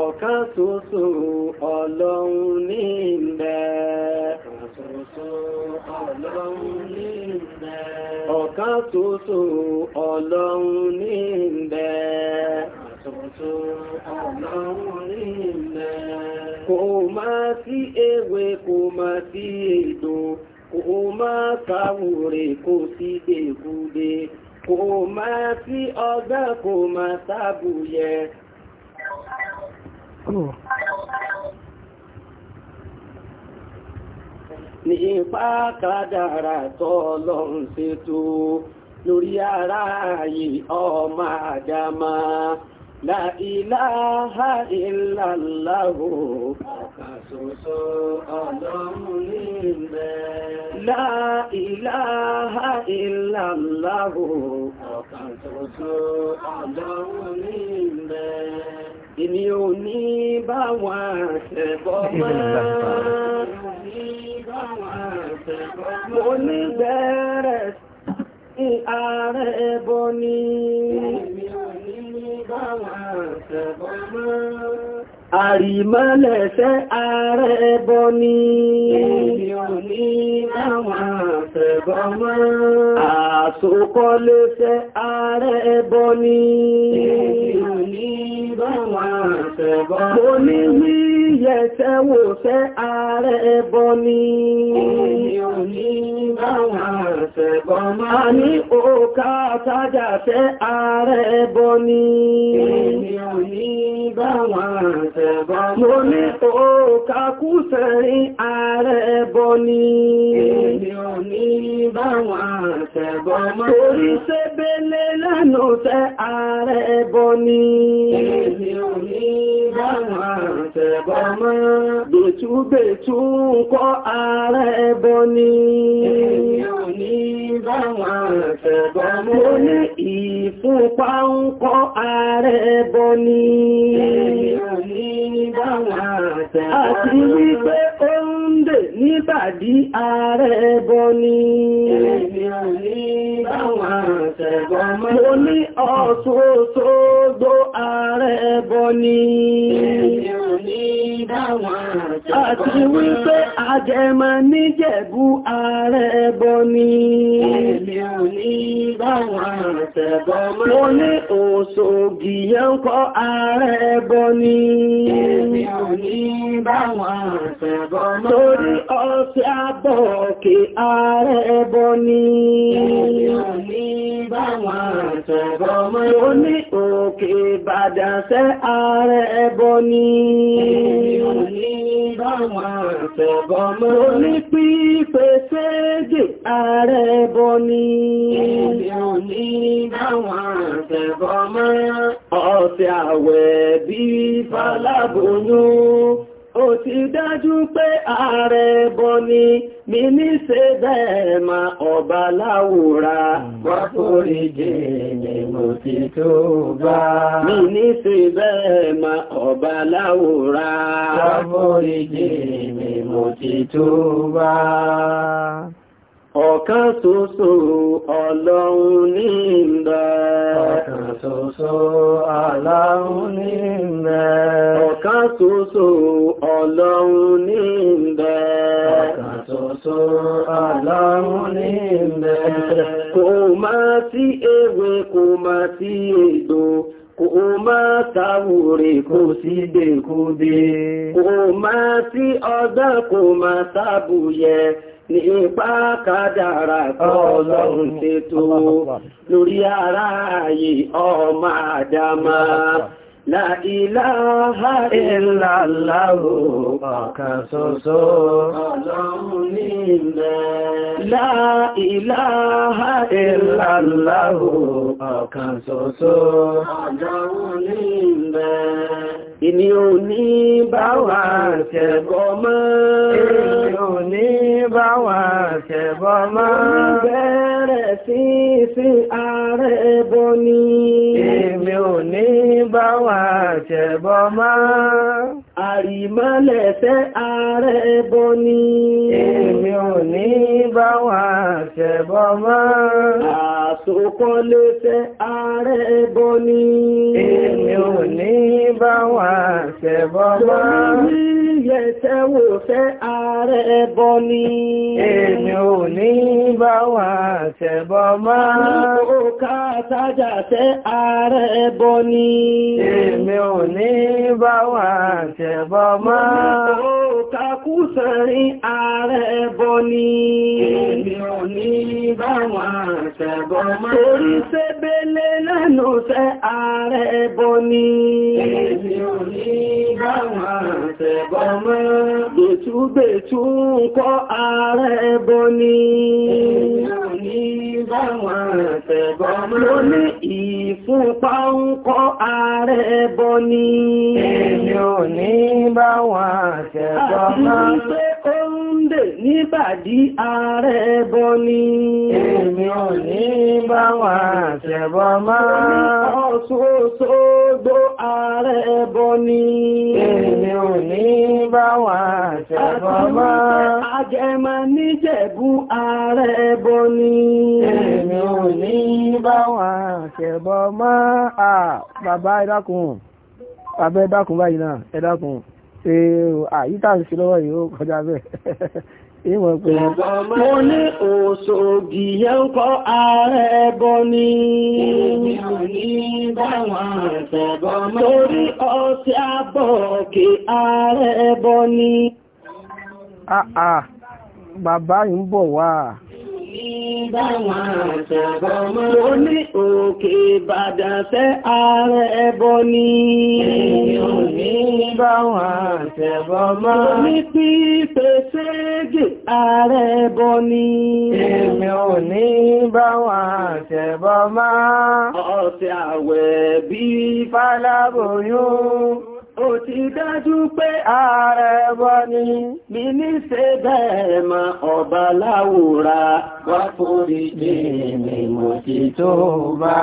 ọ̀kan ṣoṣo ọlọ́run ní ilẹ̀ ọ̀kan ṣoṣo ọlọ́run ní ilẹ̀ kò máa sí ewé kò máa sí ètò, kò máa káwòrè kò sí dèkúdé kò máa sí ọgbẹ́ kò máa sábúyẹ ní ipá kádàrà tọ́lọ́run ṣètò lórí ara yìí ọmọ àdámá la ilaha illallahu àkàṣoṣo ọlọ́run ní ilẹ̀ la ilaha illallahu àkàṣoṣo ọlọ́run Èmi ò ní bá wọn àṣẹ̀bọ́ mọ́. Mo ní bẹ̀rẹ̀ sí ààrẹ ẹbọ ni. Èmi ò ní bá wọn àṣẹ̀bọ́ mọ́. Àrìmọ́lẹ̀ṣẹ́ ààrẹ ẹbọ ni. Èmi ò ní bá wọn àṣẹ̀bọ́ mọ́. Mo ní wí ẹsẹ́ wò sẹ́ ààrẹ ẹbọ ni. Èmi ò ní bá wọn ṣẹ̀bọ máa. A ní òkà àtajà sẹ́ ààrẹ ẹbọ ni. Èmi ò ní bá wọn ṣẹ̀bọ máa. Mo ní òkà kú sẹ́rin ààrẹ ẹbọ ni. Èmi ò ní bá wọn ṣẹ̀bọ máa. Torí sẹ́bẹ̀lẹ̀ àmọ́ mọ́. Mo ní kọ́ ara ẹbọ ni. Èmi Àti wípé ó ń dè níbàdí ara ẹbọ ni. Èmi ní báwọn àfẹ́bọ́ mọ́. Mo ẹbọ ni. Àti wípé àjẹmọ níjẹ̀bú ààrẹ ẹbọ ni. Mo ní Òṣògì yẹn kọ́ ààrẹ ẹbọ ni. Torí ọ̀sẹ̀ àbọ̀kè ààrẹ ẹbọ ni. Mo ní òkè Ìbàdàn ààrẹ ẹbọ ni. Orí pípẹ́ séjì ààrẹ bọ ni. Ọ̀sẹ̀ àwẹ̀ bí faláboyún ó ti dájú pé ààrẹ bọ ni mi ní ṣe bẹ́ẹ̀ ma ọba láwòrá wá forí jẹ́yẹ mo ti tó bá mi ní ṣe bẹ́ẹ̀ ma ọba láwòrá wá forí jẹ́yẹ mo ti tó bá Ọ̀kan tóso ọlọ́run ní ìmẹ́. Ọ̀kan ṣoṣo ọlọ́run ní ìmẹ́. Ọ̀kan ni Kò máa tí ewé, kò máa tí èdò. Kò máa táwòrè kò sí dèkúdé. Kò máa tí ọdá, ní ipá kádàrà tọ́lọ́run ṣètò lórí ara ayé ọmọ àdámá La ilaha illallahu ọ̀kan ṣoṣo Ọlọ́run La ilaha illallahu ọ̀kan ṣoṣo Ọlọ́run ní ilẹ̀. Èmi ò ní bá wà ṣẹ̀bọ mọ́. Èmi ò ní bá wà ṣẹ̀bọ mọ́. Bẹ̀rẹ̀ sí sí ààrẹ bọ́ ni. Èmi ò ní bá wà máa ṣẹ̀bọ máa. Àrìmọ́lẹ̀ṣẹ́ ààrẹ ẹbọ ni. Èmi ò ní bá wà ṣẹbọ mọ́. Àsòkọ́lẹ́ṣẹ́ ààrẹ ẹbọ ni. Èmi ò ní bá wà ṣẹbọ mọ́. Lórí yẹ̀ṣẹ́ wò ṣẹ́ ààrẹ ẹbọ ni. Èmi ò ní bá wà ṣẹbọ mọ́. Òkà sájà ṣẹ́ ààrẹ ẹbọ ni. Èmi ò ní bá wà ṣẹ ṣẹ̀bọ̀ mọ́. Ó takú sẹ́rin ààrẹ bọ ni. Èmi ò ní báwọn ṣẹ̀bọ̀ mọ́. Torí sébélé lẹ́nu sẹ́ ààrẹ bọ ni. Èmi ò ní báwọn ṣẹ̀bọ̀ mọ́. Gbètúgbètú ń kọ́ ìfúnpá ń kọ́ ààrẹ bọ ni. Èmi ò ní bá wọn àtẹ̀kọ́ máa. Àmì pé ó ń dè níbàdí ààrẹ bọ́ ni. Èmi ò ní bá wọn àtẹ̀bọ́ máa. Ọ̀ṣọ́ṣọ́gbó ààrẹ bọ́ ni. Èmi ò ní bá wọn àtẹ̀bọ́ máa. Àjẹmọ níjẹ̀bú ààrẹ bọ́ ni. Èmi ò ní bá wọn àtẹ̀bọ́ máa. Bàbá ìdákùn abẹ́ dákun báyìí náà ẹ dákun àyíká ń ṣe lọ́wọ́ yìí ó kọjá bẹ́ẹ̀ ìwọ̀n pé mo ní òṣògì yẹn ń kọ́ ààrẹ ẹbọ ni torí ọtí àbọ̀kì ààrẹ ẹbọ ni. Ah, ah. bàbá yìí ń bọ̀ wá báwọn àṣàbọ̀ mọ́. Ó ní òkè Ìbàdàn fẹ́ ààrẹ ẹbọ ni. Èyàn ní báwọn àṣàbọ̀ mọ́. Ó ní pípẹ́ ségè ààrẹ ẹbọ ni. Èmi ò ní báwọn àṣàbọ̀ mọ́. Ọ̀sẹ̀ àwẹ̀ bíi fáláboyún. Ó ti dájú pé ààrẹ wọ ni, bí ní ṣe bẹ́ẹ̀ mọ ọba láwòrá, wá fórí jẹ́mi mo ti tó bá.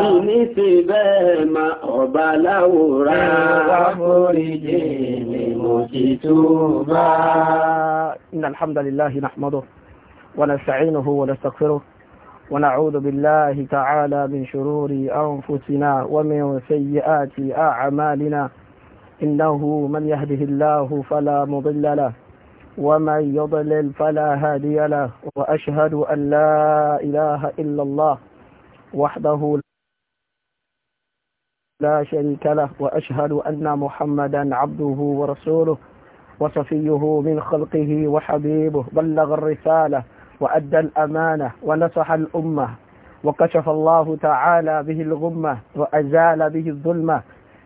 Bí ní ṣe bẹ́ẹ̀ mọ ọba láwòrá, wá fórí jẹ́mi mo ti tó bá. Inna alhamdulillahi nahmaduhu, wa nasta'inuhu wa nastaghfiruh. ونعوذ بالله تعالى من شرور أنفسنا ومن سيئات أعمالنا إنه من يهده الله فلا مضل له ومن يضلل فلا هادي له وأشهد أن لا إله إلا الله وحده لا شريك له وأشهد أن محمدا عبده ورسوله وصفيه من خلقه وحبيبه بلغ الرسالة وأدى الأمانة ونصح الأمة وكشف الله تعالى به الغمة وأزال به الظلمة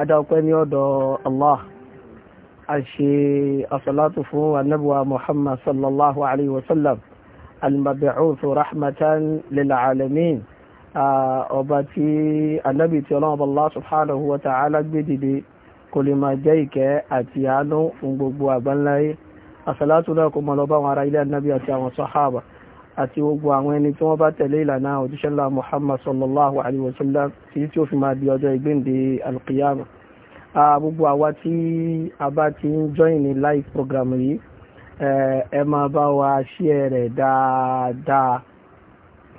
adáwọ̀pẹ́ ní ọ̀dọ̀ Allah a ṣe asọ́látù fún annabuwa Muhammad sallallahu alaihi wasallam al-mabi'uthu rahmatan lil alamin ọba tí annabi tí ọlọ́wọ́ Allah subhanahu wa ta'ala gbé dìde kò lè máa gbogbo àgbáńláyé asọ́látù náà kò mọ̀ lọ bá annabi àti àwọn sahaba àti gbogbo àwọn ẹni tí wọ́n bá tẹ̀lé ìlànà òjíṣẹ́lá muhammad sallallahu alayhi wa sallam tí tí ó fi máa di ọjọ́ ìgbéǹde alqiyama gbogbo àwa tí a bá ti ń join ní live program yìí ẹ máa bá wa share rẹ̀ dáadáa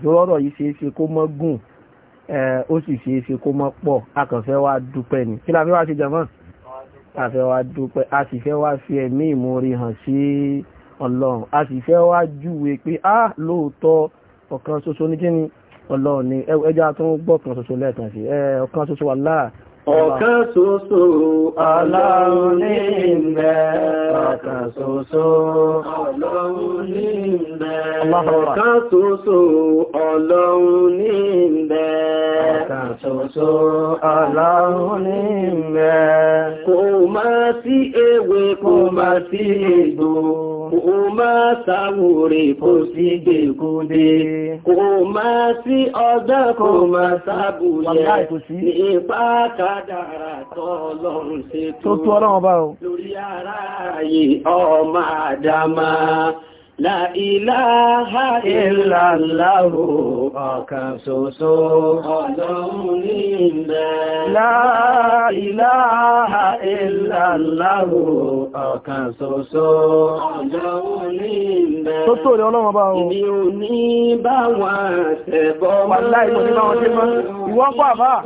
lọ́rọ̀ yìí ṣeé ṣe kó mọ́ gùn ó sì ṣeé ṣe kó mọ́ pọ̀ a kàn fẹ́ wá dúpẹ́ ni kí la fẹ́ wá ṣe jàmọ́ a fẹ́ wá dúpẹ́ a sì fẹ́ wá fi ẹ̀mí ìmoore hàn sí. Si, ọlọ́run a sì fẹ́ wá júwe pé á lóòótọ́ ọ̀kan ṣoṣo ní kíni ọlọ́run ni ẹja tó ń gbọ́ ọ̀kan ṣoṣo lẹ́ẹ̀kan sí ọ̀kan ṣoṣo wà láà Ọ̀kan ṣoṣo Ọlọ́run ní ìbẹ̀. Ọ̀kan ṣoṣo Ọlọ́run ní ìbẹ̀. Ọ̀kan ṣoṣo Ọlọ́run ní ìbẹ̀. Ọ̀kan ṣoṣo Ọlọ́run ní ìbẹ̀. Kò máa sí ewé kò máa sí egbò. Kò máa sáwòrè kò sí gbèkúdé. Kò máa sí ọgbẹ́ kò máa sábùlẹ̀. Ní ìpákà kádàrà tọ́ ọlọ́run ṣètò lórí ara ayé ọmọ àdámá La ilaha illallah ọ̀kan ṣoṣo Ọlọ́run ní La ilaha illallah ọ̀kan ṣoṣo Ọlọ́run ní ìbẹ̀. Tó tó rí ọlọ́wọ́ bá wọn. Ìbí o ní bá wọn ṣẹ̀bọ́ mọ́. Wà láì mọ̀ ní bá wọn ṣe mọ́.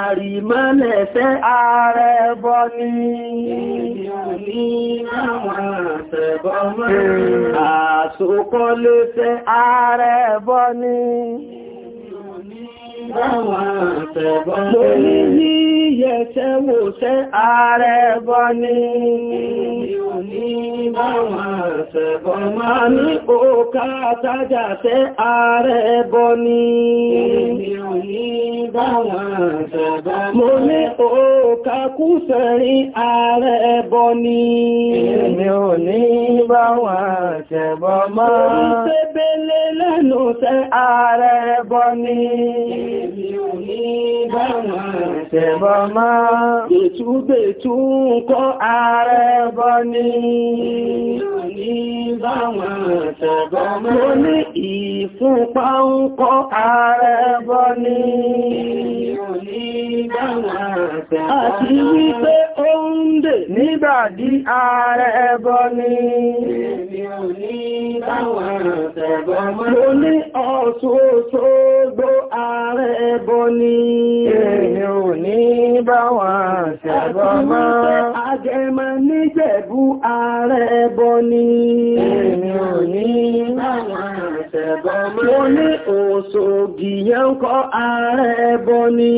Àrìmọ́lẹ̀fẹ́ ààrẹ bọ́ ní ìdí àwọn àṣẹ̀bọ́ mọ́. Àṣòkọ́ lè fẹ́ ààrẹ bọ́ ní ìdí Lórí ní yẹ̀ṣẹ́ wò ṣẹ́ ààrẹ bọ́ ní. Máa ní òkà tájà ṣẹ́ ààrẹ bọ́ ní. Mo ní òkà kú sẹ́rin ààrẹ bọ́ ní. Èmi ò ní bá wọn ṣẹ̀bọ̀ máa. Orí tẹ́bẹ̀lẹ̀ lẹ́nu ṣẹ́ ààrẹ bọ́ ní. Ṣẹ̀bọ̀ máa ètúgbètú kọ́ ààrẹ bọ́ ní ìlú ní báwọn ṣẹ̀bọ̀ máa. Mo ní Ìfúnpá ń kọ́ ààrẹ bọ́ ní àti wípé ó ń dè nígbàdí ààrẹ bọ́ ní mo ní ọ̀ṣun Òṣogbo ààrẹ bọ́ ní èmi ò ààrẹ bọ́ ní èmi ò ní bá wọn ṣẹ̀bọ̀ àṣẹ̀bọ̀ mọ́. Mo ní òṣògì yẹn ń kọ́ ààrẹ bọ́ ní.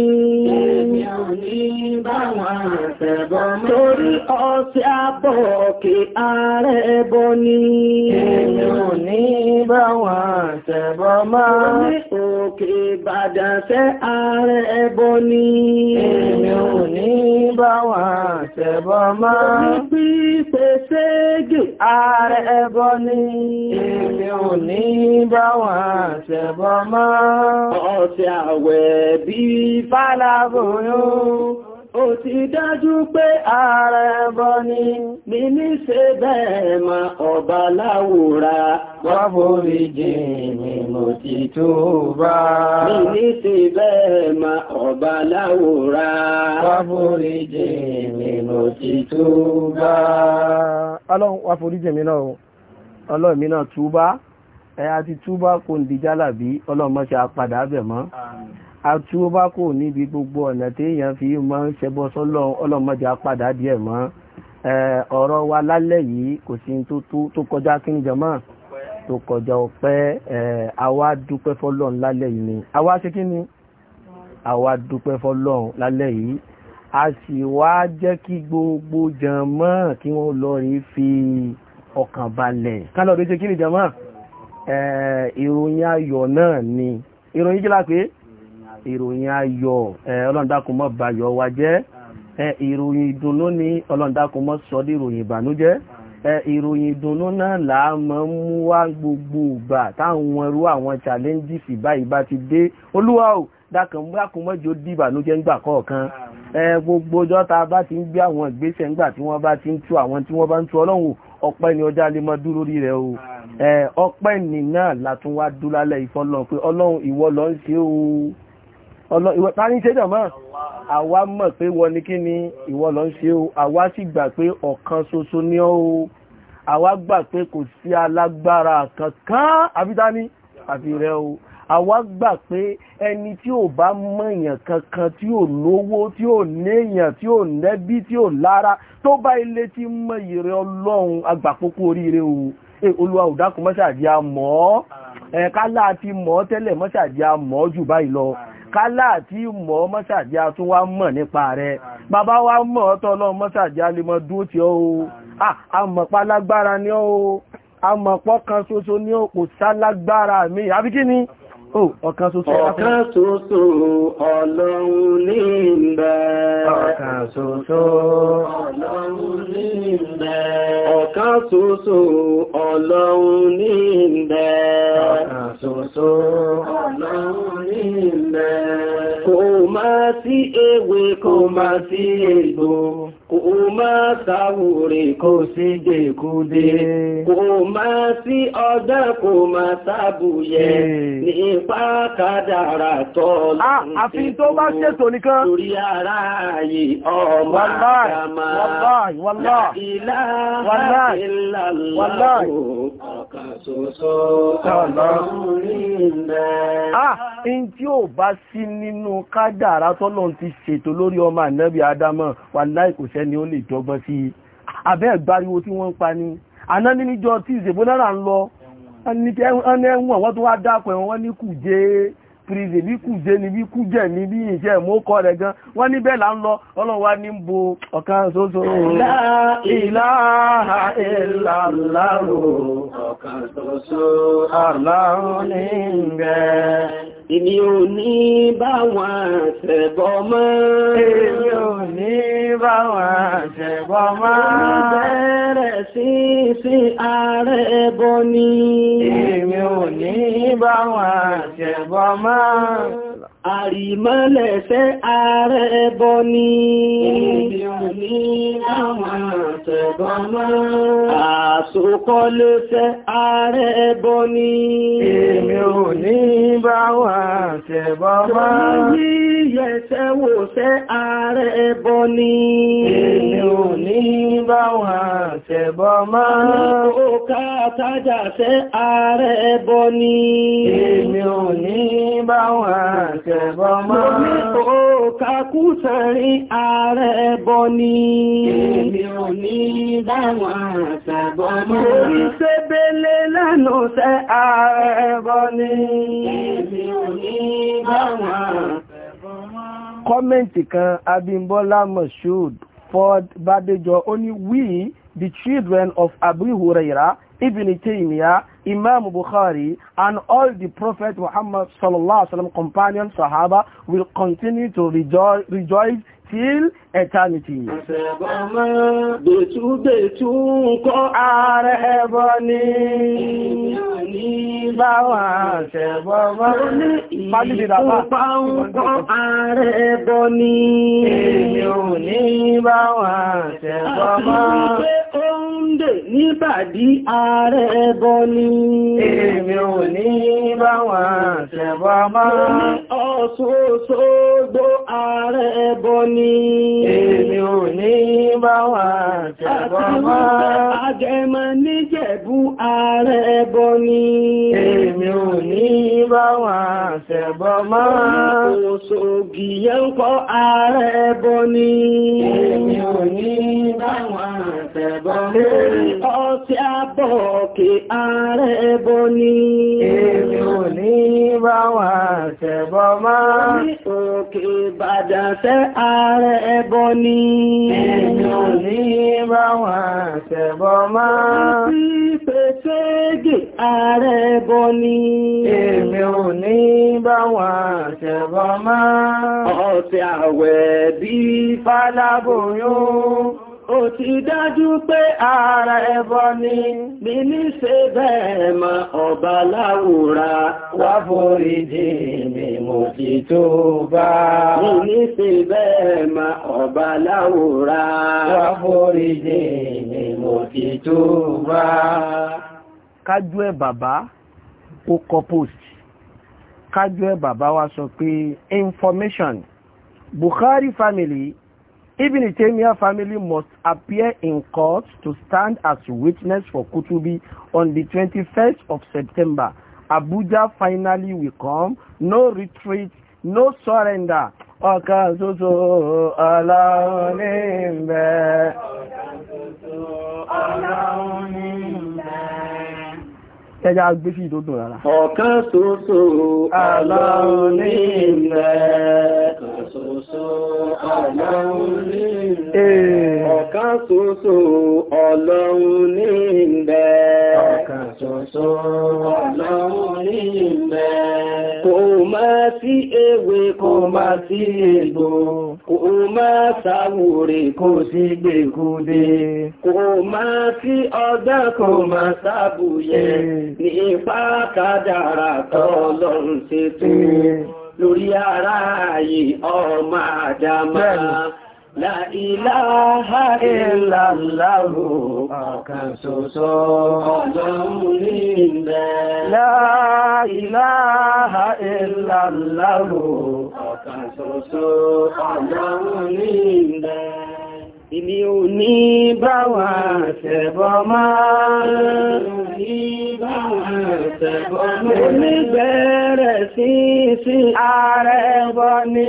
Èmi ò ní báwọn àṣẹ̀bọ̀ mọ́. Torí ọ̀sẹ̀ àbọ̀ kí ààrẹ bọ́ ní. Èmi ò ní báwọn àṣẹ̀bọ̀ mọ́. Mo ní òkè Ìbàdàn sẹ́ ààrẹ bọ́ ni. Èmi ò ní ààrẹ bọ́ ní. Èmi bá wà ṣẹ̀bọ̀ mọ́. Ọ̀sẹ̀ àwẹ̀ bí fàlàbòyó. Ó ti dájú pé ààrẹ bọ́ ni, bí ní ṣe bẹ́ẹ̀ ma ọba láwòrá, wá borí jìnì mo ti tó bá. Bí ní ṣe bẹ́ẹ̀ ma ọba láwòrá, wá borí jìnì mo ti tó bá. Ọlọ́run wá forí jìnì náà, ọlọ́run mi túbá ẹ̀yà ti túbá kò ní jálàbí ọlọ́mọṣẹ́ apadà bẹ̀ mọ́ àtúbá kò níbi gbogbo ọ̀nà tí èèyàn fi máa ń ṣẹbọ sọ́lọ́ ọlọ́mọṣẹ́ apadà díẹ̀ mọ́ ọ̀rọ̀ wa lálẹ́ yìí kò sí tó kọjá kí ni jọmọ́ tó kọjá ọpẹ́ àwa dúpẹ́ fọ́lọ́run lálẹ́ yìí ni àwa ṣe kí ni àwa dúpẹ́ fọ́lọ́run lálẹ́ yìí a sì wá jẹ́ kí gbogbo jàmọ́ kí wọ́n lọ rí fi ọkàn balẹ̀ ká lọ́ọ́ ṣe kí ni jọmọ́ ìròyìn ayọ̀ náà ni ìròyìn jílá pé ìròyìn ayọ̀ ọlọ́ndàkùn mọ́ bayọ̀ wa jẹ́ ìròyìn ìdùnnú ni ọlọ́ndàkùn mọ́ sọ dí ìròyìn ìbànújẹ́ ìròyìn ìdùnnú náà là á mọ mú wá gbogbo ìgbà táwọn ẹrú àwọn challenges báyìí bá ti dé olúwa ò dákun dákun mọ́jọ di ìbànújẹ́ ńgbà kọ̀ọ̀kan gbogbo ọjọ́ tá a bá ti ń gbé àwọn ìgbésẹ̀ ńgbà tí wọ́n bá ti ń tú àwọn tí wọ́n bá ń tú ọlọ́run ọpẹ́ ni ọjà lè mọ dúró rí rẹ o ọpẹ́ nìna látún wá dúlálẹ̀ ìfọ́lọ́ pé ọlọ́run ìwọ lọ ń ṣe o ta ní ṣe jọmọ́ àwa mọ̀ pé wọ ní kí ni ìwọ lọ ń ṣe o àwa sì gbà pé ọ̀kan ṣoṣo ní o àwa gbà pé kò sí alágbára kankan àbítání àfi rẹ o àwa gbà pé ẹni tí ò bá mọ̀yàn kankan tí ò lówó tí ò néèyàn tí ò nẹ́bí tí ò lára tó bá ilé tí mọ̀ ìrẹ ọlọ́run agbàpópó oríire o olúwa òdákun mọ́ṣàdí a mọ̀ ọ́ kálá àti mọ̀ tẹ́lẹ̀ mọ́ṣàdí a mọ̀ jù báyìí lọ kálá àti mọ̀ mọ́ṣàdí a tún wá mọ̀ nípa rẹ̀ bàbá wa mọ̀ tọ́lọ mọ́ṣàdí a lè mọ dúó tí ó àmọ̀pá ah, lágbára ni ó àmọ̀pọ̀ kan ṣoṣo ni ó kò mi àbí ni Oh, ọ̀kan ṣoṣo ọ̀kan ṣoṣo ọlọ́run ní ìbẹ̀ ọ̀kan ṣoṣo ọlọ́run ní ìbẹ̀ ọ̀kan ṣoṣo ọlọ́run ní ìbẹ̀ ọ̀kan ṣoṣo ọlọ́run ní ìbẹ̀ kò máa sí ewé kò máa sí egbò kò máa sáwòrè kò sí jẹ́kúdé kò máa sí ọdá kò máa sábùyẹ ní pàkádàrà tọ́ ah, lọ́rùn àfi tó bá ṣètò nìkan torí ara ayé ọmọ àkàmà ìlàhà ìlàlá ọ̀kà ṣoṣo ọlọ́rin náà. in tí ò bá sí nínú kádàrà tọ́lọ́run ti ṣètò lórí ọmọ ànábì Ádámọ̀ wàláhì kò sẹ́ni ó lè dọ́gbọ́n sí abẹ́ ìgbáriwo tí wọ́n ń pa ni àná níjọ tí ìṣèbónára ń lọ wọ́n ní ẹ̀wọ̀n wọ́n tó wá dápọ̀ ẹ̀wọ̀n wọ́n ní kùjẹ́ praise bí kù jẹ́ ni bí kù jẹ́ ni bí ìṣẹ́ mú kọ́ rẹ̀ gan wọ́n ní bẹ́ẹ̀ là ń lọ ọlọ́wà ní bo ọ̀kan ṣoṣo la ilaha illallah ọ̀kan ṣoṣo Allahu ní bẹ́ẹ̀ Èmi ò ní bá wọn ṣẹbọ mọ́. Èmi ò ní bá wọn ààrẹ ẹbọ ni. Èmi ò ní bá wọn ṣẹbọ mọ́ àrìmọ́lẹ̀ṣẹ́ ààrẹ bọ́ ní ibi òní àwọn àtẹ̀bọ́ máa àsòkọ́lẹ́ṣẹ́ ààrẹ bọ́ ní èmi ò ní bá wà àtẹ̀bọ́ máa yíyẹ̀ṣẹ́ wòṣẹ́ ààrẹ bọ́ ní èmi ò ní bá wà àtẹ̀bọ́ máa ó ká àtàjàṣẹ́ ààrẹ bọ́ ní èmi ò ní bá wọn ṣẹ̀bọ̀ mọ́. Mo ní òkà kú sẹ́rin ààrẹ ẹbọ ni. Èmi ò ní bá wọn ṣẹ̀bọ̀ mọ́. Mo ní ṣébélé lẹ́nu sẹ́ ààrẹ ẹbọ ni. Èmi ò ní bá wọn ṣẹ̀bọ̀ mọ́. Ford Badejo ó ní we the children of Abu Huraira Ibn Taymiyyah Imam Bukhari and all the Prophet Muhammad sallallahu alaihi wasallam companions Sahaba will continue to rejoice till eternity. ní ní ààrẹ ẹbọ ní èmi ò ní báwọn àṣẹ̀bọ̀mọ́. Ó ń dè ní èmi ò ààrẹ ẹbọ ní èmi ò ní bá wà jẹ̀bọ́ mọ́. Àjẹmọ níjẹ̀bú ààrẹ bọ ni. Èmi ò ní bá wà jẹ̀bọ́ mọ́. Òṣògì yẹn kọ́ ààrẹ bọ ni. Èmi ò ní bá wà jẹ̀bọ́ mọ́. Ọtí ààrẹ bọ ni. Èmi ò ní bá wà jẹ̀bọ́ mọ́. Òkè Ìbàdàn tẹ́ ààrẹ ààrẹ ẹbọ ni. Èèyàn ní bá wọn ṣẹ̀bọ máa. Ó ni. Èmi ò ní bá wọn ṣẹ̀bọ máa. Ọ̀sẹ̀ àwẹ̀ bíi Fálábòyún ó ti dájú pé ara ẹbọ ni bí ní ṣe bẹ́ẹ̀ mọ ọba láwùra wá forí jì mí mo ti tó bá bí ní ṣe bẹ́ẹ̀ mọ ọba láwùra wá forí jì mí mo ti tó bá kájú ẹ̀ bàbá ó kọ post kájú ẹ̀ bàbá wa sọ pé information Bukhari family Ibn Taymiyyah family must appear in court to stand as witness for Kutubi on the 21st of September. Abuja finally will come. No retreat, no surrender. Ọ̀kan ṣoṣo Ọlọ́run ní ń bẹ. Ọ̀kan ṣoṣo Ọlọ́run ní ń bẹ ẹja gbé sí ìdódò rárá. ọ̀kan ṣoṣo aláwọ̀ ilẹ̀ ọ̀kan ṣoṣo aláwọ̀ ilẹ̀ ọ̀kan ṣoṣo ọlọ́run ilẹ̀ kò máa sí ewé kò máa sí egbò kò máa sáwòrè kò sí gbèkúdé kò máa sí ọ̀dá kò máa sábùyẹ ìfákàdára tọ́lọ́run ṣe tó lórí ara ayé ọmọ àdámá láìláha ìlàláhù ọ̀kan ṣoṣo ọlọ́run ní ilẹ̀ láìláha ìlàláhù ọ̀kan ṣoṣo ọlọ́run ilẹ̀ Èmi ò ní báwa ṣẹ̀bọ̀ máa ní báwa ṣẹ̀bọ̀ máa. Èmi bẹ̀rẹ̀ sí sí ààrẹ ní.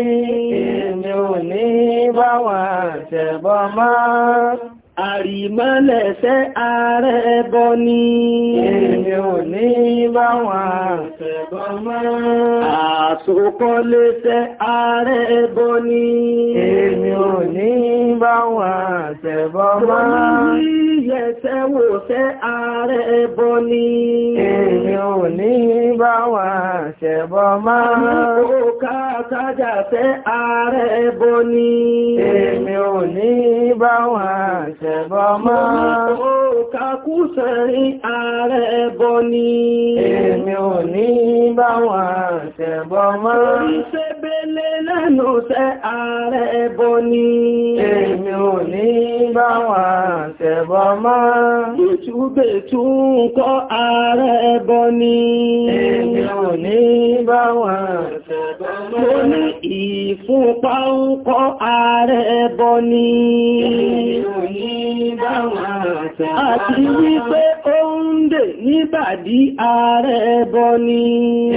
Èmi ò ṣẹ̀bọ̀ máa àrìmọ́lẹ̀ṣẹ́ ààrẹ bọ́ ní èmi ò ní bá wọn ṣẹ̀bọ́ mọ́ àṣòkọ́lẹ́ṣẹ́ ààrẹ bọ́ ní èmi ò ní bá wọn ṣẹ̀bọ́ mọ́ yẹ̀ṣẹ́ wò ṣẹ́ ààrẹ bọ́ ní èmi ò ní bá wọn ṣẹ̀bọ́ mọ́ òkà kájà ṣẹ́ ààrẹ bọ́ ní èmi ò ní bá wọn ṣẹ̀bọ́ ẹbọ mọ́. Òkàkú sẹ́rin ààrẹ ẹbọ ni. Èmi ò ní bá wọn ṣẹbọ mọ́. Oríṣẹ́bẹ̀lẹ̀ lẹ́nu sẹ́ ààrẹ ẹbọ ni. Èmi ò ní bá wọn ṣẹbọ mọ́. Ìtúgbètú ń kọ́ ààrẹ ẹbọ ni. Èmi ò ní bá wọn ṣẹbọ mọ́. Mo ní ìfúnpá Àti wípé ó ń dè níbàdí ààrẹ ẹbọ ni.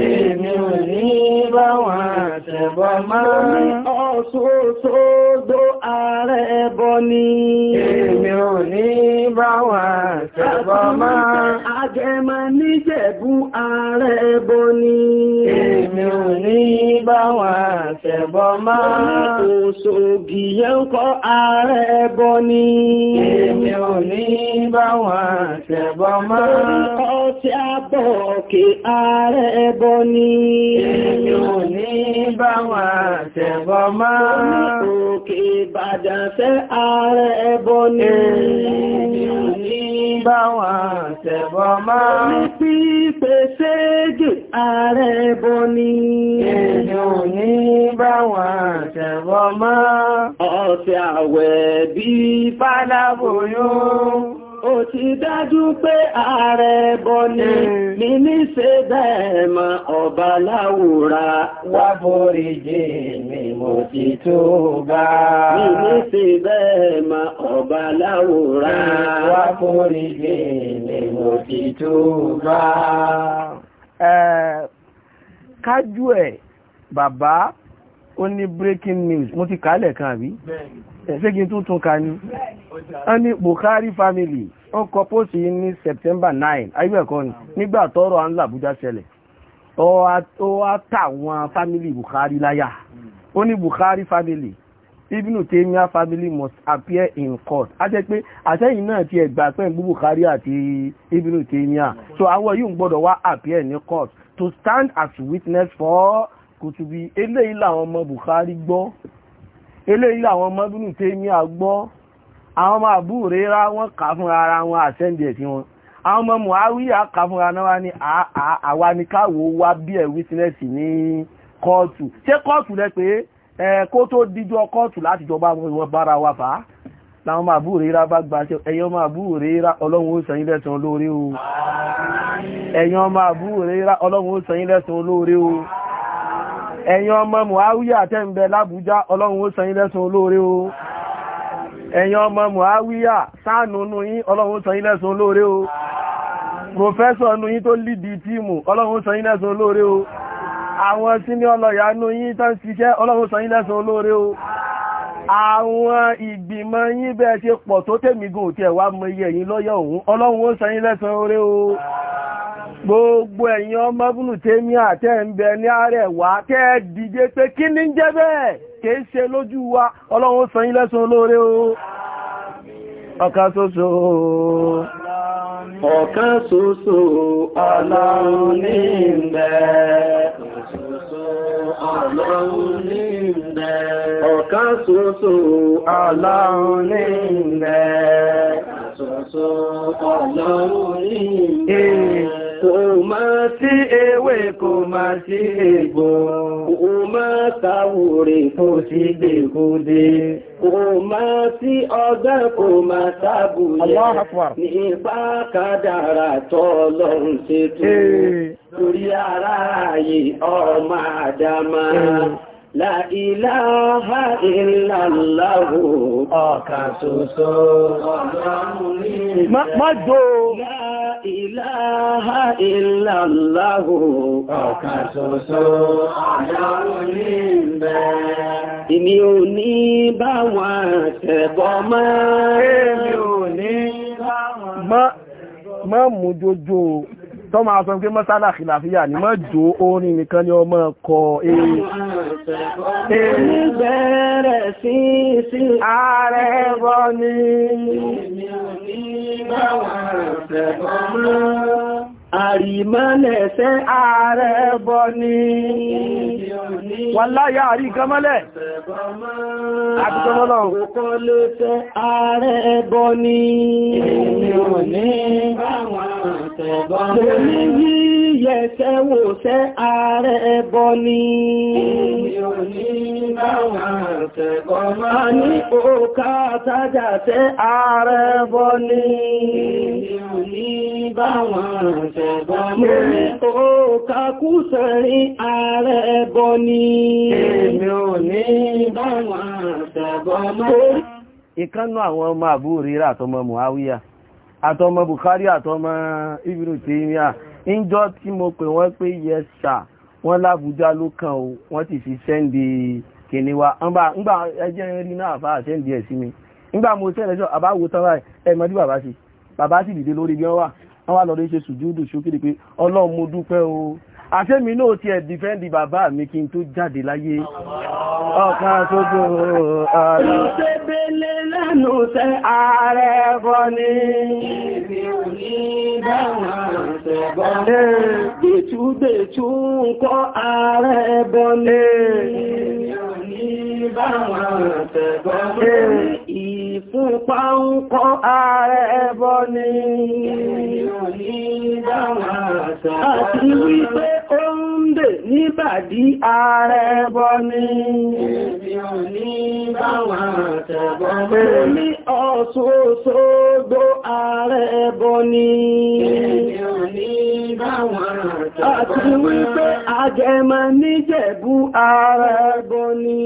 Èmi ò ní bá wọn àtẹ̀bọ máa. Omi ọ̀sọ́sọ́gbó ààrẹ ẹbọ ni. Èmi ò ní bá wọn àtẹ̀bọ máa. Agẹmọ níjẹ̀bú ààrẹ ẹbọ ni. Èmi ò ní bá wọn àtẹ̀bọ máa. Omi ọ̀sọ́gì yẹn kọ́ ààrẹ ẹbọ ni. Èmi ò ní bá wọn ṣẹbọ mọ́. Ọtí àbọ̀ kí ààrẹ ẹbọ ni. Èmi ò ní bá wọn ṣẹbọ mọ́. Òkè Ìbàdàn fẹ́ ààrẹ ẹbọ ni. Èmi ò ní bá wọn ṣẹbọ mọ́. Omi pípẹ́ ṣéjì Èmi ò ní bá wọn ṣẹbọ mọ́. Ọtí àwẹ̀ bíi fàlà aláboyún. Ó ti dájú pé ààrẹ bọ́ hmm. ní mímí ṣe bẹ́ẹ̀ mọ ọba láwùra. Wá borí jì mi mo ti tó bá. Mímí ṣe bẹ́ẹ̀ mọ ọba láwùra. Wá borí jì mi mo ti tó bá. Kájú ẹ̀ bàbá ó ní breaking news mo ti kàálẹ̀ kan àbí. Bẹ́ẹ̀ni ẹ̀ṣẹ́gi tó tún ka ní wọ́n ní Buhari family wọ́n kọ pósì yìí ní September 9 ayébẹ̀kọ́ ni nígbà tọ́rọ̀ à ń làbújá ṣẹlẹ̀ ó wá tàwọn family Buhari láyà ó ní Buhari family Ibn Taymiyyah family must appear in court a jẹ́ pé àṣẹ́yìn náà ti ẹ̀gbà pẹ́ ìgbú Buhari àti Ibn Taymiyyah so àwọn yìí ń gbọ́dọ̀ wá appear in court to stand as witness for kùtùbí eléyìí làwọn ọmọ Buhari gbọ́ eléyìí àwọn ọmọ bínú tẹ́ ní àgbọ́ àwọn ọmọ àbú rẹ́rá wọ́n kà fún ara wọn àṣẹ́ǹdẹ̀ sí wọn àwọn ọmọ muhawiya kà fún ara wọn ní àwa ní káwò wá bí ẹ̀ wítínẹ́sì ní kóòtù ṣé kóòtù lẹ pé ẹ kó tó díjọ́ kóòtù láti jọba wọn bára wa fà á láwọn ọmọ àbú rẹ́rá bá gba ṣe ẹ̀yọ́ ọmọ àbú rẹ́rá ọlọ́run ó sàn yín lẹ́san olóore o ẹ̀yọ́ ọmọ àbú rẹ́rá ọlọ́run ó sàn yín lẹ́san olóore o. ẹ̀yin ọmọ Muawiya tẹ́m̀bẹ̀ lábújá ọlọ́run ó san yín olóore o ẹ̀yin ọmọ Muawiya sáànùnú yín ọlọ́run ó san yín olóore o professor nù tó lìdí tíìmù ọlọ́run ó san yín olóore o àwọn tán àwọn ìgbìmọ̀ yín bẹ́ẹ̀ ti pọ̀ tó tèmígùn tí ẹ̀wà mọ iye ẹ̀yìn lọ́yọ̀ òun ọlọ́run ó san yín lẹ́san o gbogbo ẹ̀yin ọmọ búnú tèmi àtẹ́ ń bẹ ní ààrẹ wá tẹ́ ẹ dìde pé kí ní jẹ́ bẹ́ẹ̀ kìí ṣe lójú wa ọlọ́run ó san yín olóore o ọ̀kan ṣoṣo ọ̀kan ṣoṣo ọlọ́run ní ìbẹ̀. ọ̀kan ṣoṣo ọlọ́run ní ìbẹ̀. Kò máa ewé kò máa sí egbò, kò máa kò sí gbègbòdé, kò máa sí ọgbẹ́ kò máa sábùlẹ̀, nípa kádàrà tọ́ ọlọ́run ṣètò lórí ara ayé ọmọ àdámá láìláha ìlàláhù ọ̀kà ṣoṣo ọlọ́run ní ìlàláha ìlàláhù ọ̀kà ṣoṣo ọlọ́run ní ìbẹ̀rẹ̀ bá wọn ṣẹ̀bọ mọ́. Èmi ò ní mọ́ mójójó tó máa sọ pé mọ́sálà kìláfíà ní mọ́ jò orin nìkan ni ọmọ kọ ààrẹ bọ́ ni àrìmọ́lẹ̀ṣẹ́ ààrẹ bọ́ ní wọ́n láyá àrí gọmọ́lẹ̀ àbúgbọ́mọ́lọ́run kókó ló tẹ́ ààrẹ bọ́ ní Èmi yíyẹ tẹ́ wò tẹ́ ààrẹ bọ́ ní a ní òkà tájà tẹ́ ààrẹ bọ́ ní báwọn tẹ́ ẹbọ mú mi. Ó kakú sẹ́rin ààrẹ ẹbọ ni. Èmi ò ní báwọn àtẹ̀bọ mọ́. Ìkánú àwọn ọmọ àbúrò rírà àtọmọ Mùháwíyà, àtọmọ Bùkárí àtọmọ Ibnu Tèmíà, ìjọ tí mo pè wọ́n pé yes sir, wọ́n lábújá ló kàn ó, wọ́n ti fi sẹ́ndì kìnníwá. Ngbà ẹjẹ́ rí náà fà sẹ́ndì ẹ̀ sí mi. Ngbà mo sẹ́ndì wọ́n wá lọ rí ṣe sùjúdù ṣókìrì pé ọlọ́run mo dúpẹ́ o àṣẹ́mi náà ti ẹ̀ dìfẹ́ndì bàbá mi kí n tó jáde láyé ọ̀ká tó gbòòrò ààrẹ. ló ṣe lẹ́nu tẹ ààrẹ bọ́ ní dáhùn ìfúnpá ń kọ́ ààrẹ bọ́ ni. èmi ò ní àti wípé ó ń dè níbàdí ààrẹ bọ́ ní èmi ò ní báwọn àtẹ̀bọ́ mẹ́rin ní ọ̀ṣọ́ṣọ́gbó ààrẹ bọ́ ní èmi ò ní báwọn àtẹ̀bọ́ mẹ́rin àti wípé àjẹmọ níjẹ̀bú ààrẹ bọ́ ní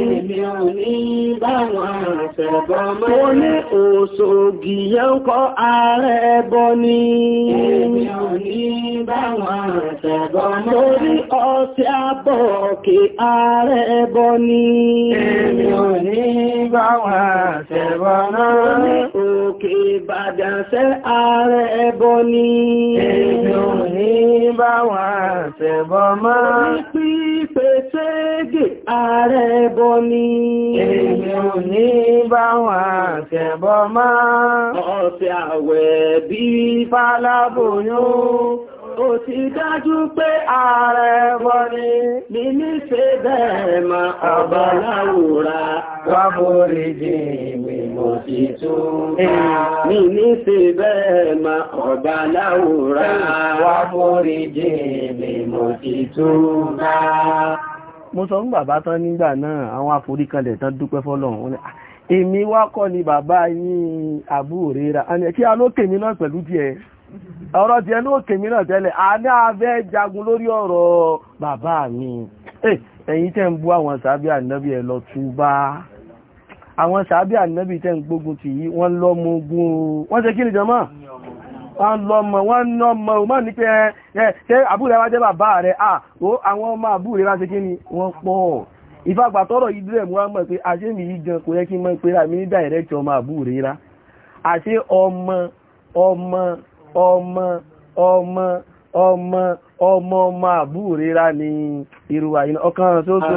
èmi ò ní báwọn àtẹ̀bọ́ mẹ́rin ó ní òṣògì yẹn kọ́ ààrẹ bọ́ ní èmi ò báwọn àtẹ̀bọ́ bọ́ lórí ọtí àbọ̀ kí ààrẹ bọ́ ní èmi ò ní bá wọn àṣẹ̀bọ̀ náà ní òkè ìbàdànṣẹ́ ààrẹ bọ́ ní èmi ò ní bá wọn àṣẹ̀bọ̀ máa ní pípẹ́ ségè ààrẹ bọ́ ní èmi ò ní bá wọn àṣẹ̀bọ̀ máa ọ̀sẹ̀ àwẹ̀ bí fálábòyún ó ti dájú pé ààrẹ wọ́n ni mímí ṣe ma ọba láwùra wà mórí jì mi mo ṣe bẹ́ẹ̀ ma ọba láwùra wà mórí jì mi mo ti tún bá. mo sọ fún bàbá tán nígbà náà àwọn àforíkalẹ̀ tán dúpẹ́ fọ́lọ́run èmi wá ni bàbá yín àbúrò rẹ̀ rà kí a náà pẹ̀lú tiẹ̀ ọ̀rọ̀ ti ẹnu òkè mìíràn tẹ́lẹ̀ àní abẹ́ jagun lórí ọ̀rọ̀ bàbá mi eh, ẹ̀yin tẹ́ ń bú àwọn sàábí ànábì ẹ̀ lọ túbá àwọn sàábí ànábì tẹ́ ń gbógun tì yí wọ́n lọ́mọ ogun o wọ́n ṣe kí ni jọmọ́ wọ́n lọ́mọ wọ́n nọ́mọ o mọ́ ní pé ẹ ṣe àbúrò wa jẹ́ bàbá rẹ̀ à ó àwọn ọmọ àbúrò wa ṣe kí ni wọ́n pọ̀ ìfagbàtọ́rọ̀ yìí mú wa mọ̀ pé àṣé mi yìí gan kò yẹ kí n mọ̀ pé ra mi ní dàìrẹ́tì ọmọ àbúrò rẹ̀ àṣé ọmọ ọmọ ọmọ ọmọ ọmọ ọmọ ọmọ àbúrẹ́ra ni irú àyínà ọkàn tó tó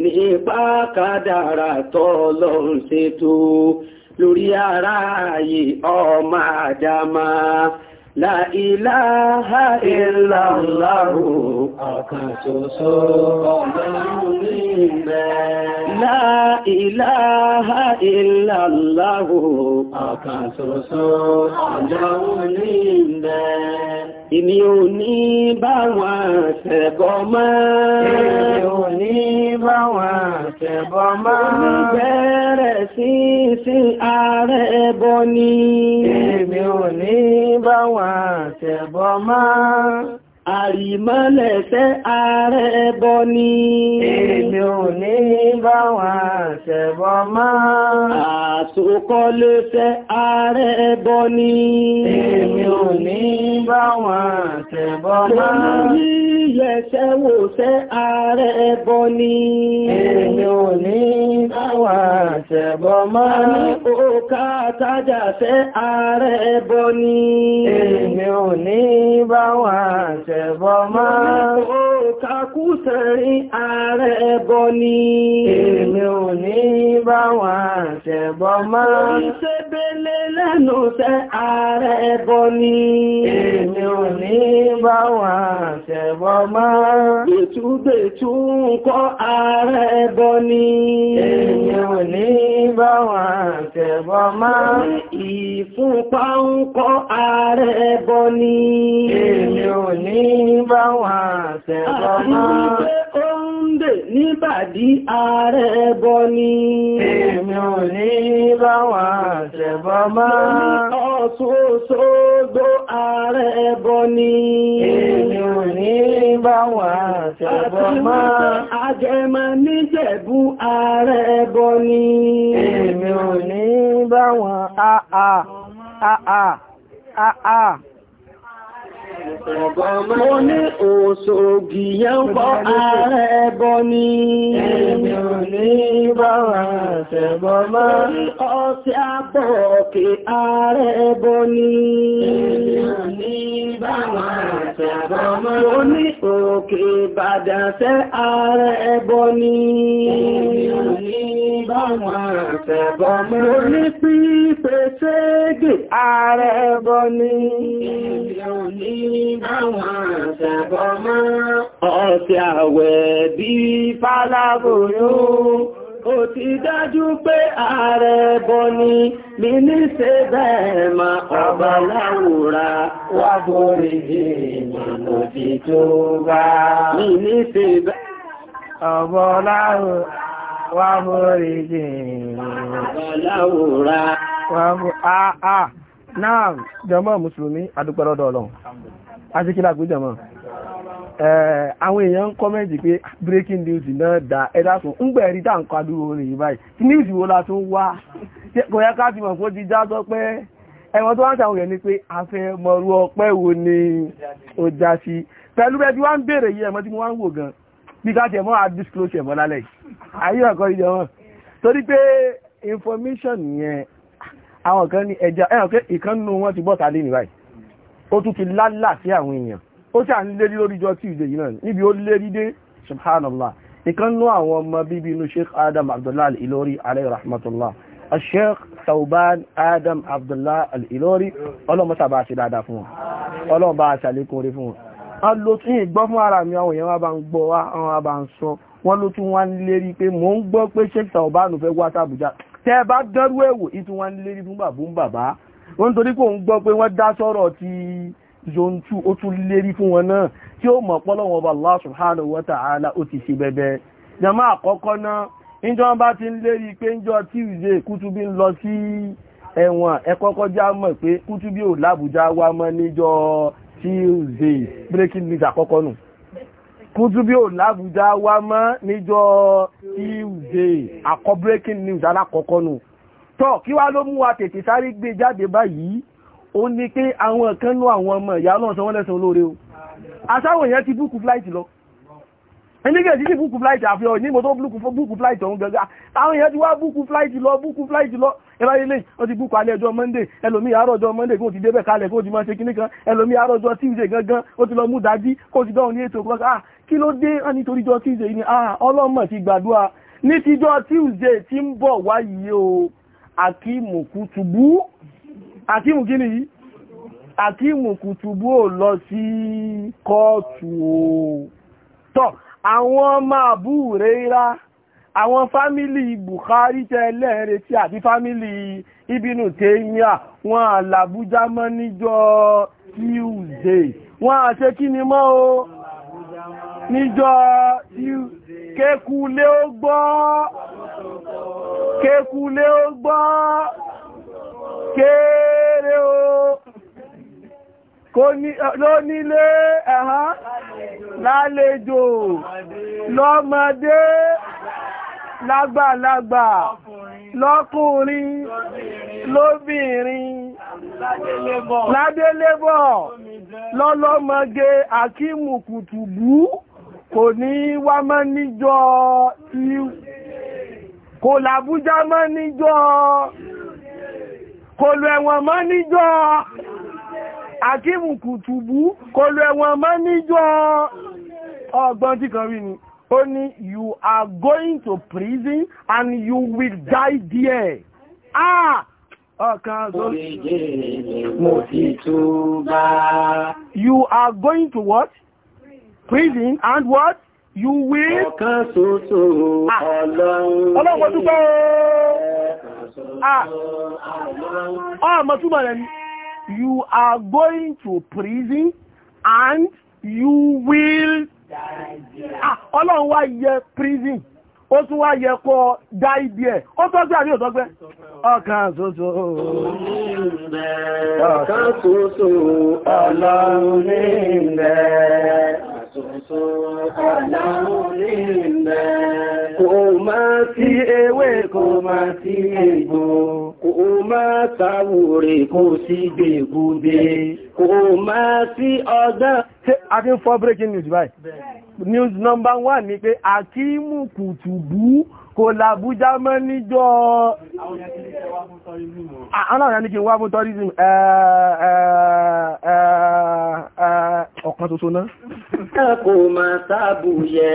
ní ipá kádàrà tọ́lọ́run ṣètò lórí ara ayé ọmọ àdámá La ilaha illallah ọ̀kan ṣoṣo ọlọ́run ní ìbẹ̀. La ilaha illallah ọ̀kan ṣoṣo ọlọ́run ní ìbẹ̀. Èmi ò ní bá wọn ṣẹbọ mọ́. Èmi ò ní bá wọn ṣẹbọ mọ́. Èmi sí sí ààrẹ bọ́ ni. Èmi ò ní bá wọn máa tẹ̀bọ̀ máa. Àrìmọ́lẹ̀ṣẹ́ ààrẹ ẹbọ ni. Èmi ò ní bá wọn ṣẹbọ máa. Àtòkọ́lẹ́ṣẹ́ ààrẹ ẹbọ ni. Èmi ò ní bá wọn ṣẹbọ máa. Lórí yẹ̀ṣẹ́ wòṣẹ́ ààrẹ ẹbọ ni. Èmi ò ní bá wọn ṣẹbọ máa. Àní òkà àtàjàṣẹ́ ààrẹ ẹbọ ni. Èmi ò ní bá wọn ṣẹ ṣẹ̀bọ̀ máa. Òkàkú sẹ́rin ààrẹ ẹbọ ni. Èmi ò ní bá wọn ṣẹ̀bọ̀ máa. Ìṣẹ́bẹ̀lẹ̀ lẹ́nu sẹ́ ààrẹ ẹbọ ni. Èmi ò ní bá wọn ṣẹ̀bọ̀ máa. Ìtúbẹ̀tú kọ́ ààrẹ ẹbọ ni. Èmi ò ní bá wọn ṣẹ̀bọ̀ máa. Ìfúnpá ń kọ́ ààrẹ ẹbọ ni. Èmi ò ní bá wà tẹ̀rọ máa. Ó ń dè níbàdí ààrẹ bọ́ ní. Èmi ò ní bá wà tẹ̀bọ máa. Ọ̀ṣọ́ṣọ́gbó ààrẹ bọ́ ní. Èmi ò ní bá wà tẹ̀bọ máa. Àjẹmọ níjẹ̀bú ààrẹ bọ́ ní. Èmi ò ní bá wà. Ah ah, ah ah, ah ah. Mo ní òṣògì yẹn ń bọ́ ààrẹ ẹbọ ní. Èmi ò ní báwà ṣẹ̀bọ̀ mọ́. Mo ní ọtí àbọ̀ òkè ààrẹ ẹbọ ní. Èmi ò ní báwà ṣẹ̀bọ̀ mọ́. Mo ní òkè Ìbàdàn ṣẹ́ ààrẹ ẹbọ ní. Mo ní pípẹ́ ṣẹ́gì ààrẹ ẹbọ ní. Ọ̀sẹ̀ àwẹ̀ bí fáláboyún, ó ti dájú pé ààrẹ bọ́ ni, mi ní ṣe bẹ́ẹ̀ ma ọba láwòrá wà borí jẹ́ ìmọ̀ ti tó bá. Mi ní ṣe bẹ́ẹ̀ ọba láwòrá wà borí jẹ́ ọba láwòrá. Náà, aṣíkílá gbójẹ̀ mọ́ àwọn èèyàn ń kọ́mẹ́ntì pé breaking news náà dá ẹ̀dàsùn ń gbẹ̀ rí dáǹkọ́ adúrò rìn yìí báyìí tí news wo la tún wá kò yẹ ká ti mọ̀ fún ti já sọ pé ẹ̀wọ̀n tó wá ń sàwọn èèyàn ni pé a fẹ́ mọ̀rú ọpẹ́ wo ni ó já sí pẹ̀lú bẹ́ẹ̀ tí wọ́n ó tún ti lálà sí àwọn èèyàn ó sì à ń lérí lórí jọ tí ìdè yìí náà níbi ó lérí dé subhanallah ìkan nú àwọn ọmọ bíbí inú sheikh adam abdullah al-ilori alayhi rahmatullah sheikh tauban adam abdullah al-ilori ọlọ́mọta bá ṣe dáadáa fún wọn ọlọ́mọba àṣàlékún orí fún wọn a ló tún ìgbọ́ fún ara mi àwọn èèyàn wá bá ń gbọ́ wá àwọn bá ń sọ wọ́n ló tún wá lérí pé mò ń gbọ́ pé sheikh tauban fẹ́ wá sí tẹ́ bá dẹ́rú ẹ̀wò ìtún wá lérí fún bàbá wọ́n torí kò ń gbọ́ pé wọ́n dá sọ́rọ̀ ti zone 2 ó tún lérí fún wọn náà tí ó mọ̀ pọ́lọ́wọ́n ọba Allah subhanahu wa ta'ala ó ti ṣe bẹ́bẹ́ jama àkọ́kọ́ náà ìjọ bá ti lérí pé Tuesday lọ sí ẹ̀wọ̀n já mọ̀ pé ò lábùjá wá mọ́ Tuesday breaking news àkọ́kọ́ tọ́ kí wá ló mú wa tètè sáré gbé jáde báyìí ó ní pé àwọn kan nú àwọn ọmọ ìyá ọlọ́run sanwó lẹ́sàn olóore o aṣáwọn èèyàn ti búùkù flight lọ ẹnìkẹ́ sí ti búùkù flight àfihàn ní mo tó búùkù flight ọ̀hún gẹ́gẹ́ àwọn èèyàn ti wá búùkù flight lọ búùkù flight lọ ẹ̀rọ ilé wọ́n ti búùkù alẹ́ ọjọ́ monday ẹlòmí àárọ̀ ọjọ́ monday kó ti débẹ̀ kalẹ̀ kó ti máa ní ètò ọgbọ́n ah, kí ah, ń bọ̀ wáyé o akímùkútùbú akímù kí ni yìí akímùkútùbú ò lọ sí kọ́ọ̀tù o tọ́ àwọn ọmọ àbú rẹ́ra àwọn fámílì Bukhari tẹ́lẹ̀ retí àti fámílì ibinu tẹ́yìnà wọn àlàbújá mọ́ níjọ́ Tuesday wọn àṣẹ kí ni mọ́ o níjọ́ kékulé ó gbọ́ kékulé ó gbọ́ kéèrè ó lónílé ẹ̀hán lálejò lọ́mọdé lágbàlagbà lọ́kùnrin lóbìnrin ládélébọ̀ lọ́lọ́mọge àkímùkùtùbú kò ní wá mọ́ níjọ́ ìwọ̀n kò làbújá mọ́ níjọ́ kò lọ ẹ̀wọ̀n mọ́ níjọ́ akíwù kùtùbú kò lọ ẹ̀wọ̀n mọ́ níjọ́ ọgbọ́n tí kan rí ni ó ní you are going to prison and you will die there ah ọkàn tó you are going to what prison and what You will. Ọ̀kan ṣoṣo ah. ọlọ́run. Ọlọ́run dúpẹ́ Ah. Ah. túnmọ̀ rẹ̀ ni. You are going to prison and you will. Ah, ọlọ́run wá yẹ prison ó tún wá yẹ kọ́ dá ibi ẹ̀ ó tọ́gbẹ́ àrí òtọ́gbẹ́ ọkàn ọkàn ṣoṣo ọlọ́run ní ilẹ̀ ṣoṣo kò máa sí ewé kò máa sí egbò kò máa sáwòrè kò sí gbègbúgbé kò máa sí ọdá ṣe a ti ń fọ́ breaking news báyìí news number one ni pé akímù kùtùbú kò làbújá mọ́ níjọ́ aláwọ̀yá ní kí wá fún tourism ah, eh, eh, eh, ọ̀kan tuntun náà kò máa sáàbù yẹ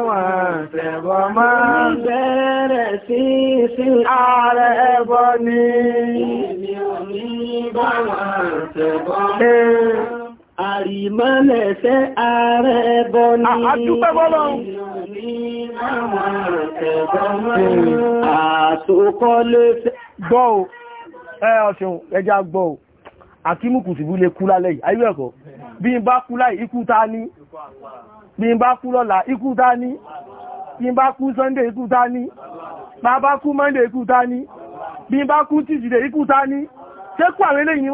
táwọn ṣẹ̀bọ máa ń bẹ̀rẹ̀ sí sí ààrẹ ẹbọ ni. Èmi ní bá wọn ṣẹ̀bọ máa Àrìmọ́lẹ̀ṣẹ́ ẹ ọ̀ṣun ẹja gbọ́ ò, àkímùkù sì bú lè kú lálẹ́ bí n bá kú lọ́la ikú tá ní bí n bá kú sunday ikú tá ní bá bá kú monday ikú tá ní bí n bá kú tuesday ikú tá ní ṣé kú àwọn eléyìí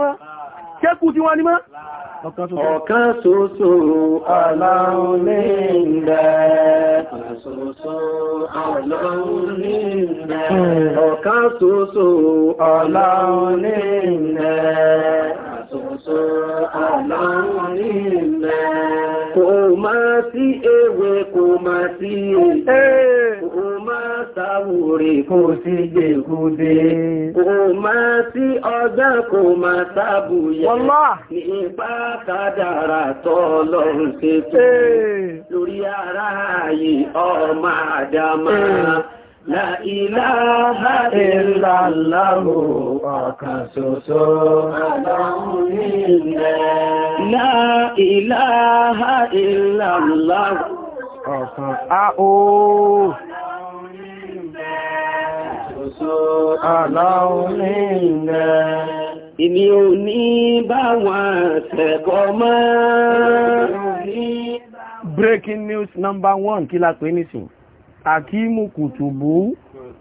ṣẹ́kù tí wọ́n ní mọ́ ọ̀kan ṣoṣo aláhùn ní ilẹ̀ ọ̀kan ṣoṣo aláhùn ní ilẹ̀ ọ̀kan ṣoṣo aláhùn ní ilẹ̀ Kò máa sí ewé, kò máa sí èdè, kò máa sáwòrè, kò sí gbègúdé, kò máa sí ọgbẹ́, kò máa sábùyà. Wọ́lá. Nípa kádàrà tọ́lọ́run ṣètò lórí ara yìí ọmọ àdámà. La ìlàhà ìlàláhù ọ̀kan ṣoṣo aláhùn nílẹ̀. La ìlàhà ìlàláhù ọ̀kan áó. Ṣoṣo aláhùn nílẹ̀. Èmi ò ní bá wọn ṣẹ̀kọ́ mọ́. Breaking news number one kí la pè nísìn. Àkímù kùtùbú,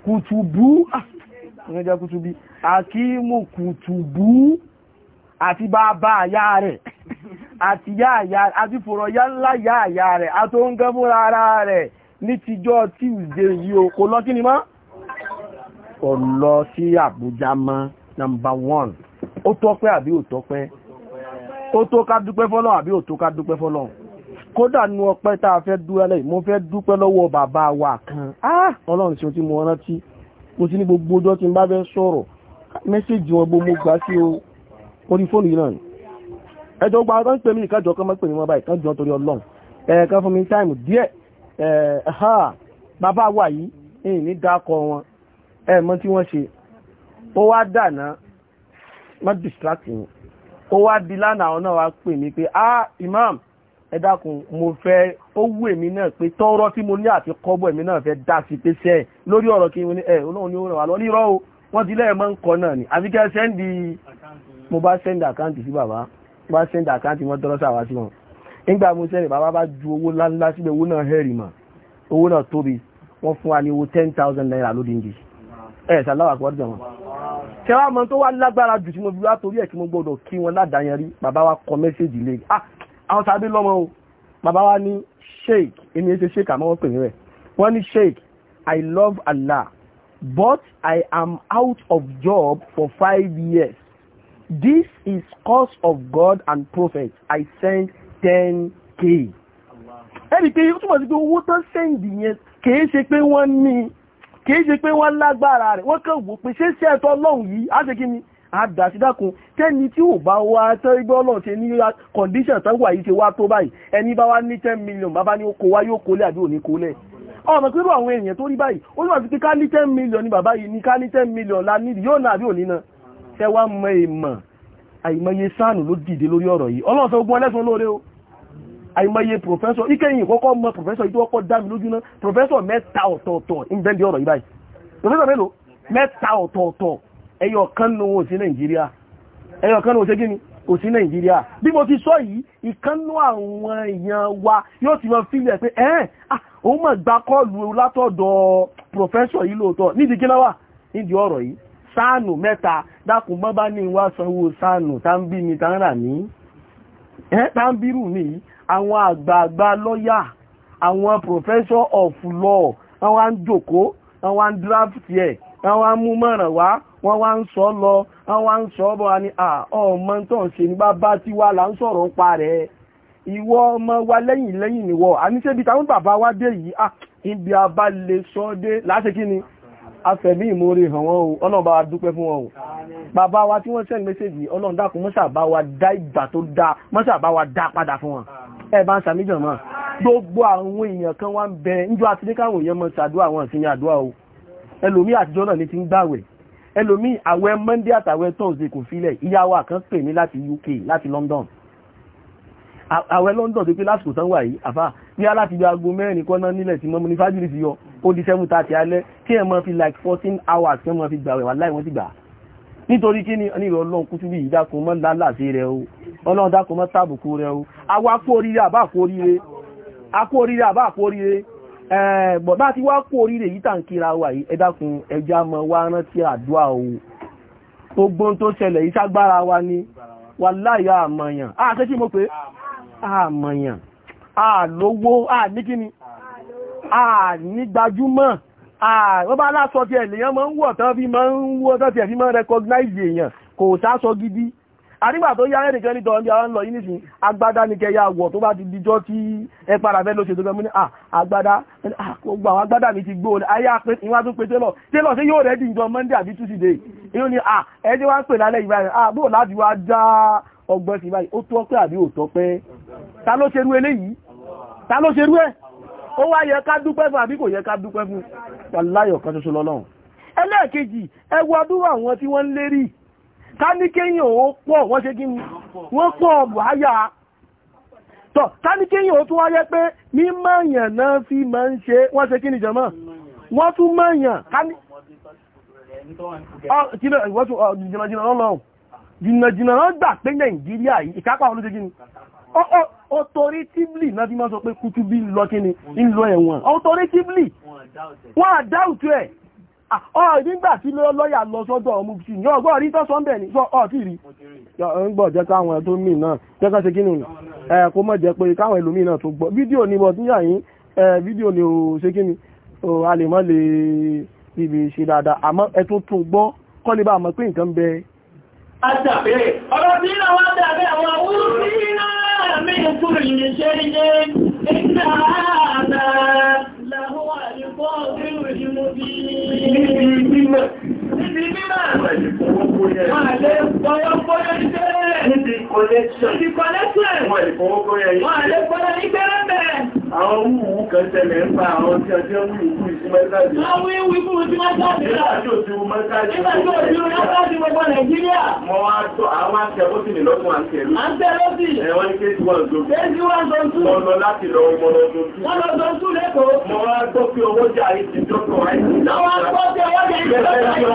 kùtùbú, ìrìnjẹ ah, kùtùbí, àkímù kùtùbú àti bàbá àyá rẹ̀, àti yá àyá rẹ̀, àti fòrọ̀ yá ńlá yá àyá rẹ̀, àtò ń gẹ́ fúnra ara rẹ̀ ní tijọ́ Tuesday yìí o, kò lọ kí ni mọ́? Kò lọ sí Àbújá mọ́, number one ó tọ́pẹ́ àbí ò tọ́pẹ́ ó tó ká dúpẹ́ fọ́lọ́run àbí ò tó ká dúpẹ́ fọ́lọ́run kódà nu ọpẹ́ tá a fẹ́ dúrẹ́lẹ̀ mo fẹ́ dúpẹ́ lọ́wọ́ bàbá wa kan ah! ọlọ́run ṣeun tí mo rántí mo ti ní gbogbo ọjọ́ tí n bá fẹ́ sọ̀rọ̀ mẹ́sẹ̀jì wọn gbogbo gbà yìí náà ni ẹjọ́ gba ọdún pè mí ìkájọ kan mọ́pẹ̀ níwọ̀n báyìí kan jọ torí ọlọ́run ẹ̀ẹ̀kan fún mi ní dákọ wọn ẹ̀ẹ̀mọ́ tí wọ́n ṣe ó wá dáná má distract yìí ó wá di lánàá àwọn náà pè mí pé ah imam ẹ dákun mo fẹ́ ó wù èmi náà pé tọ́rọ́ tí mo ní àti kọ́bọ̀ èmi náà fẹ́ dá sí pé sẹ́ẹ̀ lórí ọ̀rọ̀ kí wọ́n ní ẹ eh, olóhùn ni ó rẹ̀ wá lọ nírọ́ o wọ́n ti lẹ́ẹ̀ máa ń kọ náà ni àfi kẹ́ sẹ́ndì mo bá sẹ́ndì àkáǹtì sí bàbá mo bá sẹ́ndì àkáǹtì wọn tọ́rọ́ sàwá sí wọn nígbà mo sẹ́ndì bàbá bá ju owó ńláńlá síbẹ̀ owó náà hẹ́rì mà owó náà tóbi wọ́n fún wa ní owó ten thousand naira lódìndì ẹ̀ sàláwà pọ̀ kẹwàá mọ́ tó wá lágbára jù tí mo fi látòrí ẹ̀ kí mo gbọ́dọ̀ kí wọn ládàáyẹn bàbá wa kọ mẹ́sẹ̀jì lé ah àwọn sábẹ́ lọ́mọ o bàbá wa ní sheik èmi ẹ sheik àmọ́ wọ́n pè mí rẹ̀ wọ́n ní sheik I love Allah but I am out of job for five years this is cause of God and prophet I send ten k ẹnì kejì ó túmọ̀ sí pé owó tán sẹ́ǹdì yẹn kì í ṣe pé wọ́n ní kìí ṣe pé wọ́n lágbára rẹ̀ wọ́n kàn wò pé ṣé ṣe ẹ̀tọ́ ọlọ́run yìí á ṣe kí ni àdásídákun tẹ́ni tí ò bá wá tán igbó ọlọ́run ṣe ní kọ̀ǹdíṣàn tán wà yìí ṣe wá tó báyìí ẹni bá wá ní ten million bàbá ní ó kó wá yóò kólé àbí òní kólé ọmọ pẹ̀lú àwọn èèyàn tó rí báyìí ó ní wà sí pé ká ní ten million ni bàbá yìí ní ká ní ten million la nídìí yóò ná àbí òní ná ṣẹ wá mọ èèmọ̀ àìmọye sáànù ló dìde lórí ọ̀rọ̀ yìí ọlọ́run sọ gbọ́n lẹ́sùn lóore o àìmọye professor ìkẹyìn kọ́kọ́ mọ professor ìdí ọkọ̀ dá mi lójú professor mẹ́ta ọ̀tọ̀ọ̀tọ̀ ìbẹ́ndì ọ̀rọ̀ yìí báyìí professor mélòó mẹ́ta ọ̀tọ̀ọ̀tọ̀ ẹyọ kan nù wọn sí nàìjíríà ẹyọ kan nù wọn sí gíní kò sí nàìjíríà bí mo ti sọ yìí ìkánú àwọn èèyàn wa yóò ti mọ fílẹ̀ pé ẹ́n ah, òun mọ̀ gba kọlù látọ̀dọ̀ professor yìí lóòótọ́ nídìí kí náwà nídìí ọ̀rọ̀ yìí sáànù mẹ́ta dákun bọ́ bá ní wá sanwó sáànù tá ń bí mi tá ń rà mí tá ń bírù mi àwọn àgbààgbà lọ́yà àwọn professor of law wọ́n wá ń jòkó wọ́n wá ń draft yẹ wọ́n wá ń mú mọ̀ràn wá wọ́n wá ń sọ lọ wọ́n wá ń sọ bọ́ wa ni ọmọ tó ń ṣe ní bàbá tí wà là ń sọ̀rọ̀ ń pa rẹ̀ ìwọ ọmọ wa lẹ́yìn lẹ́yìn nìwọ àníṣẹ́bi táwọn bàbá wa dé yìí ibi abalẹ̀ sọ́dé láti kí ni afẹ̀mí ìmoore hàn wọ́n o ọlọ́run wa dúpẹ́ fún wọn o bàbá wa tí wọ́n send message ọlọ́run dákun mọ́sà bá wa dá ìgbà tó dáa mọ́sà bá wa dá padà fún wọn ẹ̀bá ń sàmíjọ̀ mọ́ gbogbo àwọn èèyàn kan wá ń bẹ níjọ àti ní káwọn èèyàn mọ́ sàdúrà àwọn ìsinmi àdúrà o ẹlòmí àtijọ́ náà ní ti ń gbàwẹ̀ ẹlòmí àwẹ̀ Monday àtàwẹ̀ Thursday kò filẹ̀ ìyàwó àkàn pè mí láti UK láti London àwẹ̀ London tó pé lásìkò tán wà yìí àfà ní aláti bí aago mẹ́rin kọ́ná nílẹ̀ tí mọ́mú ní fájìlì ti yọ ó di seven thirty alẹ́ kí ẹ mọ́ fi like fourteen hours kí ẹ mọ́ fi gbàwẹ̀ wà láì wọ́n ti gbà nítorí kí ni ìrọ̀lọ́n kútùbí ìdákun mọ́ lálàsí rẹ̀ o ọlọ́run dákun mọ́ sábùkú rẹ̀ o àwa kú oríire àbá kú oríire akú oríire àbá kú oríire ẹ̀gbọ̀n bá ti wá kú oríire yìí tàn kíra wà yìí ẹ dákun ẹja mọ́ wá rántí àdúrà o ogbón tó ṣẹlẹ̀ yìí ságbára wa ni wà láyà àmọ̀yàn a ṣe kí mo pé àmọ̀yàn a lówó a ní kíni a ní gbajúmọ̀ wọ́n bá lásọ ti ẹ̀lẹ́yàn máa ń wọ̀ tán fi máa ń wọ́ tán ti ẹ̀fí máa ń recognize èèyàn kò sásọ gidi àrígbà tó yá ẹnìkan ní tọ́ọ̀bí àwọn lọ yìí nìsín agbádá ní kẹyà wọ̀ tó bá ti dijọ́ tí ẹ padà fẹ́ ló ṣe tó fẹ́ mú ní àgbádá gbogbo àwọn agbádá mi ti gbó ní ayé àpé ìwá tó pe télọ̀ télọ̀ sí yóò rẹ́dì ìjọ Monday àbí Tuesday inú ni ẹni wá ń pè lálẹ́ ìbáyìí àbò láti wá já ọgbọ́n sí báyìí ó tọ́ pé àbí ò tọ́ pé ta ló ṣerú eléyìí ta ló ṣerú ẹ̀ ó wá yẹ ká dúpẹ́ fún àbí kò yẹ ká dúpẹ́ fún wà láyọ̀ kan ṣoṣo lọ́lọ́run ẹlẹ́ẹ̀kejì ẹ wo adúrà àwọn tí wọ́n ń lérí ká ní kéyìn ó pọ̀ wọ́n ṣe gíní wọ́n pọ̀ wáyà tọ̀ ká ní kéyìn ó tún wáyé pé mímọ̀ èèyàn náà fi máa ń ṣe wọ́n ṣe kíní jọmọ́ wọ́n tún mọ̀ èèyàn ká ní jìnnàjìnnà lọ́lọ́run jìnnàjìnnà lọ́n gbà pé nàìjíríà yìí ìkápá olóṣe gíní authoritatively náà fi máa sọ pé kútúbí lọ kíni ń lọ ẹ̀wọ̀n authoritatively wọ́n àdáùtú ẹ̀ ọ̀rọ̀ ah, oh, nígbà tí lọ́yà lọ sọ́dọ̀ ọmọ sí ní ọgbọ́ rí tọ́sọ́ bẹ̀ ní ọ̀tí rí ń gbọ́ jẹ́ káwọn tó mì náà jẹ́kọ́ ṣe kínú ẹ̀ eh, kó mọ̀ jẹ́ pé káwọn ìlú mì náà tó gbọ́ fídíò ni bọ̀ níyà yín eh, fídíò ni ò ṣe kíni a lè mọ́ lè ibi ṣe dáadáa àmọ́ ẹ tó tún gbọ́ kọ́ lè bá mọ̀ pé nǹkan bẹ إن هذا لهو الفاضل níbi mímọ̀. Níbi mímọ̀. Máa lè fọwọ́ fọyọ́ ní tẹ́lẹ̀. Níbi connection àwọn wùwú kan tẹ̀lẹ̀ ń pa àwọn tí ọjọ́ wùwú ìsí mẹ́tàdì. Wọ́n wí wíwú ìsí mẹ́tàdì. Nígbà tí ò ti wù mẹ́tàdì. Nígbà tí ò ti wù mẹ́tàdì gbogbo Nàìjíríà. Mo wá tó àwọn akẹ́kọ̀ọ́sì ní lọ́tún àǹtẹ̀lú. Àǹtẹ̀lọ́sì. Ẹ̀wọ́n ní kéjì wọn tó. Kéjì wọn tó tú. Mo lọ láti lọ mo lọ tó tú. Wọ́n lọ tó tú lẹ́kọ̀ọ́. Mo wá gbọ́ pé owó jà ìsìn tó kọ̀ àìsìn. Àwọn akọ́ṣẹ́ wọ́n jẹ́ ìjọba ìjọba.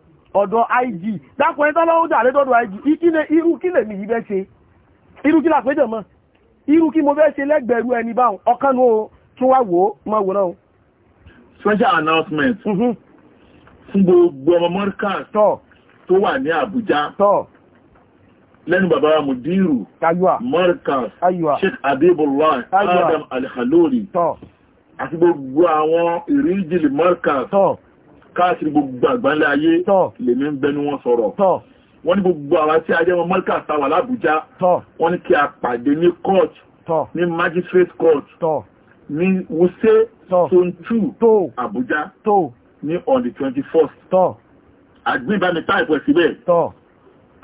ọ̀dọ̀ IG dákùn ẹ̀tọ́ lọ́wọ́ dà lẹ́dọ̀dọ̀ IG ìkílẹ̀ irú kí lèmi yìí bẹ́ ṣe irú kí làpéjọ mọ́ irú kí mo bẹ́ ṣe lẹ́gbẹ̀rú ẹni báhùn ọkàn ní o tún wá wò ó mọ́ wò náà. special announcement mhm. fún gbogbo ọmọ Morkass tó wà ní Àbújá lẹ́nu bàbá mudiru Morkass Sheikh Abibullah Adam al àti gbogbo àwọn ìríjìlì Morkass káàkiri gbogbo àgbáńlẹ̀ ayé lèmi ń bẹnu wọn sọ̀rọ̀ wọ́n ní gbogbo àwa tí a wọn mọ́líkà sáwà lábújá wọ́n ní kí a pàdé ní court ní magistrate court ní wuse zone Abuja, àbújá ní on the twenty first àgbínbámi tá ìpẹ́ síbẹ̀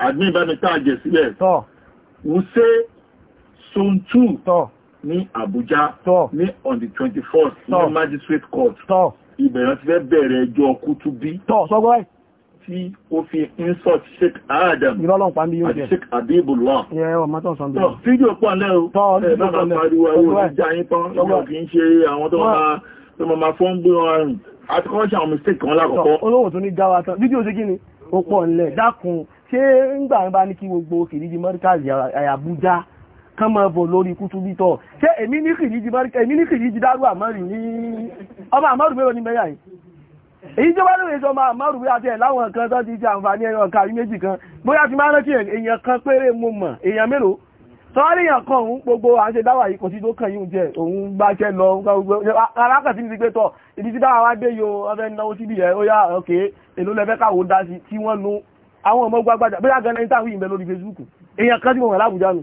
àgbínbámi tá àjẹ́ síbẹ̀ wuse zone two ní àbújá ní on the twenty first ní magistrate court ìbẹ̀rẹ̀ ti fẹ́ bẹ̀rẹ̀ ẹjọ́ kútúbí tọ́ sọ́gbọ́ ẹ̀ tí ó fi insult Sheikh Adam àti Sheikh Abibullah tọ́ fídíò pọ̀ lẹ́rù ẹ̀ẹ́dọ́gbà pariwo ẹ̀wọ̀n ìjà yín tán lọ́gbà kì í fídíò pọ̀ nílẹ̀ dákun kán máa bọ̀ lórí kútúbí tọ́ ṣé èmi ní kìríjì mọ́ríkà èmi ní kìríjì dárú àmọ́rì ní ọmọ àmọ́rù mẹ́rọ ní mẹ́yà yìí èyí tó bá lórí ìjọ ọmọ àmọ́rù àti ẹ̀láwọn nǹkan tó ti ṣe àǹfààní ẹyọ kàrí méjì kan bóyá ti máa rántí èèyàn kan péré mo mọ̀ èèyàn mélòó sọ́wọ́n èèyàn kan òun gbogbo à ń ṣe dáwà yìí kò sí tó kàn yíò jẹ òun bá jẹ́ lọ alákàtí ní ti pé tọ́ ìdí tí dáwà wá dé yo ọfẹ́ náwó síbi ẹ̀ ó yá ọkẹ́ èló lẹ́fẹ́ káwó dá sí tí wọ́n nu àwọn ọmọ gbàgbàjà bóyá gan ní táwọn yìí bẹ lórí Facebook èèyàn kan tí mo wà lábùjá nù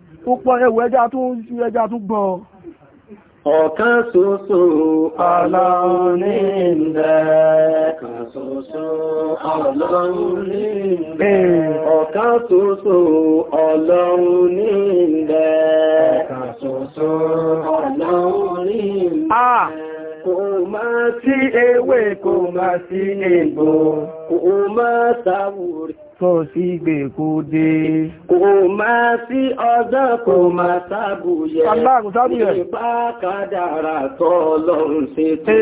púpọ̀ ẹwù ẹjá tún ẹjá tún gbọ́ ọ̀kan ṣoṣo ọlọ́run ní ilẹ̀ ọ̀kan ṣoṣo ọlọ́run ní ilẹ̀ ọ̀kan ṣoṣo ọlọ́run ní ilẹ̀ ọ̀kan ah! Kò máa sí ewé kò máa sí egbò, kò máa sáwòrì tó sí gbé kó dé. Kò máa sí ọjọ́ kò máa sábúyẹ̀. Aláàkù sábúyẹ̀. Ìpá kádàrà tọ́ ọlọ́run ṣe tó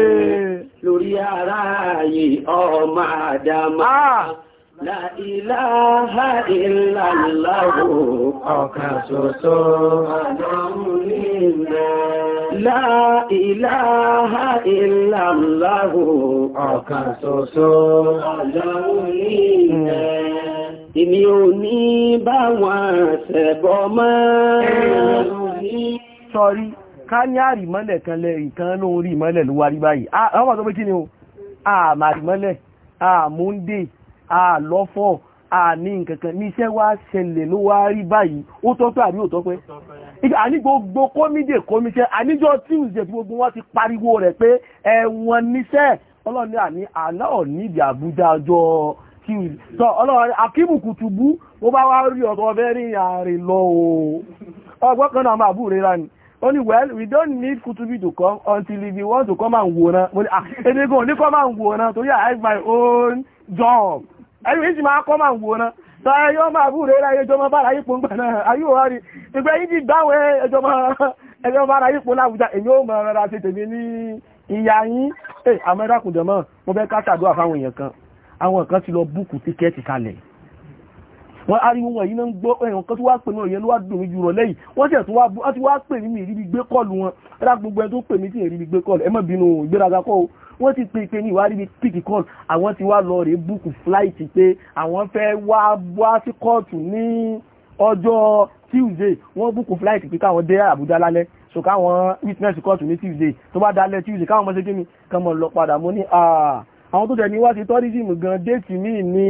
lórí ara yìí ọmọ àdámá. Ah. La ìláhà ìlàláwò ọ̀kan ṣoṣo àdáhùn La ìláhà ìlàláwò ọ̀kan ṣoṣo àdáhùn nílẹ̀. Èmi ò ní bá wọn ṣẹbọ mọ́. Sọ̀rí, ká ní àrìmọ́lẹ̀ kan lẹ ìkan lóhun rí mọ́lẹ̀ ló báyìí. Ah, àwọn ọmọ tó pé kí ni o? Àmàrìmọ́lẹ̀, àmúndé. Ah, àlọ́fọ̀ àní nkankan ní iṣẹ́ wá ṣẹlẹ̀ ló wá rí báyìí ó tọ́tọ́ àbí òtọ́ pé àní gbogbo kọ́mídé kọ́míṣẹ́ àníjọ́ Tuesday tí gbogbo wọn ti pariwo rẹ̀ pé ẹ̀wọ̀n níṣẹ́ ọlọ́ni àní àná ọ̀ní ìdí Àbújá ọjọ́ Tuesday ọlọ́run akíbù kùtùbú mo bá wá rí ọ̀tọ̀ fẹ́ rí àárín lọ o ọgbọ́n kan náà máa only well we don't need kutubi to come until if you want to come and go na. ah ẹni gan ní come and wòran torí I have my own job ẹ̀rù ìsì máa kọ́ máa wò náà tọ́ ẹyọ́ máa bú rẹ̀ láyé jọmọ bára yípo ń gbẹ̀nà ayíwọ̀ rí ìgbẹ́ yìí ti gbáwẹ́ ẹjọ́ bára yípo láwùjá èyí ó máa rọra ṣe tèmi ní ìyá yín ẹ̀ amẹ́rákùndọ̀mọ́ e mo fẹ́ kátàdúrà fáwọn èèyàn kan àwọn kan ti lọ búùkù tíkẹ́ẹ̀tì kalẹ̀ wọ́n ariwo wọn yìí náà ń gbọ́ ẹ̀yàn eh, kan tó wá pè náà yẹn ló wá dùn mí jù rọ̀ lẹ́yìn wọ́n tẹ̀ tó wá pè mí ìrírí gbé kọ́ọ̀lù wọn ẹ̀dá gbogbo ẹ̀ tó pè mí tí ìrírí gbé kọ́ọ̀lù ẹ má bínú ìgbéraga kọ́ o wọ́n ti pè pé ní ìwádìí bíi píkì kọ́ọ̀lù àwọn ti wá lọ rèé búùkù fúláìtì pé àwọn fẹ́ wá wá sí kóòtù ní ọjọ́ tuesday wọ́n búùkù fúláìtì pé káwọn dé àbújá lálẹ́ so káwọn witness kóòtù ní tuesday tó bá dalẹ̀ tuesday káwọn mọ̀ ṣe kí ni kọ́mọ lọ padà mo ní àwọn tó tẹ̀ ní wá sí tọ́rísìmù gan déètì míì ní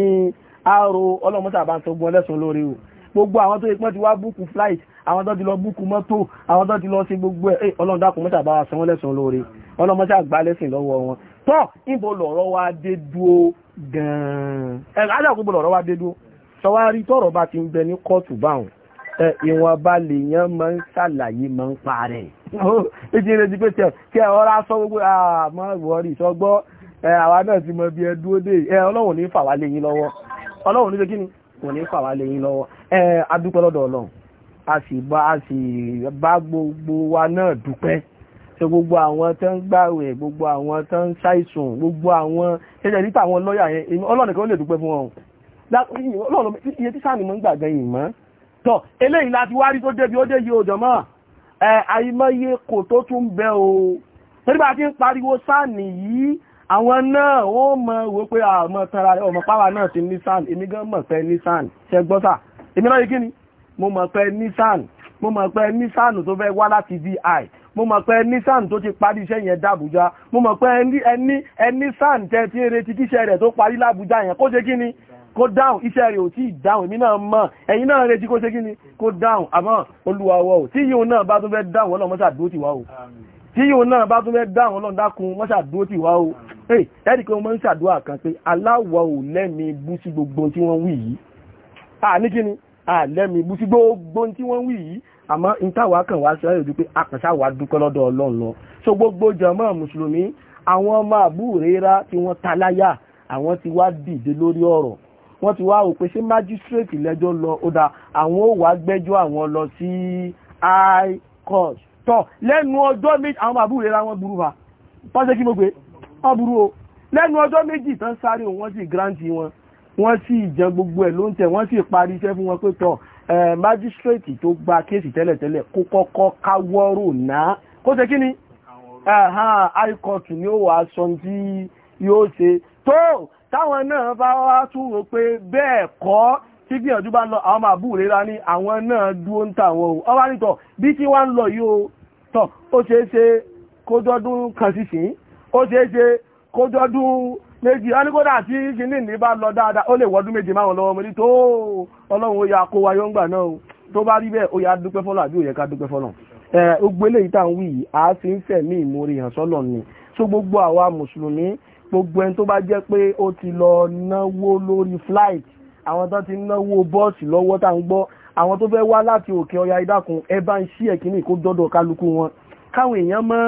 àrò ọlọ́mọ́sà bá ń sọ gbọ́n lẹ́sùn lórí o gbogbo àwọn tó ipọ́n ti wá búùkù flight àwọn tó ti lọ búùkù mọ́tò àwọn tó ti lọ sí gbogbo ẹ̀ ọlọ́run dákun mọ́tà bá sanwó lẹ́sùn lórí ọlọ́mọdé àgbálẹ́sìn lọ́wọ́ wọn tọ́ ìbò lọ̀rọ̀ wá dé dúó gan-an ẹ̀rọ aláàkúgbò lọ̀rọ̀ wá dé dúó sọwárí tọ́rọ̀ bá ti ń bẹ ní kóòtù báwọn ìwọ̀n bá lè yán máa ń ṣàlàyé máa ń parẹ́ ìdí ìrètí pé tẹ kí ẹ ọ̀rá sọ gbogbo àmọ́ ìwọ́rí sọgbọ́ àwa náà ti mọ bí ẹ dúó dé ẹ ọlọ́run ní fà wá lé yín lọ́wọ́ ọlọ́run ní ṣe kíni kò ní fà wá lé yín lọ́wọ́ adúpẹ́ lọ́dọ̀ ọlọ́run a sì bá gbogbo wa náà dúpẹ́ ṣe gbogbo àwọn tó ń gbàwẹ̀ gbogbo àwọn tó ń ṣàìsùn gbogbo àwọn ṣẹlẹ̀ nípa àwọn lọ́yà yẹn ọlọ́run lè dúpẹ́ fún wọn ọlọ́run àwọn náà ó mọ̀ wó pé àmọ́ tanra rẹ̀ ọmọ páwà náà ti nissan èmi gan mọ̀ pé nissan ṣẹgbọ́sà èmi náà yìí kí ni mo mọ̀ pé nissan mo mọ̀ pé nissan tó fẹ́ wá láti vi mo mọ̀ pé ẹni sáà tó ti parí iṣẹ́ yẹn dàbújá mo mọ̀ pé ẹni ẹni sáà tẹ́ ti ń retí kíṣẹ́ rẹ̀ tó parí lábújá yẹn kó ṣe kí ni kó dáhùn iṣẹ́ rẹ̀ ò tí dáhùn èmi náà mọ̀ ẹ̀yin náà retí kó ṣe kí ni kó dáhùn àmọ́ olúwawọ́ ò tí yíò náà bá tún fẹ́ dáhùn ọlọ́run mọ́ṣà dúró tìwá o tí yíò náà bá tún fẹ́ dáhùn ọlọ́run dákun mọ́ṣà dúró tìwá o ẹ̀ẹ́dì pé wọ́n ń ṣàdúrà kan pé aláwọ̀ ò lẹ́mi bú sí gbogbo tí wọ́n wí yìí à ní kí ni à lẹ́mi bú sí gbogbo tí wọ́n wí yìí àmọ́ ìtawà kan wá sí ayò wípé àkànṣá wà dúpẹ́ lọ́dọ̀ ọlọ́run so gbogbo jàmọ́ mùsùlùmí àwọn ọmọ àbúrẹ́ra tí wọ́n taláyà àwọn ti wá dìde lórí ọ̀rọ̀ wọ́n ti wá wò pé ṣé májísírèètì lẹ́jọ́ lọ ó dá àwọn ò wá gbẹ́jọ́ àwọn lọ sí high court tọ́ lẹ́nu ọjọ́ méjì àwọn àbúrẹ́ra wọn burú wa wọ́n ṣe kí mo pé wọ́n burú o lẹ́nu ọjọ́ méjì tán sáré wọ́n sì gírántì wọn wọ́n sì jẹ gbogbo ẹ̀ ló ń sì parí iṣẹ́ fún wọn pé tọ́ májísírèètì tó gba kéèsì tẹ́lẹ̀tẹ́lẹ̀ kó kọ́kọ́ káwọ́rò náà kó ṣe kí ni àìkọ̀tù ni ó wà sọ tí yóò tó táwọn náà bá wá pé bẹ́ẹ̀ kọ́ tí gbìyànjú bá lọ àwọn máa bú rera ní àwọn náà dúró ń tàwọn ohun ọwá nìtọ̀ bí tí wá ń lọ yóò tọ̀ ó ṣeé kójọ́dún kan sísìn ó ṣeé kójọ́dún méjì a ní kódà tí kìíní ní bá lọ dáadáa ó lè wọ́dún méje máwọn lọ́wọ́ mo tó ọlọ́run ó kó wa yóò ń gbà náà o tó bá rí bẹ́ẹ̀ ó yà dúpẹ́ fọ́lọ́ àbí ó yẹ ká dúpẹ́ fọ́lọ́ ẹ gbogbo eléyìí tá à ń wí a fi ń fẹ̀mí ìmoore hàn sọ́lọ̀ ni so gbogbo àwa mùsùlùmí gbogbo ẹni tó bá jẹ́ pé ó ti lọ náwó lórí flight àwọn tó ti náwó bọ́ọ̀sì lọ́wọ́ tá à ń gbọ́ àwọn tó fẹ́ wá láti òkè ọya ìdákun ẹ bá ń ṣí ẹ̀kíní kó dọ́dọ̀ kálukú wọn káwọn èèyàn mọ́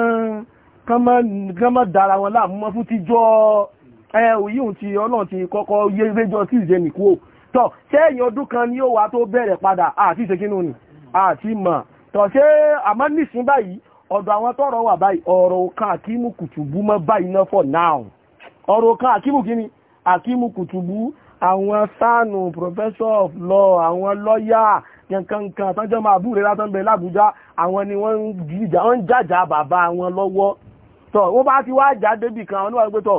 kán mọ́ dára wọn láàmú mọ́ fún tíjọ́ ẹ òyí òun ti ọlọ́run ti kọ́kọ́ yé réjọ sí ìṣe nìkú o tọ́ sẹ́yìn ọdún kan ni ó wà tó bẹ̀rẹ̀ padà àti ìṣekínú ni àti mọ̀ tọ́ ṣé àmọ́ nísìn báyìí ọ̀dọ̀ àwọn tọ́rọ wà báyìí ọ̀rọ̀ kan àkímù now ọ̀rọ̀ kan àkímù kíni àkímù kùtùbú àwọn professor law àwọn lọ́yà kankankan tọ́jọ́ máa bú rẹ̀ látọ́ ń bẹ lábújá àwọn ni wọ́n ń jàjà bàbá wọn lọ́wọ́ tọ́ wọ́n bá ti wá jà débì kan àwọn oníwà gbẹ́tọ̀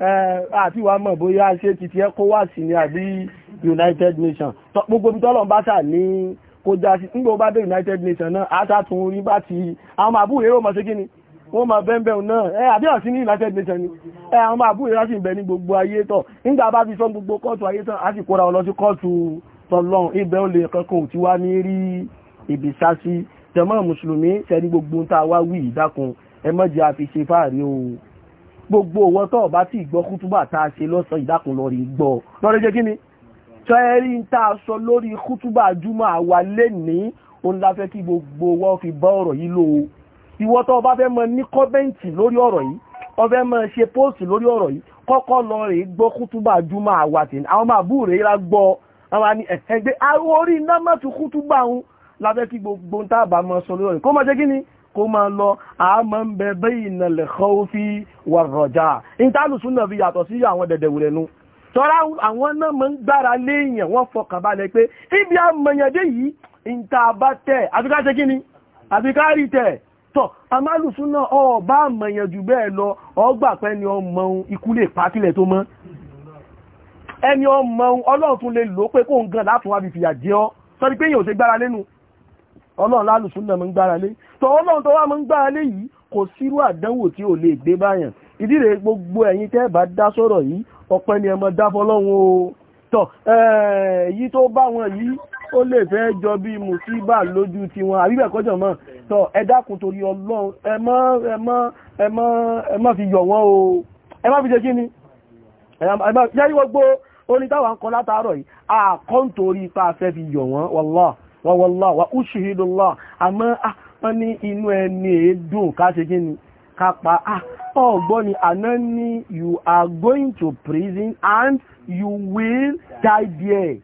àti wà mọ̀ bóyá ṣe ti ti ECOWAS ní àbí United Nations gbogbo bí tọ́lọ̀ bá sà ní kó já sí nígbà bá dé United Nations náà àtàtún rí bá ti àwọn àbúrò èrò mọ̀ sí kíni wọ́n máa bẹ́ẹ̀bẹ̀ náà ẹ àbíyàn sí ní United Nations ni ẹ àwọn máa bú ìrásì ìbẹ̀ ní gbogbo ayé tọ̀ nígbà bá fi sọ gbogbo kọ́ọ̀tù ayé tán á sì kóra ọlọ́ sí kọ́ọ̀tù tọlọ́n ibẹ̀ ó lè kankan ò ti wá ní rí ibi sásí jàmá mùsùlùmí sẹ́ni gbogbo ń ta wá wí ìdákun ẹ mọ́jì àfi ṣe fáàrí o gbogbo wọn tó bá ti gbọ́ kútúbà tá a ṣe lọ́sàn ìdákun lọ rí gbọ́ lọ́rẹ́ jẹ́ kí ni tọ́ ẹ rí ń tá a sọ lórí kútúbà júmọ́ àwa lénìí òun la fẹ́ kí gbogbo wọn fi bá ọ̀rọ̀ yìí lò ó ìwọ tó bá fẹ́ mọ ní kọ́mẹ́ǹtì lórí ọ̀rọ̀ yìí ó fẹ́ mọ ṣe póòsì lórí ọ̀rọ̀ yìí kọ́kọ́ lọ rè gbọ́ kútúbà júmọ́ àwa tèmi àwọn kó máa lọ àmọ́ ń bẹ bẹ́yì ìnàlẹ̀ khawfi wà rọ̀jà ìtàlùsùn náà fi yàtọ̀ sí àwọn dẹ̀dẹ̀wùrẹ̀ nu tọ́ra àwọn náà mọ́ ń gbára léèyàn wọ́n fọkàn balẹ̀ pé ibi àmọ̀yàndé yìí ìta bá tẹ̀ àbíká ṣe kí ni àbíká rí tẹ̀ tọ́ amálùsùn náà ọ bá àmọ̀yàn jù bẹ́ẹ̀ lọ ọgbà pẹ́ ni ọmọ ọlọ́run lálùsùn náà mọ́ ń gbára lé tó ọlọ́run tó wá mọ́ ń gbára lé yìí kò sírú àdánwò tí ò lè gbé báyàn ìdí gbogbo ẹ̀yin tẹ́ bá dá sọ̀rọ̀ yìí ọpẹ́ ni ẹmọ dá fọlọ́run o tọ̀ èyí tó bá wọn yìí ó lè fẹ́ jọ bí mùsíbà lójú tiwọn àbíbẹ̀ kọjọ mọ́ tọ̀ ẹ dákun torí ọlọ́run ẹ má ẹ má ẹ má ẹ má fi yọ̀ wọ́n o ẹ má wa wallahi wa ushhidullah àmọ́ ah, wọ́n ní inú ẹni èédùn káṣe kí ni kápa ah, ọgbọ́ ni àná ni you are going to prison and you will die there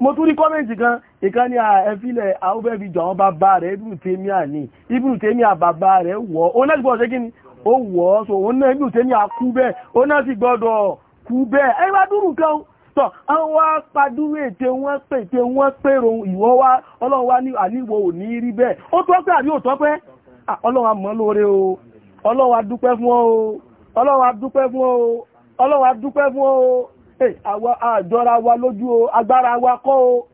mo tún rí kọ́mẹ̀ntì kan ìkan ní ah, ẹ̀fílẹ̀ àwọ́bẹ̀bí jọ àwọn bàbá rẹ̀ ibùrù tèmi àní ibùrù tèmi àbàbá rẹ̀ wọ́ ó náà sì gbọ́dọ̀ ṣe kí ni ó wọ́ so òun náà ibùrù tèmi àkú bẹ́ẹ̀ náà sì gbọ́dọ̀ kú bẹ́ẹ̀ ẹ̀yìn kan tọ́ wọ́n wá padúrú ète wọ́n pè ète wọ́n pèrò ìwọ wá ọlọ́run wá ní àníwọ̀ ò ní rí bẹ́ẹ̀ ó tọ́ pé àbí ò tọ́ pé ọlọ́run àmọ́ lóore o ọlọ́run adúpẹ́ fún ọ ọlọ́run adúpẹ́ fún ọ ọlọ́run adúpẹ́ fún ọ àwọn àjọra wa lójú o agbára wa kọ́ o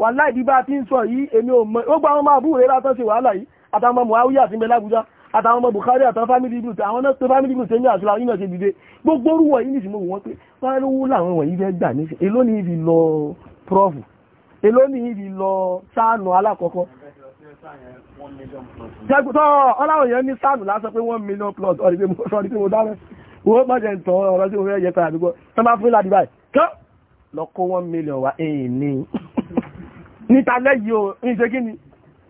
wà láì bí bá ti ń sọ yìí èmi ò mọ̀ ó gbà wọn máa búrẹ́ látọ́ sí wàhálà yìí àtàwọn ọmọ àwúyà sí mẹ́lágbújá àtàwọn ọmọ Bukhari àtàwọn family group àwọn náà tó family group tẹ́lẹ̀ àtúrà yínyàn ṣe dìde gbogbo orúwọ̀ yìí nìsí mọ̀ pé wọ́n lówó wọ̀nyí fẹ́ gbà ní èló ní ibi lọ prof èló ní ibi lọ sáànù alákọ̀ọ́kọ́ tẹ́gbùtọ́ ọláwọ̀ yẹn ní one million plus ọ̀rí mo sọ́rí mo dáná wọ́n má jẹ́ ń mo fẹ́ yẹ pẹ̀lú àdúgbò tó máa fún ìlàdí one million wá èyí ní níta lẹ́yìn o ń ṣe kí ni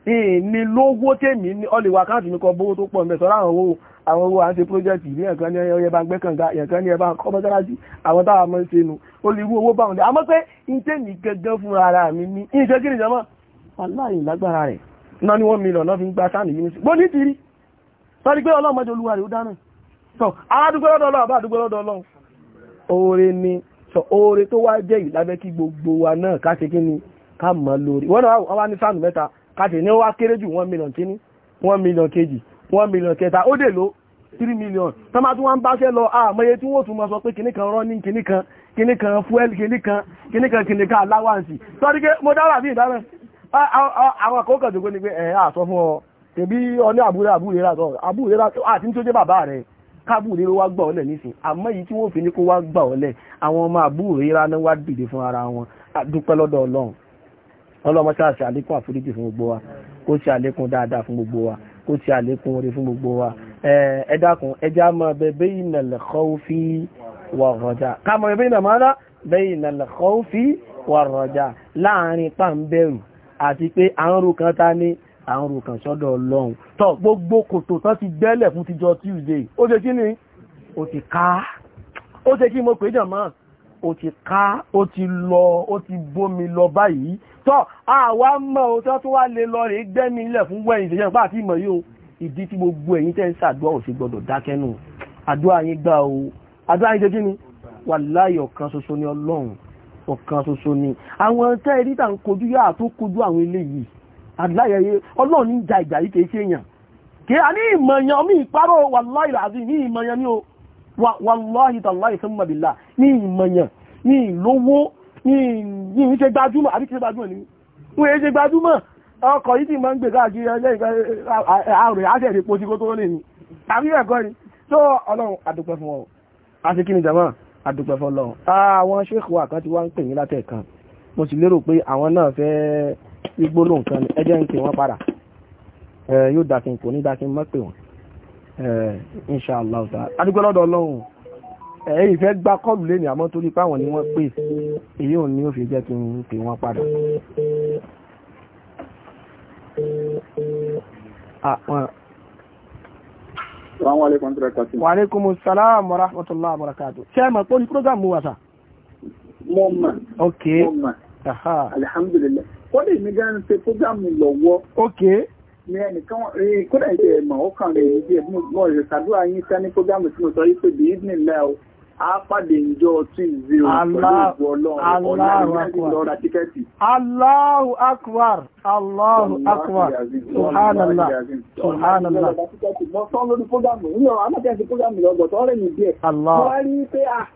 ìní lówó tèmi ní ọlẹ́wà káàtì mi kọ bówó tó pọ̀ mẹ́sọ̀ láwọn owó àwọn owó à ń ṣe pírójẹ́tì ní ẹ̀kan ní ọyẹ bá ń gbẹ́ kànga ẹ̀kan ní ẹ̀bá kọ́ mọ́sálásí àwọn táwa mọ́ ṣe nu ó owó báwọn dé àmọ́ pé iṣẹ́ mi gẹ́gẹ́ fún ara mi ní iṣẹ́ kí ni jọmọ́ aláì lágbára rẹ̀ iná ní wọ́n mílọ̀ náà fi ń gba sáà nìyí sí gbóní tìrí sọ́ni pé ọlọ́mọdé olúwa rẹ̀ ó dáná sọ àádúgbò lọ́dọ̀ ọlọ́run àbádúgbò lọ́dọ̀ ni sọ oore kàtì ní wá kéré jù one million kíní one million kejì one million kẹta ó dè ló three million tó máa tún wá ń báṣẹ́ lọ àmọye tí wọ́n tún máa sọ pé kìíní kan running kìíní kan kìíní kan fuel kìíní kan kìíní kan kìíní kan aláwáǹsì sọ́dí pé mo dára bí ìdáná àwọn àkókò tó kó ni pé ẹ̀ á sọ fún ọ tèbí ọní àbúrẹ́ àbúrẹ́ rà sọ àbúrẹ́ rà àti nítorí bàbá rẹ̀ kábùrẹ́ ló wá gbà ọ́lẹ̀ nísìn àmọ́ èyí tí wọ́n fi ní kó wá gbà ọ́lẹ̀ àwọn ọmọ lọ́dọ̀ ọlọ́run ọlọ́mọ ṣáà ṣe àlékún àforíjì fún gbogbo wa kó ṣe àlékún dáadáa fún gbogbo wa kó ṣe àlékún oore fún gbogbo wa ẹ dákun ẹjẹ́ á máa bẹ bayna al-khawfi war-raja ká mọ̀ ẹ̀bẹ́ ìnà máa bayna al-khawfi war-raja láàrin pàǹbẹ̀rù àti pé àrùn kan ta ní àrùn kan sọ́dọ̀ ọlọ́run tó gbogbo kòtò tán ti gbẹ́lẹ̀ fún tijọ́ Tuesday ó ṣe kí ni ó ti ká ó ṣe kí mo pè jàn máa ó ti ká ó ti lọ ó ti bómi lọ báyìí tọ́ àwa mọ̀ o tí wọ́n tún wá lè lọ rè gbẹ́mi ilẹ̀ fún wẹ̀yìn ìṣẹ́yàn pàá tí mọ̀ yóò ìdí tí gbogbo ẹ̀yin tẹ́ ń ṣàdúrà ò sí gbọ́dọ̀ dákẹ́nu àdúrà yín gbà o àdúrà yín ṣe kí ni wàláhì ọ̀kan ṣoṣo ni ọlọ́run ọ̀kan ṣoṣo ni àwọn tẹ́ ẹ̀rí tà ń kojú yáà tó kojú àwọn eléyìí àdúráyẹyẹ ọlọ́run ń ja ìjà yìí kìí ṣe èèyàn kìí a ní ìmọ̀yàn mí ìparọ́ wàláhì làbí ní ìmọ̀yàn ní o wàláhì tàláhì sọ́mọ̀bìlà ní ìmọ̀yàn ní ìlówó yìí ṣe gbajúmọ̀ àbí ṣe gbajúmọ̀ ní wọ́n ṣe gbajúmọ̀ ọkọ̀ yìí tí ma ń gbè káàkiri ẹgbẹ́ àrẹ̀ àṣẹ̀rẹ̀ epo tí kó tó lè ní àbí ẹ̀kọ́ ni tó ọlọ́run àdúpẹ́ fún ọ àti kí ni jama àdúpẹ́ fún ọlọ́run àwọn ṣéèkù wa kan ti wá ń pè yín látẹ̀ẹ̀kan mo sì lérò pé àwọn náà fẹ́ gbígbóló nǹkan ẹjẹ́ ń pè wọ́n padà yóò dákin kò ní dákin mọ́ pè wọ́n insha Allah ta'ala ọlọ́run ẹ̀yìn ìfẹ́ gbá kọ́ọ̀lù lẹ́nu àmọ́ torí páwọn ni wọ́n pè èyí òun ni ó fi jẹ́ kí n pè wọ́n padà. Ah, wa alaikumus salam wa rahmatullahi wa barakatuh. mọ̀ pé ní program wà sá? Mo mọ̀. Ok. Mo mọ̀. Alhamdulillah. mi gan ṣe program lọ́wọ́. Ok Apàdé Allahu akbar, Allahu akbar, Subhanallah, Subhanallah. Mọ́ sán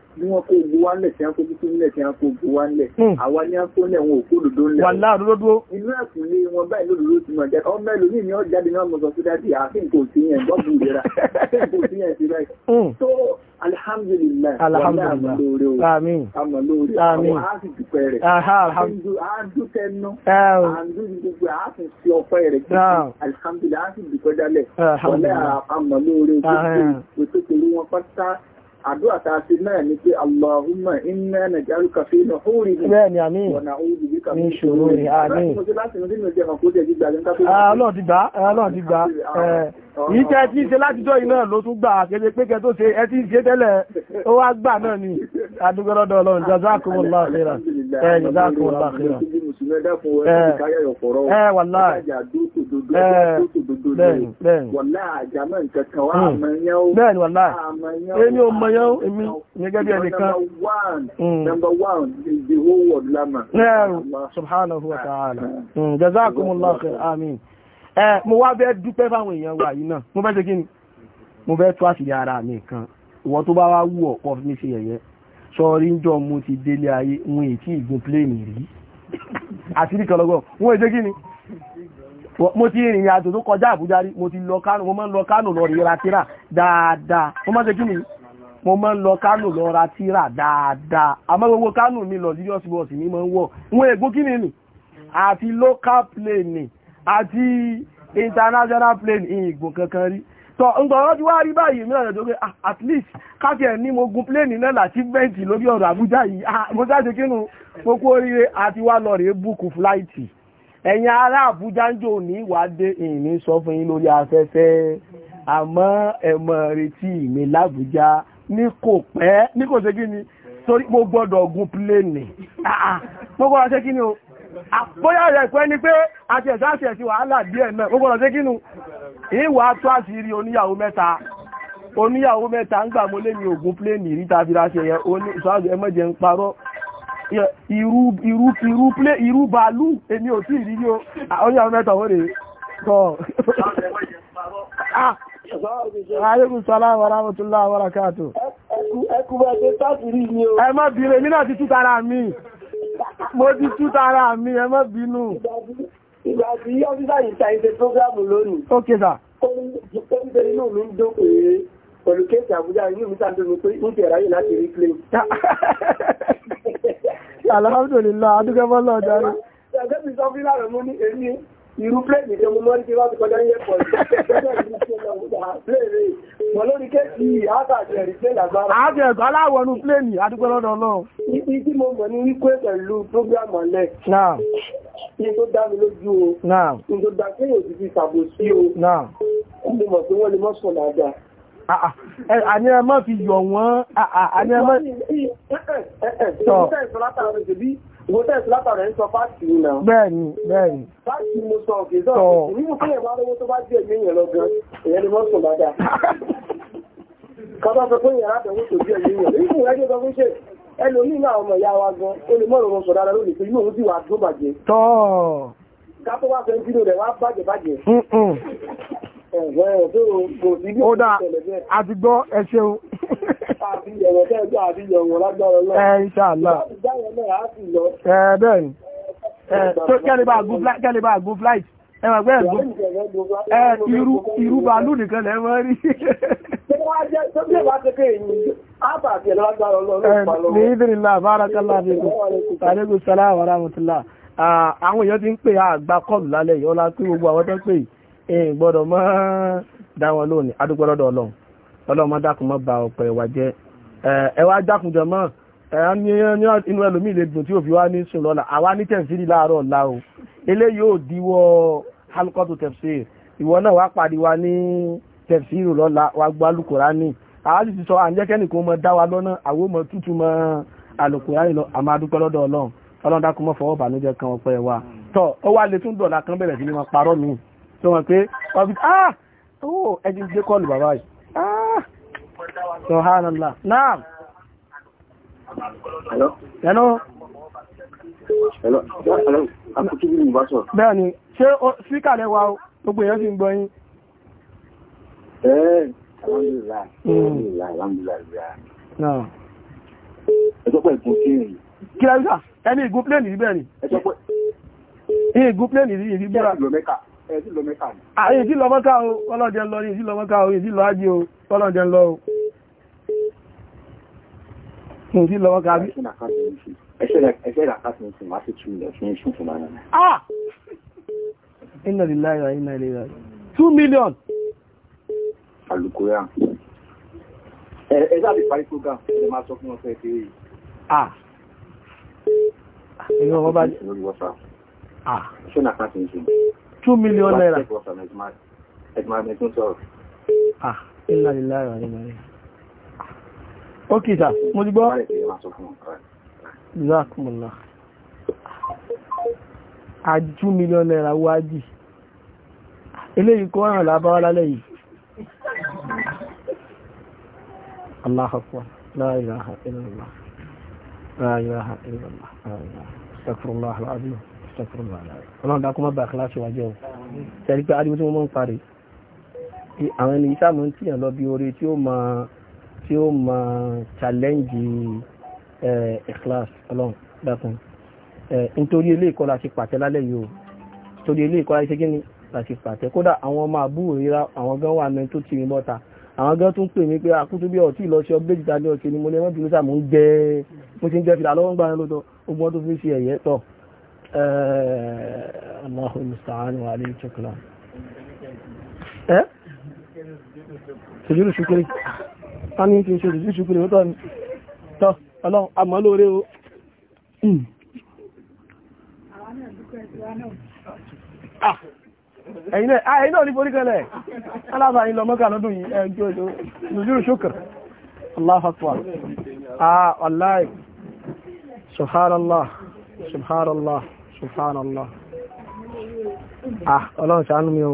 bí wọ́n kó gbó wá tí wọ́n kó títí ńlẹ̀ tí wọ́n kó gbó wá hmm. àwa ni wọ́n kó ńlẹ̀ wọn ò kó lòdó ńlẹ̀. wàhálà lódó inú ẹ̀kún lé wọn báyìí lòdòdó ti mọ̀ jáde ọmọ ẹlòmíì ni wọ́n jáde ní ọmọ sọ fún dájú àfihàn kò sí yẹn gbọ́ ìlera àfihàn kò sí yẹn ti hmm. rẹ̀. tó alihamdulilayi alihamdulilayi àmín àmín àmín àwọn àdùpẹ́ rẹ̀ àdùpẹ́ rẹ̀ alihamdulilayi àti dùpẹ́ dálẹ̀ wọlé àdúrà tá a ti náà ni pé Allahumma inna naj'aluka fi nuhurihim wa na'udhu bika min shururihim àmín. Ah, Ọlọ́run ti gbà eh, eh yìí tẹ́ tí ń ṣe látijọ́ iná ló tún gbà kéde pé kẹ tó ṣe ẹ tí ń ṣe tẹ́lẹ̀ ó wá gbà náà ni adúgbọ́lọ́dọ̀ ọlọ́run jazakumullahu khairan ẹ jazakumullahu khairan ẹ wallahi bẹ́ẹ̀ni wallahi èmi ò mọ̀ yán èmi gẹ́gẹ́ bí ẹnìkan ẹ̀rù subhanahu wa ta'ala jazakumullahu khairan amin ẹ mo wá fẹ́ dúpẹ́ fáwọn èèyàn wa yìí náà mo fẹ́ ṣe kí ni mo fẹ́ tó àṣírí ara mi kan ìwọ tó bá wá wù ọ́ kọ́ mi ṣe yẹ̀yẹ́ sọrí ń jọ mo ti délé ayé wọn èyí tí ìgún pléènì rí àṣírí kan lọ́gọ́ wọn èyí kí ni mo ti rìnrìn àjò tó kọjá Àbújá rí mo ti lọ Kánò mo máa ń lọ Kánò lọ rira tíra dáadáa mo máa ṣe kí ni mo máa ń lọ Kánò lọ ra tíra dáadáa àmọ́ gbogbo Kánò mi lọ serious bus mi máa ń wọ̀ wọn ègbó kí ni nì àti local plane àti international plane ìgbò kankan rí tọ́ ǹgbọ̀rọ̀ ti wá rí báyìí mìíràn ẹ̀dọ́ pé ah, at least káfí ẹ̀ ní mo gun plane náà láti bẹ́ǹtì lórí ọ̀rọ̀ Àbújá yìí ah, mo jáde kínú mo oríire àti wá lọ rèé búùkù fúláìtì ẹ̀yin ará Àbújá ń jò ní ìní sọ fún yín lórí afẹ́fẹ́ àmọ́ ẹ̀mọ̀ retí mi lábújá ní kò plane bóyá rẹ̀ pẹ́ ni pé àti ẹ̀sá àti ẹ̀sí wàhálà díẹ̀ náà ó gbọ́dọ̀ sí kínú ìwà tó àṣírí oníyàwó mẹ́ta oníyàwó mẹ́ta ń gbà mọ́lé mi ògùn pléènì rí tàbí ráṣẹ yẹn ó ní ìṣáàjù ẹmọ́jẹ ń parọ́ irú bàálù èmi ò tí ìrírí o oníyàwó mẹ́ta ó rèé tọ́ Àyékùn sọ́lá wa rahmatullahi wa barakatuh. Ẹkùn bẹ̀ẹ̀ tó tàbí rí ni Ẹ mo ti tú tara mi ẹ má bínú ìgbà tí ọ́fíṣà yìí ta ìṣe prógrámù lónìí ó kéta ó ń bẹ̀rẹ̀ inú mi ń dó pé pẹ̀lú kéèkì àbújá inú mi sáà dómi pé ń tẹ̀ ráyè láti rí claim alhamdulillah adúgbẹ́fọ́lọ́ ọ̀dárí ẹgbẹ́ mi sọ fílà rẹ̀ mú ní èmi irú plẹ̀ nìkan mo mọ́ ní kí wọ́n ti kọjá ní ẹ̀pọ̀ Mọ̀lórí kéèkì àtàjẹ̀rí pé lágbára. Àjẹ̀gbá láwọnú pléènì adúgbẹ́ lọ́dọ̀ Ọlọ́run. Ibi tí mo mọ̀ ní wípé pẹ̀lú prógrámù ọ̀lẹ́. Náà. Ní tó dá mi lójú o. Náà. Ní tó dá kéèyàn ti fi ṣàbòsí o. Náà. Mo mọ̀ pé wọ́n lè mọ́ sọ̀lá dáa. Ah, ah. àní ẹ má fi yọ̀ wọ́n ah, àní ẹ má tọ́ bẹ́ẹ̀ni bẹ́ẹ̀ni tọ́ Kọ́bá sọ fún ìyàrá àtẹ̀wò tó bí ẹ̀yìn ìyàn. Ìfún ẹgbẹ́ sọ fún ṣe ẹlòmí náà ọmọ ìyá wa gan, olùmọ́rọ̀ wọn sọ dára lónìí pé inú òun sì wà tó bàjẹ́. Tọ́ọ̀. Ká tó wá fẹ́ ń dínú ó dáa àti gbọ́ ẹ ṣeun bẹ́ẹ̀ni tó kẹ́lẹ̀bá gún flight ẹwà pé ẹ̀gùn irú bàálù nìkan lẹ́ mọ́ rí ní ìdínlá bárakálá ní àrígùn sálà wàrà mùtùlá àwọn èèyàn ti ń pè àgbà kọlù lálẹ́ yọ́lá pé gbogbo àwọn tó pè yìí ẹ̀yìn gbọ́dọ̀ mọ́ dá wọn lónìí adúgbọ́lọ́dọ̀ ọlọ́run ọlọ́run dákun mọ́ ba ọ̀pọ̀ ẹ̀wà jẹ́ ẹ̀wà dákunjọ mọ́ inú ẹlòmíì lè dùn tí ò fi wá ní sùn lọ́la àwa ní tẹ̀síìrì láàárọ̀ ọ̀la o eléyìí yóò díwọ́ halkọ́tù tẹ̀síìrì ìwọ náà wá pàdé wa ní tẹ̀síìrì lọ́la wá gbọ́ alukùránì àwa sì ti sọ àǹjẹ́kẹ́nì kò mọ dá wa lọ́nà àwọn ọmọ tútù mọ́ alukùránì lọ àmọ́ adúgbọ́lọ́dọ̀ ọlọ́run ọlọ́run dákun mọ́ fọwọ́ bànújẹ́ kan ọ̀pọ̀ ẹ̀wà tọ́ ó wá lè tún dọ̀la kan bẹ̀rẹ̀ sí ni wọ́n parọ́ mi tó wọ́n pé ah oh ẹjì gbé kọlù bàbá yìí ah subhanallah naam hello bẹ́ẹ̀ni ṣé síkà lẹ́wà gbogbo èèyàn sì ń gbọ́ yín alhamdulillah alhamdulillah alhamdulillah ẹjọ́ pẹ̀ ìgún kí ni kí lẹ́yìn ẹni ìgún pléèlì rí bẹ́ẹ̀ ni ìgún pléèlì rí bẹ́ẹ̀ Ah, èyí tí lọ mọ́ká o ọlọ́jẹ́ lọ èyí tí lọ mọ́ká o èyí tí lọ ájí o ọlọ́jẹ́ lọ o èyí tí lọ mọ́ká bí ẹ̀ṣẹ́ ìdàkásí ní ṣùgbọ́n sí túnlẹ̀ fún ìṣùn ah! Inna lillahi wa inna ilayhi raji'un. 2 million. Alukoya. Ẹ sáàbì parí program, ẹ máa sọ fún ọ̀sẹ̀ kiri. Ah. Ẹgbẹ́ ah, ọmọ bá jẹ́. Ṣé nà káàkiri ṣe? two million naira. ah ilá ilá ìrọ̀ ìrọ̀ ok sir mo ti gbọ́ zakumula a two million naira wájì eléyìí kọ́ ọ̀ràn lábáwá lálẹ́ yìí Allah akbar la ilaha illallah la ilaha illallah la ilaha astaghfirullah al-azim ọlọ́run dákọ́ mọ́ bá kíláàsì wa jẹ́ o tẹ́rí pé ariwo tí wọ́n mọ́ ń parí àwọn ẹni iṣẹ́ àmọ́ ń lọ bí orí tí ó mọ challenge ikhlas ọlọ́run dákun nítorí ilé ìkọ́ la ti pàtẹ lálẹ́ yìí o torí ilé ìkọ́ la ṣe kíni la ti pàtẹ kódà àwọn ọmọ àbúrò ríra àwọn gan wà mẹ́rin tó ti rìn bọ́ta àwọn gan tún pè mí pé akútú ah, bí ọtí lọ sí ọgbẹ́ ìdájọ́ ni mo lè mọ́ bí mo sà mo ń jẹ́ mo ti ń jẹ́ fìlà lọ́wọ́ ń gbà lọ́dọ̀ ogun ọdún fi ń ṣe ẹ̀yẹ́ tọ̀ الله المستعان وعليه الشكر ها سجود شكري ani kí n ṣe òjò ṣùgbọ́n ìwọ́n tọ́ ni tọ́ ọlọ́run àmọ́ lóore o ẹ̀yìn náà ní forí kẹlẹ̀ alábàá yìí lọ mọ́kà lọ́dún yìí ẹjọ́ ìlú ṣùkùr Allahu akbar ah wallahi subhanallah subhanallah subhanallah ah ọlọ́run ṣàánú mi o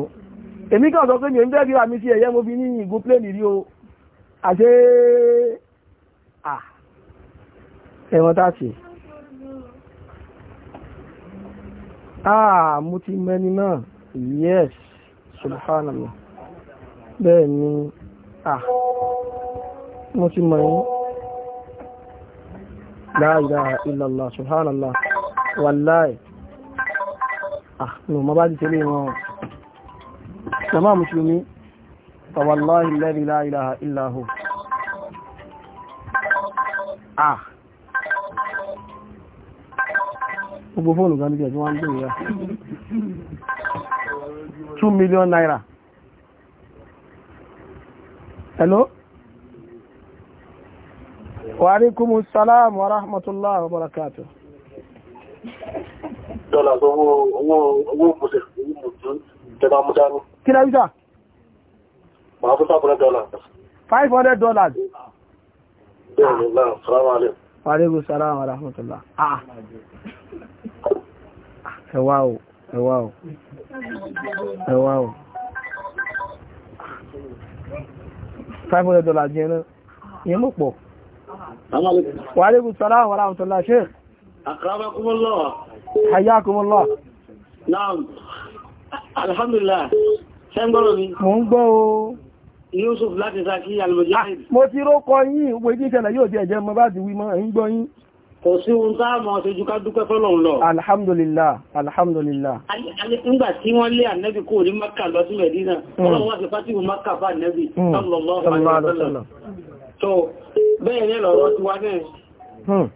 èmi kàn sọ pé mi ń bẹ́ẹ̀ bíra mi sí ẹ̀yẹ́ mo fi ní ìgún pléènì rí o àṣé ah ẹ̀wọ̀n táàtì ah mo ti mẹ́ni náà yes subhanallah bẹ́ẹ̀ ni ah mo ti لا yín la ilaha illallah subhanallah wallahi àmì ọmọ bá ti tẹ́lẹ̀ wọn ṣàmà mùsùlùmí tàwàláhì lẹ́rì láìláà ìlàhù ah gbogbo fóònù gan níbi ẹ̀jọ́ wá ń gbé ìyá 2 million naira hello wa alaikumus salam wa rahmatullahi wa barakatuh dollars owó owó mùsùn ìjọba mú dání. kí lẹ́yìn sà. màá fún five hundred dollars. five hundred dollars. bẹ́ẹ̀ ni náà salamu alaykum. aleykum salaam wa rahmatulah. Ah. ẹ wá o ẹ wá o ẹ wá o five hundred dollars yẹn náà yẹn mọ̀ pọ̀. wàhálà ìbùsọ̀lá àwọn ará ọ̀tọ̀lá ṣe. àkàrà bá kúmọ̀ lọ́wọ́. Hayyakumullah. Naam. Alhamdulillah. Ṣé ń gbọ́rọ̀ mi? Mo ń gbọ́ o. Yusuf láti Saki Al-Mujahid. Ah, mo ti rókọ yín, wo ìdí ìṣẹ̀lẹ̀ yóò di ẹ̀jẹ̀ mọ́ bá ti wí mọ́, ń gbọ́ yín. Kò sí ohun tá mọ̀ ṣe jù ká dúpẹ́ So, bẹ́ẹ̀ ni lọ̀rọ̀ ti wá náà. Hmm.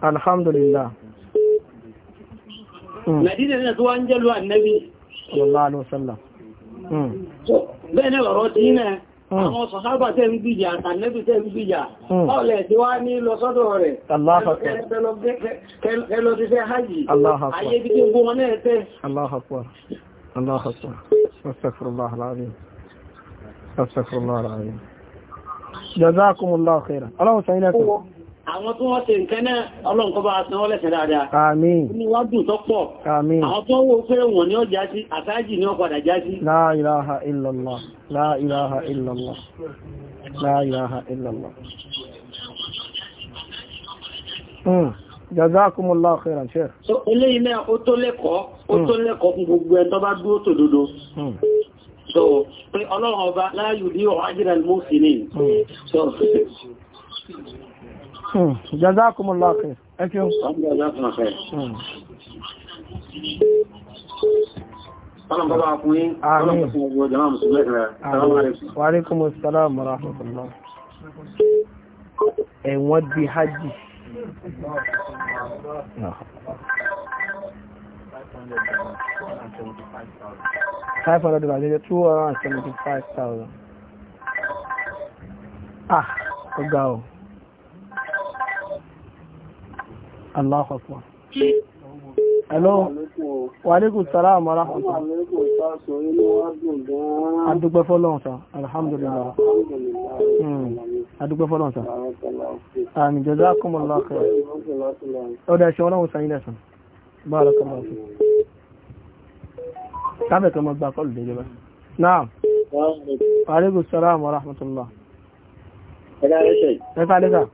Alhamdulillah. Hmm. Nàìjíríà náà tó wá ń jẹ́lú ànẹ́bí. Hmm. Bẹ́ẹ̀ náà ọ̀rọ̀ tí náà hmm. àwọn sọ̀hábà tẹ́ ń gbìjà àtànẹ́bí tẹ́ ń gbìjà. Ọ̀lẹ̀ tí wá ní lọ sọ́dọ̀ rẹ̀. Kẹlọ ti fẹ́ hajì. Ayé bí tí gbogbo wọn náà tẹ́. Allahu Akbar. Allahu Akbar. Astaghfirullah al-azim. Astaghfirullah al Jazakumullahu khairan. Ọlọ́run sọ àwọn tó wọ́n ṣe nǹkan náà ọlọ́run kó bá a sanwọ́ lẹ́sẹ̀ dáadáa àmín ní wádùn tó pọ̀ àmín àwọn tó wó pé wọ́n ní ọjà sí àtàjì ní ọpadà já sí la ilaha illallah la ilaha hmm. khairan sheikh so eléyìí náà ó tó lẹ́kọ̀ọ́ ó hmm. tó lẹ́kọ̀ọ́ fún gbogbo ẹ̀ tó bá dúró tòdodo hmm. so pé ọlọ́run ọba la yudi'u ajra al-muhsinin so Hmm. Jazakumullah khair. Thank you. Jazakumullah khair. Ọlọ́run hmm. bọ́bá fún yí, ọlọ́run fún ọgbọ̀ jàmá Mùsùlùmí Wa alaikumus salam wa rahmatullah. Ẹ̀wọ́n di hajji. Five hundred divided two hundred and seventy-five thousand. Ah, ó ga Allahu akbar. Hello. Wa alaikum salaam wa rahmatullah. Adúgbẹ́ fọ́lọ́run sá. Alhamdulillah. Hmm. Adúgbẹ́ fọ́lọ́run sá. Àmì jazakumullahu khair. Ọdá ẹ̀ṣẹ́ ọlọ́run sáyé lẹ́sàn. Barakallahu fi. Kábẹ̀ kan mọ́ gbà kọlù dé jẹba. Naam. Wa alaikum salaam wa Ẹgbẹ́ alẹ́sẹ̀. Ẹgbẹ́ alẹ́sẹ̀.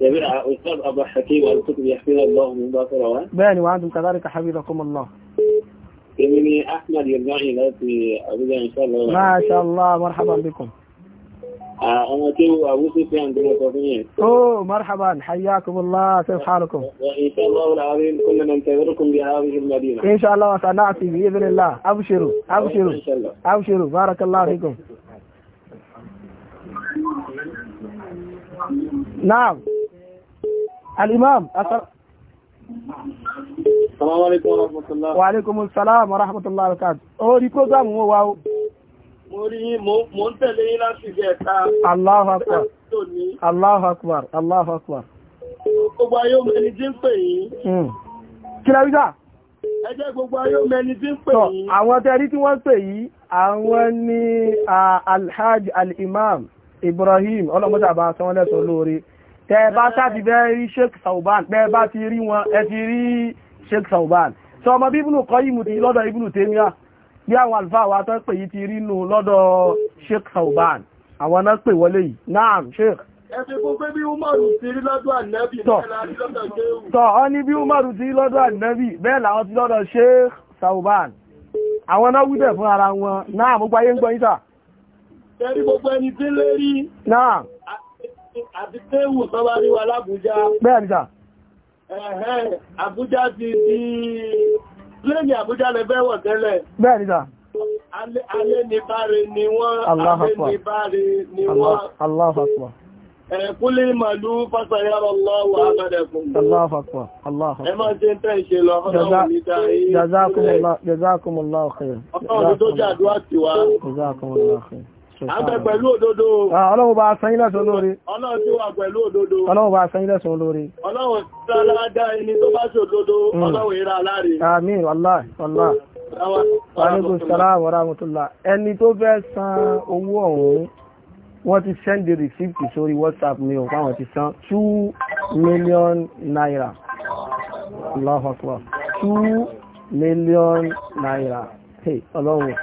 جميع أستاذ حكيم الكتب حفظه الله من باطل وأنتم كذلك حفظكم الله يمني أحمد يرجعني لأتي أبدا إن شاء الله ما شاء الله مرحبا بكم آه، أنا كيو أبو سفيان بن أوه مرحبا حياكم الله كيف حالكم؟ إن شاء الله العظيم كلنا ننتظركم بهذه المدينة إن شاء الله وسنأتي بإذن الله أبشروا أبشروا أبشروا بارك الله فيكم نعم الإمام Assalamu alaikum warahmatullahi Wa alaikumus salam warahmatullahi wabarakatuh. Ó oh, rí program wo wá o. Mo rí mo ń tẹ̀lé yín láti jẹta. Allahu akbar. Allahu akbar. Allahu akbar. Gbogbo ayé ọmọ ẹni tí ń pè yín. Hmm. Kí la wíjà? Ẹ jẹ́ gbogbo ayé ọmọ ẹni tí ń pè yín. Àwọn tẹ́rí tí wọ́n pè yìí, àwọn ni Alhaji Al-Imam Ibrahim, ọlọ́mọ́ta bá sọ wọ́n lẹ́sọ lóore tẹ́ẹ̀bá sáti bẹ́ rí Sheikh Sauban tẹ́ẹ̀bá ti rí wọn ẹ rí Sheikh Sauban tí ọmọ bí Ibn Qayyim ti lọ́dọ̀ Ibn Taymiyyah bí àwọn àlùfáà wa tán pè yí ti rí nù lọ́dọ̀ Sheikh Sauban àwọn náà pè wọlé yìí naam Sheikh tọ́ ọ ní bí Umaru ti rí lọ́dọ̀ ànábì bẹ́ẹ̀ làwọn ti lọ́dọ̀ Sauban àwọn náà wíbẹ̀ fún ara wọn náà mú gbáyé ń gbọ́ yíta Tẹ́rí àti kéwù tán bá rí wa lábújá bẹ́ẹ̀nìta àbújá ti di lẹ́yìn àbújá lẹ́bẹ̀wọ̀ tẹ́lẹ̀ bẹ́ẹ̀nìta alẹ́ ní báre ni wọ́n alẹ́ ní báre ni wọ́n Allahu Akbar ẹ̀kúlé màlú fásayára lọ́wọ́ àbẹ́dẹ̀kùn Allahu Akbar Allahu Akbar ẹ máa jẹ́ tẹ́ ìṣe lọ ọlọ́run ní dáa Jazakumullahu khairan Àbẹ̀ pẹ̀lú òdodo. Ah, ọlọ́run bá sanyí lẹ́sùn olóore. Ọlọ́run tí wà pẹ̀lú òdodo. Ọlọ́run bá sanyí lẹ́sùn olóore. Ọlọ́run tí aládá ẹni tó bá ṣe òdodo, hmm. ọlọ́run ìrà aláre. Àmín, wàláhì, wàláhì. Wàlégún sàlám wa rahmatullah. Ẹni tó fẹ́ san owó ọ̀hún, wọ́n ti send the receipt sórí WhatsApp mi ò fáwọn ti san two million naira. Allahu akbar. Two million naira. Hey, ọlọ́run,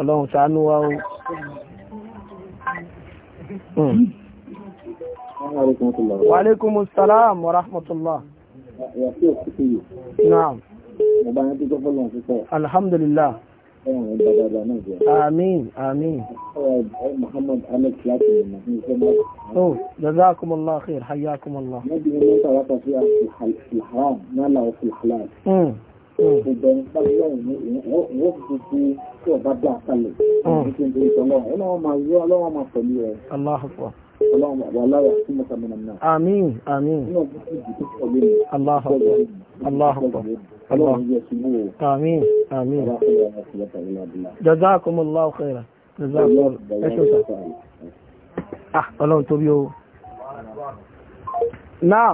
ọlọ́run ṣàánú wa o. Wàlékúmù sàlám warahmatullah. Yàtí òkúté yìí. Naam. Mo bá yẹn tó gbọ́fọ́ lọ́n Alhamdulillah. Ẹ̀rùn ẹ̀dá Muhammad Alex láti ìmọ̀ ní ìfẹ́ náà. Ó, jazakumullah khair, hayyakumullah. Mẹ́bí ni mẹ́ta wákàtí àti ìhàrán náà làwọn fi ìbẹ̀rù sáré lọ́rùn ní ìwọ́n fi ti tí ọba dá kalẹ̀ títí hmm. ní ìtọ́ lọ́rùn ọlọ́run máa yọ ọlọ́run tóbi o. náà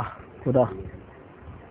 ah kódà.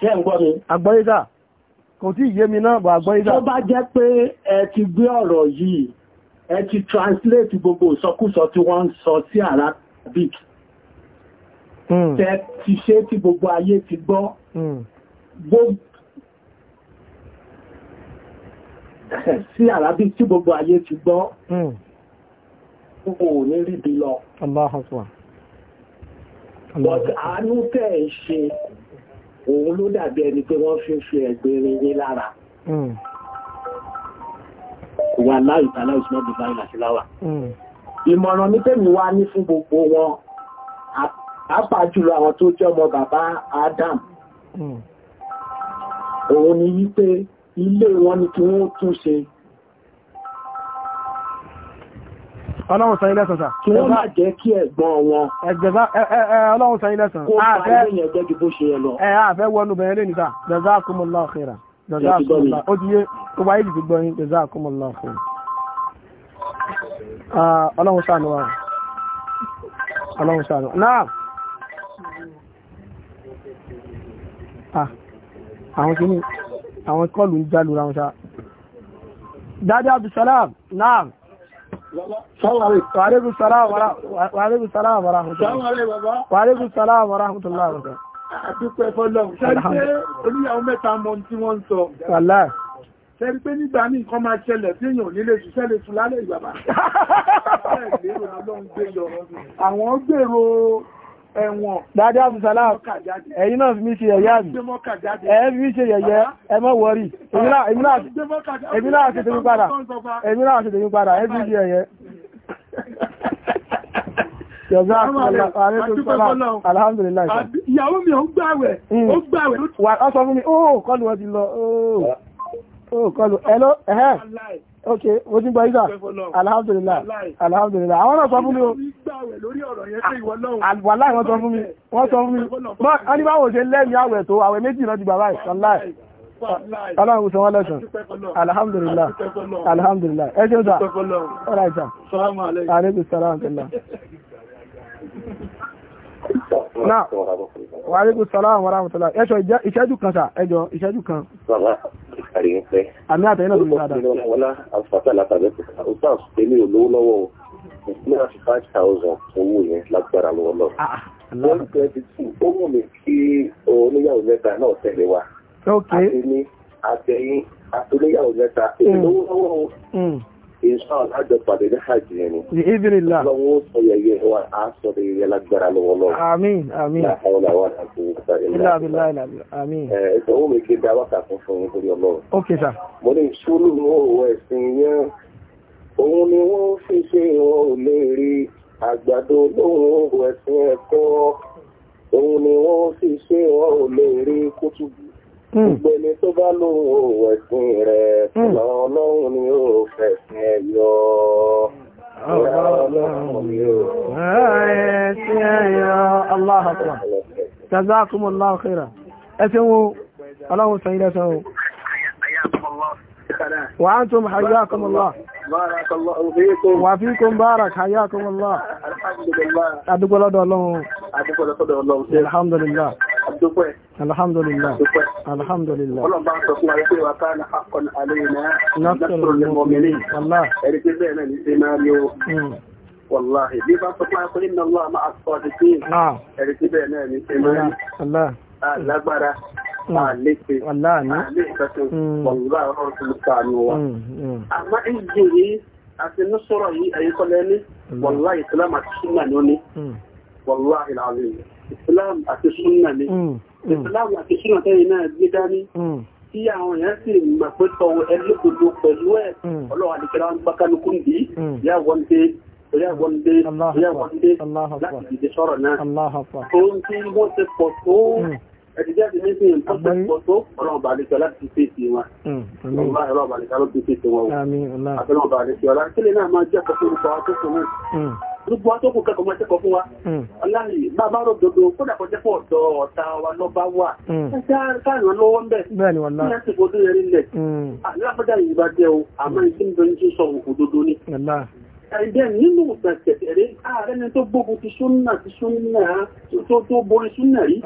ṣe ń gbọ́ mi agbọ́yídà kò tí yé mi náà bọ̀ agbọ́yídà tó bá jẹ́ pé ẹ ti gbé ọ̀rọ̀ yìí ẹ ti translate gbogbo ìsọkúsọ tí wọ́n ń sọ sí Arabic hmm. tẹ ti ṣe tí gbogbo ayé ti gbọ́ hmm. sí Arabic tí gbogbo ayé ti gbọ́ gbogbo hmm. ò ní ríbi lọ. Àánú tẹ́ ṣe òun ló dàbí ẹni pé wọ́n fi ń fi ẹ̀gbẹ́ rinrin lára wà láì tàlá ìsúná bí báyìí láti láwà ìmọ̀ràn ní tẹ́mi wá ní fún gbogbo wọn àpá jùlọ àwọn tó jẹ́ ọmọ bàbá Adam hmm. òun ni wípé ilé wọn ni kí wọ́n tún ṣe Ọlọ́run sọ ilẹ̀ sọ̀sà. Kí wọ́n máa jẹ́ kí ẹ̀gbọ́n wọn. Ẹ̀gbẹ̀sá Ọlọ́run sọ ilẹ̀ sàn. Kó pa ilé yẹn jẹ́ ju bó ṣe yẹ lọ. Ẹ á fẹ́ wọnú bẹ̀rẹ̀ lé níta. Jazakumullahu khairan. Jazakumullahu. Ó ti yé kó wáyé jù ti gbọ́ yín. Jazakumullahu khairan. Ọlọ́run sànù wa. Ọlọ́run sànù. Náà. Àwọn kìíní, àwọn kọ́ọ̀lù ń jálù ra wọn ṣá. Dádé Abdulsalam, náà. Wàlékún sàlámù wa rahmatullahi wa barakatuh. Àdúpẹ́ fọ́lọ́run. Ṣé oníyàwó mẹ́ta mọ̀ tí wọ́n ń sọ? Wàláì. Ṣé rí pé nígbà ní nǹkan máa ṣẹlẹ̀ tí èèyàn nílé ṣiṣẹ́ lè tún lálẹ́ ìgbàbà? Àwọn gbèrò ẹ̀wọ̀n dáadáa àbùsàlá ẹ̀yìn náà fi mí ṣe ẹ̀yà mi ẹ̀yẹ́ fi mí ṣe yẹ̀yẹ́ ẹ má wọ́rí èmi náà ṣe tèmi padà èmi náà ṣe tèmi padà ẹ̀yẹ́ fi mí ṣe ẹ̀yẹ́ Alhamdulillah. Ìyàwó mi ò gbàwẹ̀, hmm. ó gbàwẹ̀. Wà, ọ sọ fún mi, ó oh, kọlù wọn ti lọ, ó kọlù, ẹ̀lọ́, ẹ̀hẹ́. Okay, mo ti gbọ́ isa alhamdulillah alhamdulillah àwọn náà sọ fún mi o wàláì wọ́n sọ fún mi wọ́n sọ fún mi wọ́n ní báwo ṣe lẹ́mí àwẹ̀ tó àwẹ̀ méjì náà ti gbà báyìí wàláì aláwọ̀ sọ wọ́n lẹ́sàn alhamdulillah alhamdulillah ẹ ṣe ń sà ọ̀rọ̀ ìjà aleykum salaam tẹ̀lá. náà wàhálà salaam wa rahmatulah ẹ ṣọ ìṣẹ́jú kan sà ẹ jọ ìṣẹ́jú kan kárí ń pẹ́. àmì àtẹ̀yìn náà tó lè dáadáa. wọ́n lá àfàtà látàbẹ́ pẹ̀lú ọ̀tá èmi ò lówó lọ́wọ́ ìpínlẹ̀ àti five thousand owó yẹn lágbára lọ́wọ́ ah, ah, inṣọ́ọ̀lù àjọ pàdé ní hajj yẹn ni. ní ibiri la. lọ́wọ́ sọ yẹyẹ wa a sọ de yẹyẹ lágbára lọ́wọ́lọ́wọ́. àmín àmín. láhàwọn làwọn àti ìgbà ilà sir. mo ní sùúrù ní òwò ẹ̀sìn yẹn òun ni wọ́n fi ṣe wọn ò lè rí àgbàdo lóhùn òwò ẹ̀sìn ẹ̀kọ́ Hmm. Gbogbo ẹni tó bá ló wọ̀ ẹ̀sìn rẹ̀, hmm. ọlọ́run ni ó fẹ̀sìn ẹ̀ yọ. Ọlọ́run ni ó fẹ̀sìn ẹ̀ yọ. Allah akbar. Jazakumullahu khairan. Ẹ ṣe wo, ọlọ́run sọ ilẹ̀ sọ o. وأنتم حياكم الله بارك الله فيكم àdúpẹ́. alhamdulilah alhamdulilah. ọlọ́ba sọ fún wa pé wa ká ní akọni alẹ́ yìí náà lọ́sọ̀rọ̀ lè mọ̀ mí ní. ẹni pé bẹ́ẹ̀ náà ní ṣe máa ní o. Hmm. wàláhì bí bá sọ fún wa pé iná lọ́wọ́ àmọ́ àkọọ́dẹ sí i. ẹni pé bẹ́ẹ̀ náà ní ṣe máa ní. alágbára àlépe àlé ìfẹsẹ̀ wàlúwà ọ̀rọ̀ tó lùkà ní wa. Hmm. Hmm. àmọ́ ìjì àti nusọ̀rọ̀ yìí ẹ̀yìn kọ́lẹ́ ní wàlúwà ìsìlámù àti súnmọ̀ ní ó ní wàlúwà ìlànà islam àti súnà ni mm. Mm. islam àti súnà tẹ́yìn náà gbé dání mm. tí àwọn èèyàn sì mọ̀ pé tọwọ́ ẹlẹ́kòdó pẹ̀lú ẹ̀ ọlọ́wà ní kẹrẹ wọn gbákanukú ń bí yà wọ́n dé yà wọ́n dé yà wọ́n dé láti dìde sọ̀rọ̀ náà tó ń tí wọ́n ti pọ̀ tó ẹ̀dìjẹ́ ti ní sí nǹkan tó pọ̀ tó ọlọ́wà bàálẹ̀ láti fèsì wọn ọlọ́wà bàálẹ̀ láti fèsì wọn àbẹ̀lọ́wà bàálẹ̀ gbogbo wọn tó kù kẹ́kọ̀ọ́ mọ́sẹ́kọ̀ọ́ fún wa ọláyìn hmm. bàbá rò dodo kódà kò jẹ́ fún ọ̀dọ̀ ọ̀tá wa lọ bá wà hmm. káàrùn lọ́wọ́ ń bẹ̀ bẹ́ẹ̀ni wọ́n láti láti fọdún yẹn nílẹ̀ aláfẹ́dà yìí bá jẹ́ o àmọ́ ìdí ń bẹ sọ òdodo ni. ẹ̀dẹ́ nínú ìgbàsẹ̀tẹ̀rẹ́ ààrẹ ni tó gbógun ti súnà ti súnà tó borí súnà yìí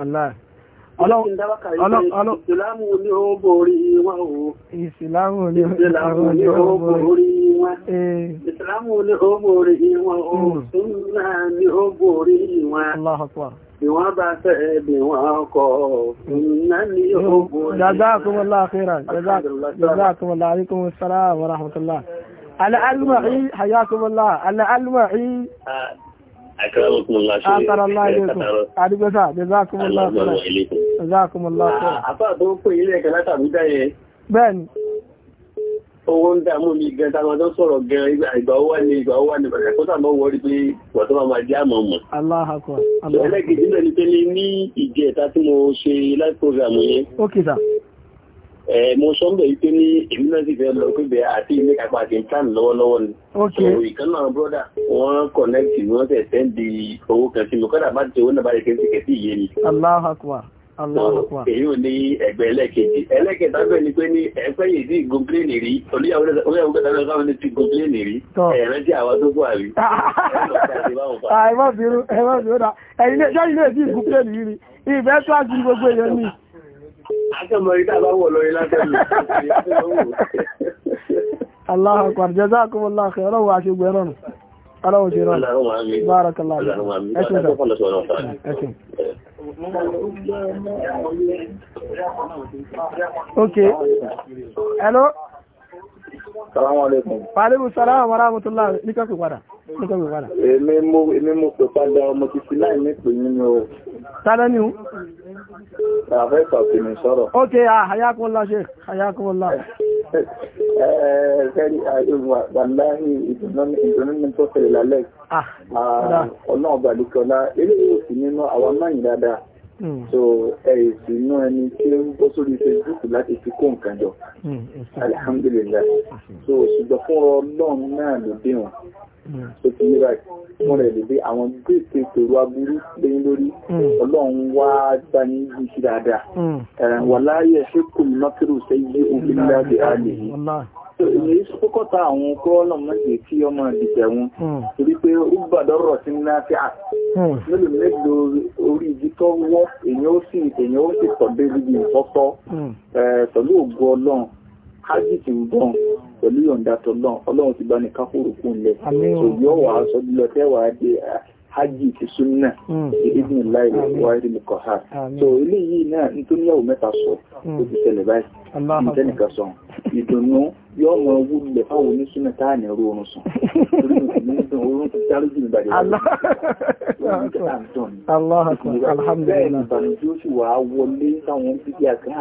Ìsìláàmù ni ó borí wọn o. Ìsìláàmù ni ó borí wọn. Ìsìláàmù ni ó borí wọn o. Hmm. Súnnà ni ó borí wọn. Ìwọ́n bá fẹ́ ẹ̀bì wọn kọ̀ Súnnà ni ó borí wọn. Jazakumullahu khairan. Jazakumullahu alaikum assalam wa rahmatullah. Al'alma'i, hayakumullah, al'alma'i. Ah. Àdúgbẹ́sà, Jazakumullah khairan. Jazakumullah ah, khairan. Àfá tó ń pè ilé ẹ̀kẹ́ látàbúdá yẹn. Bẹ́ẹ̀ni. Owó ń dá mú mi gan táwọn tó sọ̀rọ̀ gan ìgbà ó wà ní ìgbà ó wà ní bàtà kó sàmọ́ wọ́rí pé wà tó máa jẹ́ àmọ́ mọ̀. Allahu akbar. Ẹlẹ́gẹ̀ẹ́ sílẹ̀ pé ní ìjẹta tí mo ṣe live program yẹn. Ó kìí mo sọ ń bẹ̀ yí pé ní èmi náà sì fẹ́ lọ pé bẹ̀ àti ilé kápá àti plan lọ́wọ́lọ́wọ́ ni. ọ̀rọ̀ ìkànnà àwọn brọ́dà wọ́n connect wọ́n tẹ̀ sẹ́ndì owó kan sí mi kọ́dà bá ti owó náà bá lè kẹ́sì kẹ́sì yé mi. Allahu Akbar èyí ò ní ẹgbẹ́ ẹlẹ́kejì ẹlẹ́kẹta bẹ́ẹ̀ ni pé ní ẹgbẹ́ yìí sí gọ́pléènì rí olóyàwó kẹta lọ́wọ́ káwọn ti gọ́pléènì rí ẹ̀rẹ́ tí àwọn tó kú àrí. ẹ má bínú ẹ má bínú ẹ̀yin lè ṣáà ilé ìdí gọ́pléènì rí ìfẹ́ tó àti gbogbo èèyàn ni. Akẹ́mọ̀ ìdá bá wọ̀ lọ ilá tẹ́lẹ̀. Allah akbar, jazakumullahu khairan, ọlọ́wọ́ aṣogbò ẹ̀rọ nù. Ọlọ́wọ́ ṣe rọ. Barakallahu. Ẹṣin sọ. Ẹṣin. Okay. Hello. Salamu alaikum. Fàálẹ́bù salamu aráàmùtúlá ní kọ́kì padà. Èmi mú pè padà ọmọ ti fi láì ní pè nínú o. Tálẹ́ ni ó? Àfẹ́ ìkàkì mi sọ̀rọ̀. Ok, àyákúnlá ṣe, àyákúnlá. Ẹ̀ẹ́dẹ́rì àgbàlá ìdùnnú ní tó fẹ̀rẹ̀ lálẹ́. Ọlọ́ọ̀gbàlùkọ́lá, eléyìí ò sí nínú àwọn máyìn dáadáa. Hmm. so ẹ̀rì sí inú ẹni tí ó ń bọ́ sórí facebook láti fi kó nǹkan jọ hmm, alhamdulillah hmm. so ṣùgbọ́n fún ọlọ́run náà ló dé wọn tó ti yé báyìí wọ́n rẹ̀ lè dé àwọn gbèsè tòrò aburú lẹ́yìn lórí hmm. ọlọ́run wá gbá yín bí sí dáadáa wà láyé ṣé kò ní mọ́kìrù sẹ́yìn òfin láti àlè yìí èyí kókó ta àwọn kó ọlọ́mọ ṣe kí ọmọ ìdìtẹ̀ wọn hmm. torí pé ó gbàdọ̀ rọ̀ sí ní láti à hmm. mélòó mélòó orí igi tó wọ́ èyàn ó sì èyàn ó sì tọ̀ débi ìfọ́tọ́ pẹ̀lú ògùn ọlọ́run hajj ti ń bọ̀ pẹ̀lú yọ̀ǹda tọ́lọ́n ọlọ́run ti bá ní káfòrò kún lẹ̀ yóò wà á sọ lílọ tẹ́wàá dé ti súnà ìdíjì ńlá ilẹ̀ rí kọ̀há so ilé yìí náà nítorí tó mẹ́ta sọ hmm. ó ti báyìí sọ ìdùnnú mọ owó fáwọn táà ní oorun sùn oorun jù ó sì wà á wọlé àgbà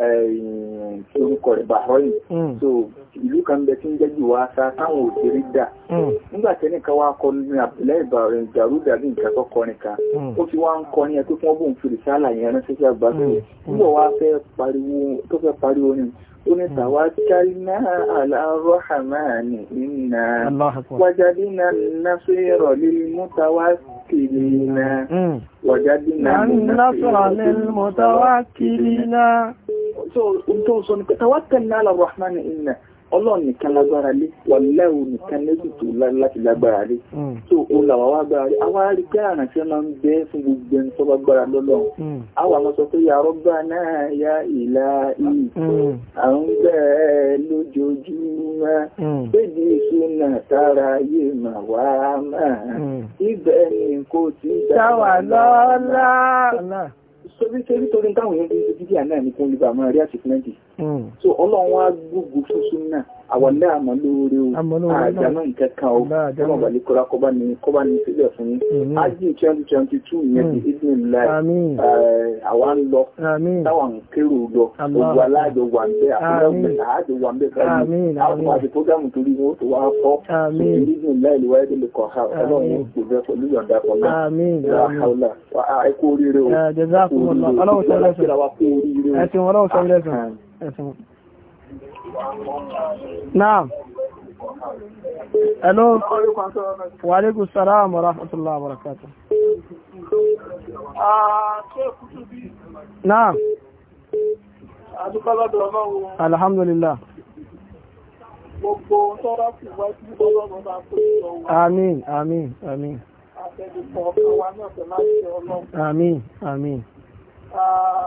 orúkọ rẹ̀ bahrain hmm. so ìlú kan bẹ tí ń jẹ́jú wa sa táwọn òṣèré dà hmm. nígbà tí ẹnìkan wá kọ ní abdullahi bahrain jaru dàbí nǹkan tó kọ nìkan hmm. ó fi wá ń kọ ní ẹ pé kí wọ́n bóun fi rìsálà yẹn ránṣẹ́ sí àgbàdo nígbà wá pariwo tó fẹ́ pariwo ni ونتوكلنا على الرحمن إنا وجدنا النصير للمتوكلين وجدنا النصر للمتوكلين توكلنا على الرحمن إنا ọlọ́run nìkan lágbára lé wàlúùláwò nìkan lẹ́sùtò láti lágbára lé tó o làwà wá gbára lé àwọn arígbé àrànṣẹ́ máa ń bẹ́ fún gbogbo ẹni tó bá gbára lọ́lọ́run àwọn hmm. àmọ́ sọ pé yàrá bá náà ya ìlà ìtò hmm. à ń bẹ́ ẹ lójoojúmọ́ hmm. bẹ́ẹ̀ni èso náà tára yé mà wá mà ibẹ̀ ni kò ti dá wà lọ́la so nítorí torí táwọn yẹn bí bíbí àná ní fún olùgbà máa rí àtìkúmẹ́ntì hmm. so ọlọ́run wá gbogbo fúnfún náà àwọn náà mọ̀ lóore o àjàmọ́ nǹkan kan o ọmọ ìbàlẹ̀ kọ́ra kọ́ba ní kọ́ba ní sílẹ̀ fún yín ájì twenty twenty two yẹn ti ìdílé hmm. ńlá àwa ń lọ táwa ń kérò lọ gbogbo aláàjọ wà ń bẹ àfúnáwùmẹ̀ àájọ wà ń bẹ báyìí àwọn àti fúgàmù torí wọn tó wá fọ́ ìdílé ńlá ìlú wáyé lè kọ́ ha ọlọ́run yóò kò bẹ́ẹ̀ pẹ̀lú yọ̀ǹda kan náà ẹ kú oríire o ẹ kú oríire o ẹ ti wọn ọlọ́run sọ ah, Naam. Hello. Wa alaikum salam wa rahmatullahi wa barakatuh. Naam. Alhamdulillah. Gbogbo tọ́rọ fi wá sí ọlọ́run bá pé ọwọ́. Àmín, àmín, àmín. Àtẹ́lùkọ̀ ọ̀pọ̀ wa náà tẹ́lá sí ọlọ́run. Àmín, àmín.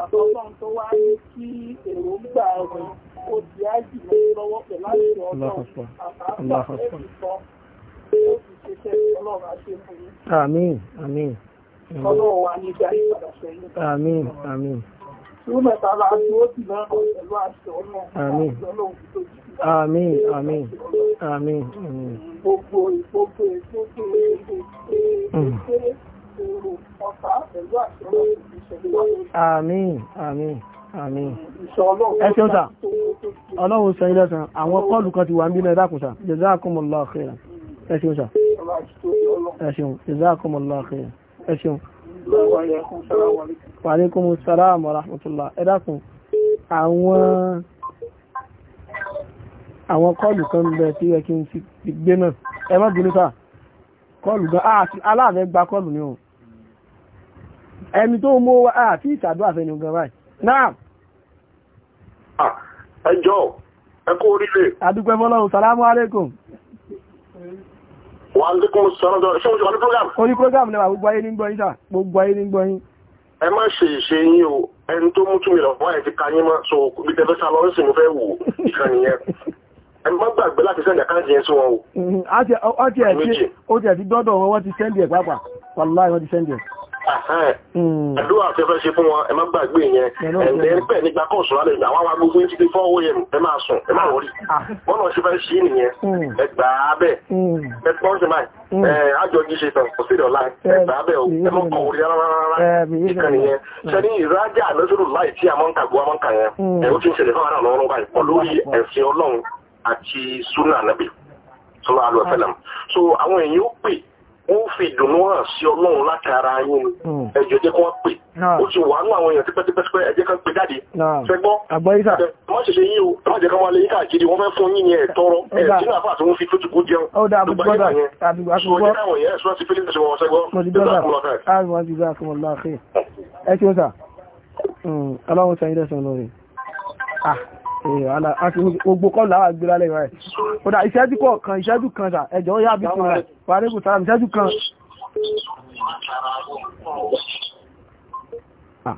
Ọlọ́run tó wá ní kí èròǹgbà ọ̀rọ̀ ó ti ájì lé lọ́wọ́ pẹ̀lú àṣírí ọlọ́run àbáfà ẹ̀sìn sọ pé ẹ̀ṣẹ́ ọ̀sà ọlọ́run sẹ́yìn lẹ́sàn àwọn kọlù kan ti wà ń bí náà dákùsà jazakumullahu khairan ẹ̀ṣẹ́ ọ̀sà ẹ̀ṣẹ́ jazakumullahu khairan ẹ̀ṣẹ́ wa alaikumus salam wa rahmatullah ẹ dákun àwọn àwọn kọlù kan bẹ tí ẹ kí n ti gbé náà ẹ má bínú sáà kọlù gan àti aláàfẹ́ gba kọlù ní ọ̀hún ẹni tó mú àti ìṣàdó àfẹnugàn báyìí náà ẹjọ́ ẹkú orílẹ̀. àdúgbẹ́ fọ́lọ́run sàlámù alẹ́kùn. wà á lékún sọ́rọ̀dọ̀ ṣé o ṣe wà ní program. orí program lẹ́wà gbogbo ayé ní gbọ́ yín sà gbogbo ayé ní gbọ́ yín. ẹ má ṣe ìṣe yín o ẹni tó mú túnmí lọ́wọ́ ẹ̀ ti ka yín mọ́ so Hmm. àdúrà tí ẹ fẹ́ ṣe fún wọn ẹ má gbàgbé yẹn ẹ̀ǹdẹ̀ pẹ̀ nígbà kan sùn lálẹ́ àwọn àwọn agogo títí fọ́ owó yẹn ẹ máa sùn ẹ má wọrí wọn ah. náà ṣe fẹ́ ṣí nìyẹn hmm. ẹ gbà á bẹ̀ hmm. ẹ pọ́n ṣe máa ẹ àjọ yìí ṣe tàn kò sí ìdọ̀la ẹ gbà á bẹ̀ o ẹ mọ̀ kọ̀ orí rárá eh, ìkànnì yẹn ṣe ní ìrajà lọ́sọ̀rọ̀ láì tí a mọ̀ ń kàgbọ́ a mọ̀ ń kà yẹn ẹ̀ wọ́n fi ìdùnnú hàn sí ọlọ́run látara yín ni hmm. ẹjọ́ jẹ́ kí wọ́n pè ó ti wà nù àwọn èèyàn tipẹ́tipẹ́tipẹ́ ẹ̀jẹ̀ kan pè jáde fẹ́gbọ́n wọ́n ṣe ṣe yí o wọ́n jẹ́ kí wọ́n lé yín káàkiri wọ́n fẹ́ fún yín ní ẹ̀tọ́rọ́ ẹ̀sìn àfà tó ń fi tó tukú jẹun tó bá hmm, yín yẹn so ọjọ́ káwọn yẹn ẹ̀sùn láti fílẹ̀ ṣẹ̀wọ̀n ṣẹ́gbọ́n ọlọ́run sẹ́yìn lẹ́sàn lórí ah. Eh, gbogbo kọ́ láwà gbéra lẹ́yìn rẹ̀ kódà ìṣẹ́jú kọ̀ kan ìṣẹ́jú kan sà ẹjọ́ yà bí kan rẹ̀ wà ní kùtàrà ìṣẹ́jú kan ah.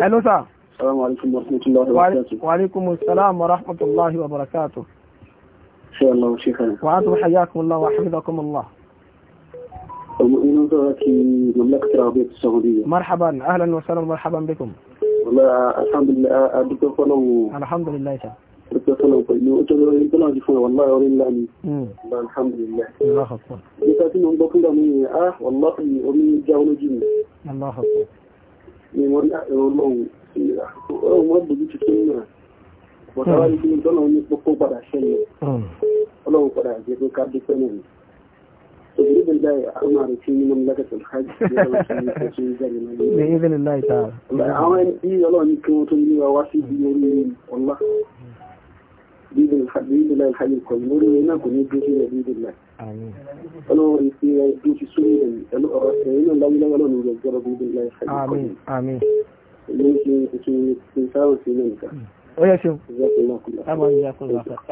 Hello sir. Assalamu alaikum warahmatullahi wabarakatuh. Wa alaikum assalam warahmatullahi wabarakatuh. Inshallah العربية السعودية مرحبا أهلا وسهلا مرحبا بكم adúpẹ́ fọ́nà wò. alhamdulilayi sa. adúpẹ́ fọ́nà pẹ̀lú ó tó lórí tó náà ti fún ẹ wàlá orí ńlá ni. alhamdulilayi. nípa tí mo ń gbọ́ fún ìdààmú yẹn á wàlá fi ọlọ́run padà jẹ́ pé ká dúpẹ́ náà تجريب الله عمر في مملكة الحج بإذن الله تعالى عوان إيه الله نكون تنجي وواسي بيولين والله بإذن الحج بإذن الله الحج القيم ورينا كن يبجي بإذن الله آمين أنا في في سوريا أنا لا الله إلا الله نجزر بإذن الله الحج القيم آمين آمين ليش في في ساوي في مملكة ó yẹ ṣeun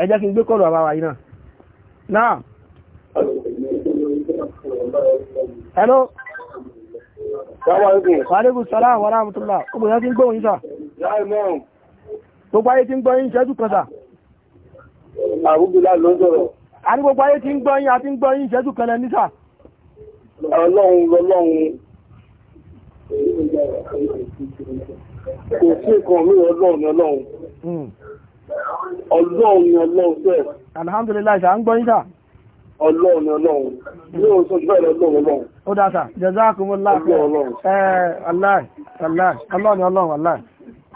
ẹ jẹ́ kí n gbé kọ́ọ̀lù àbáwá yìí náà náà hello Wàlégùn sọ́lá àwọn aráàmùtúlá, ọmọ ìyá ti ń gbóhùn ìsà. Gbogbo ayé ti ń gbọ́yìn ìṣẹ́jú kan sà. Àrúgbìlá ló ń sọ̀rọ̀. A ní gbogbo ayé ti ń gbọ́yìn àti ń gbọ́yìn ìṣẹ́jú kan lẹ nísà. Ọlọ́run lọ́lọ́run kò sí nǹkan mí ọlọ́run ni ọlọ́run. Hmm. Ọlọ́run ọlọ́run sẹ́ẹ̀. Alhamdulillah, ṣà ń gbọ́yìn sà. ọlọ́run ọlọ́run ní oṣù ìgbà ọlọ́run ọlọ́run. ó dáta jazakumullah ẹ aláì aláì ọlọ́run ọlọ́run aláì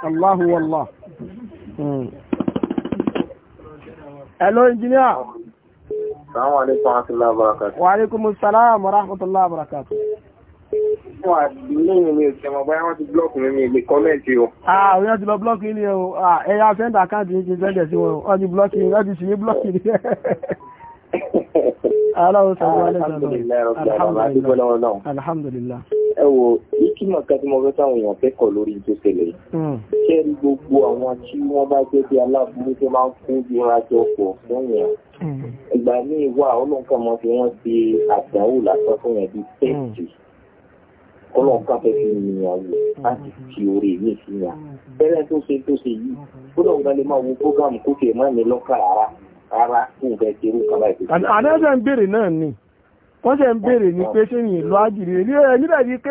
Allahu wallah. Hmm. hello engineer. Assalamu alaikum wa rahmatullahi mi ò tẹ̀mọ̀ báyá wọ́n ti blọ́ọ̀kì mi lè kọ́mẹ́ǹtì o. Ah, òyìn ti lọ blọ́ọ̀kì ní o. ẹ̀yà sẹ́ndà àkáǹtì ti sẹ́ndẹ̀ sí wọn. Wọ́n ti aláwọ̀ ah, sọ̀rọ̀ alhamdulillah ẹwọ ìkímọ̀ kan tí mo fẹ́ sáwọn èèyàn kẹ́kọ̀ọ́ lórí tó ṣẹlẹ̀ hmm. ṣé rí gbogbo àwọn tí wọ́n bá jẹ́ bí aláàbúrú tó máa ń fún bí wọ́n ajọ pọ̀ fún yẹn hmm. ìgbà míì wà ọlọ́nkà mọ́ fi wọ́n ṣe àdánwò lásán fún yẹn bí tẹ́ẹ̀tì hmm. ọlọ́nkà fẹ́ fi yìnyàn wò láti fi orí mi fi yàn bẹ́rẹ̀ tó ṣe tó ṣe yìí ó lọ́nkà lè máa wo prógámù kó fi ẹ̀ má ní lọ́kà rárá rárá kí nǹkan ṣe irú kan báyìí. àdájọ́ ń béèrè náà ni wọ́n ṣe ń béèrè ní pé ṣé yìí lọ ájìrì ní níbẹ̀ ni pé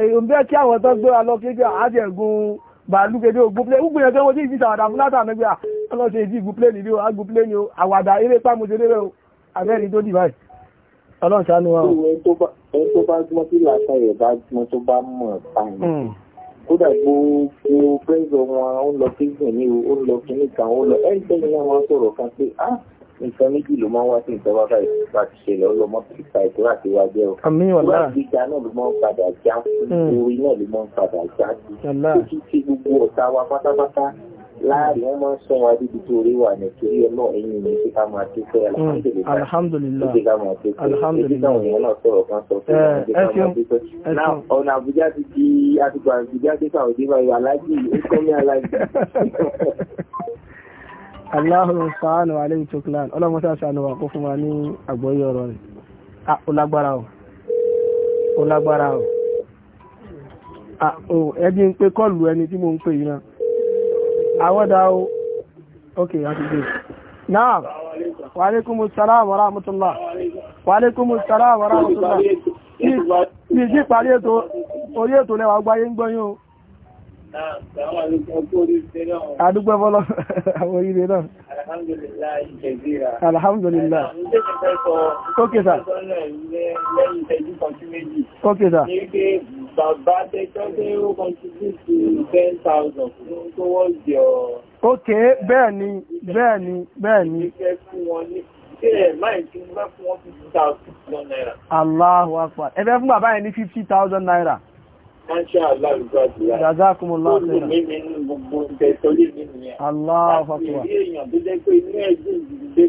èèyàn bẹ́ẹ̀ kí àwọn tó gbé wa lọ kéde àjẹgùn bàálù kéde ògbó pléènì gbogbo yẹn wọ́n ti ìdí sàwádà fún látà nígbà ọlọ́sẹ̀ ìdí ìgbó pléènì ní o àgbó pléènì o àwàdà eré pàmòṣe lérè o abẹ́rin tó dì báyìí ọlọ́run ṣàánú wa. ẹni tó bá gbọ́n sí làákàn yẹn bá gbọ́n tó bá mọ̀ báyìí hmm kódà gbogbo pẹ́sọ̀ wọn ó ń lọ prison ní ó ń lọ kíní kan ó lọ ẹ́ńtẹ́ni náà wọ́n sọ̀rọ̀ kan pé á ah, nǹkan méjì ló máa ń wá sí ìjọba báyìí láti ṣẹlẹ̀ ọlọ́mọ pípa ètò láti wá jẹ́ o. àmì ọ̀la ìgbà náà ló máa ń padà já hmm. orí náà ló máa ń padà já sí. ó ti ṣe gbogbo ọ̀tá wa pátápátá láàrin wọn máa ń sọ wọn dídí tó rí wà ní torí ẹ náà ẹ̀yìn ní kí ká máa dúpẹ́ hmm, alhamdulilayi kí wa ní àgbọ́yé ọ̀rọ̀ rẹ̀ ah, ó lágbára o ó lágbára o ah, ẹbí ń pe kọ́ọ̀lù ẹni tí mo ń pè yìí náà àwọ́dá o ok àti gbé náà wàlékúmù sàrá wa rahmatullah wàlékúmù sàrá wa rahmatullah ní sí parí ètò orí ètò lẹ́wà gbáyé ń gbọ́yún o àwọn oríire náà alhamdulillah ok sir ok sir Bàbá Tẹ́kọ́dé ó contribute to ten thousand bẹ́ẹ̀ ni, bẹ́ẹ̀ ni, bẹ́ẹ̀ ni. Ìfẹ́ fún wọn ní ṣé máì tí mo fẹ́ fún wọn fifty thousand naira. Allahu akbar. Ẹ fẹ́ fún bàbá yẹn fifty thousand naira. Máṣá aláàrúgbà ti rà. Jazakumullahu khairan. Olùmí mi ní gbogbo ìtẹ̀sọ́lé mi nìyẹn. Allahu akbar. Láti rí èèyàn tó jẹ́ pé inú ẹ̀dùn ìdílé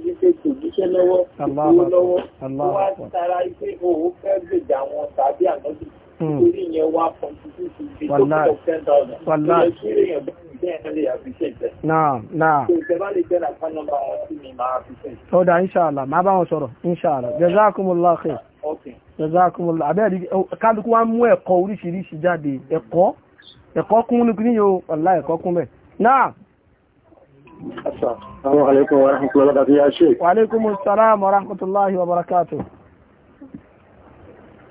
orí hmm. yẹn wá contribution bí tó kọ́ ten thousand. wàlá ìyẹn kí èèyàn bá mi bẹ́ẹ̀ ní lè appreciate bẹ́ẹ̀. náà náà. kò tẹ́ bá lè bẹ́ẹ̀ lápá nọ́mbà wọn sí mi máa appreciate. ó dà inṣàlá máa bá wọn sọ̀rọ̀ inṣàlá jazakumullah khair. Ah, jazakumullah abẹ́rẹ́ kálukú wa mú ẹ̀kọ́ oríṣiríṣi jáde ẹ̀kọ́ ẹ̀kọ́ kún ní kí ní yóò wàlá ẹ̀kọ́ kún bẹ̀. náà. assalamu warahmatullahi wabarakatuh.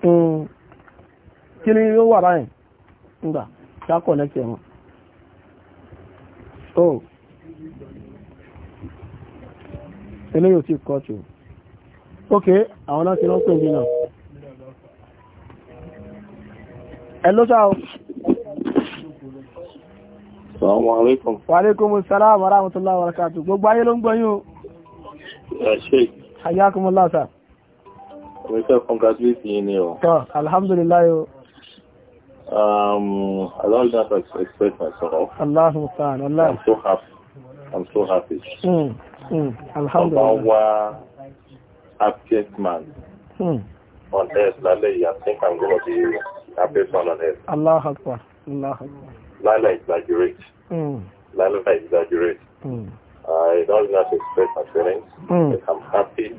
Hmm. kí ni yóò wà báyìí ńgbà ṣá connect ẹ̀ wọn ó oh. eléyìí ò tí kọ́ tù ok àwọn náà ti lọ́ pè mí náà ẹ ló ṣáà o. Assalamu alaikum. Wa We fẹ́ congratulate you ni o. tọ́ alhamdulillah o. Um, allow me to express myself. Allahu Akbar. Allah. I'm so happy. I'm so happy. Mm, mm, alhamdulillah. Our happiest man mm. on earth, Lale, I think I'm going to be happiest man on earth. Allah Akbar. Allah Akbar. Lala exaggerates. Mm. Lala exaggerates. Mm. I don't know how to express my feelings, mm. I'm happy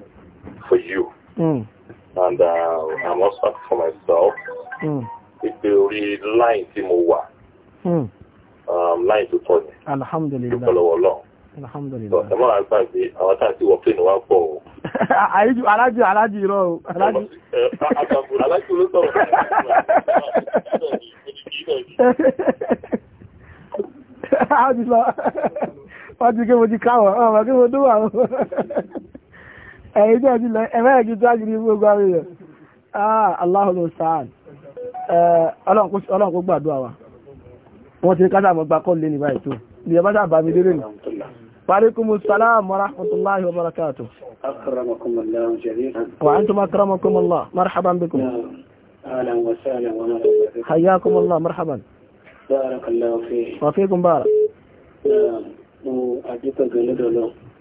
for you. Mm. and uh, I'm also asking for myself. Ipe orí line tí mo wà. Line tó tọ́ ni. Alhamdulilayi. Dúpọ̀ lọ́wọ́ lọ. Alhamdulilayi. Ṣé máa gbà pé àwọn tá a ti wọ plane wá pọ̀ o? Àyíjú alájú alájú irọ́ o. Alájú. Àgbàgbọ́ alájú ló sọ̀rọ̀. Àwọn ti sọ, wọ́n ti ké mo ti káwọ̀, ọmọ kí mo dúwà o ẹ̀yìn tí a ti lọ ẹ̀mẹ́rẹ̀ kí tó á gidi gbogbo àwọn èèyàn ah Allahu musta'an ọlọ́run kó gbàdúrà wa wọ́n ti kásà mọ́ gba kọ́lé ní báyìí tó ní ẹbá sáà bá mi lérè nù Wàríkùmù sàlámù rahmatullahi wa barakatuh. Akramakumullahu jami'an. Wa antum akramakumullah. Marhaban bikum. أهلا وسهلا ومرحبا حياكم الله مرحبا بارك الله فيك وفيكم بارك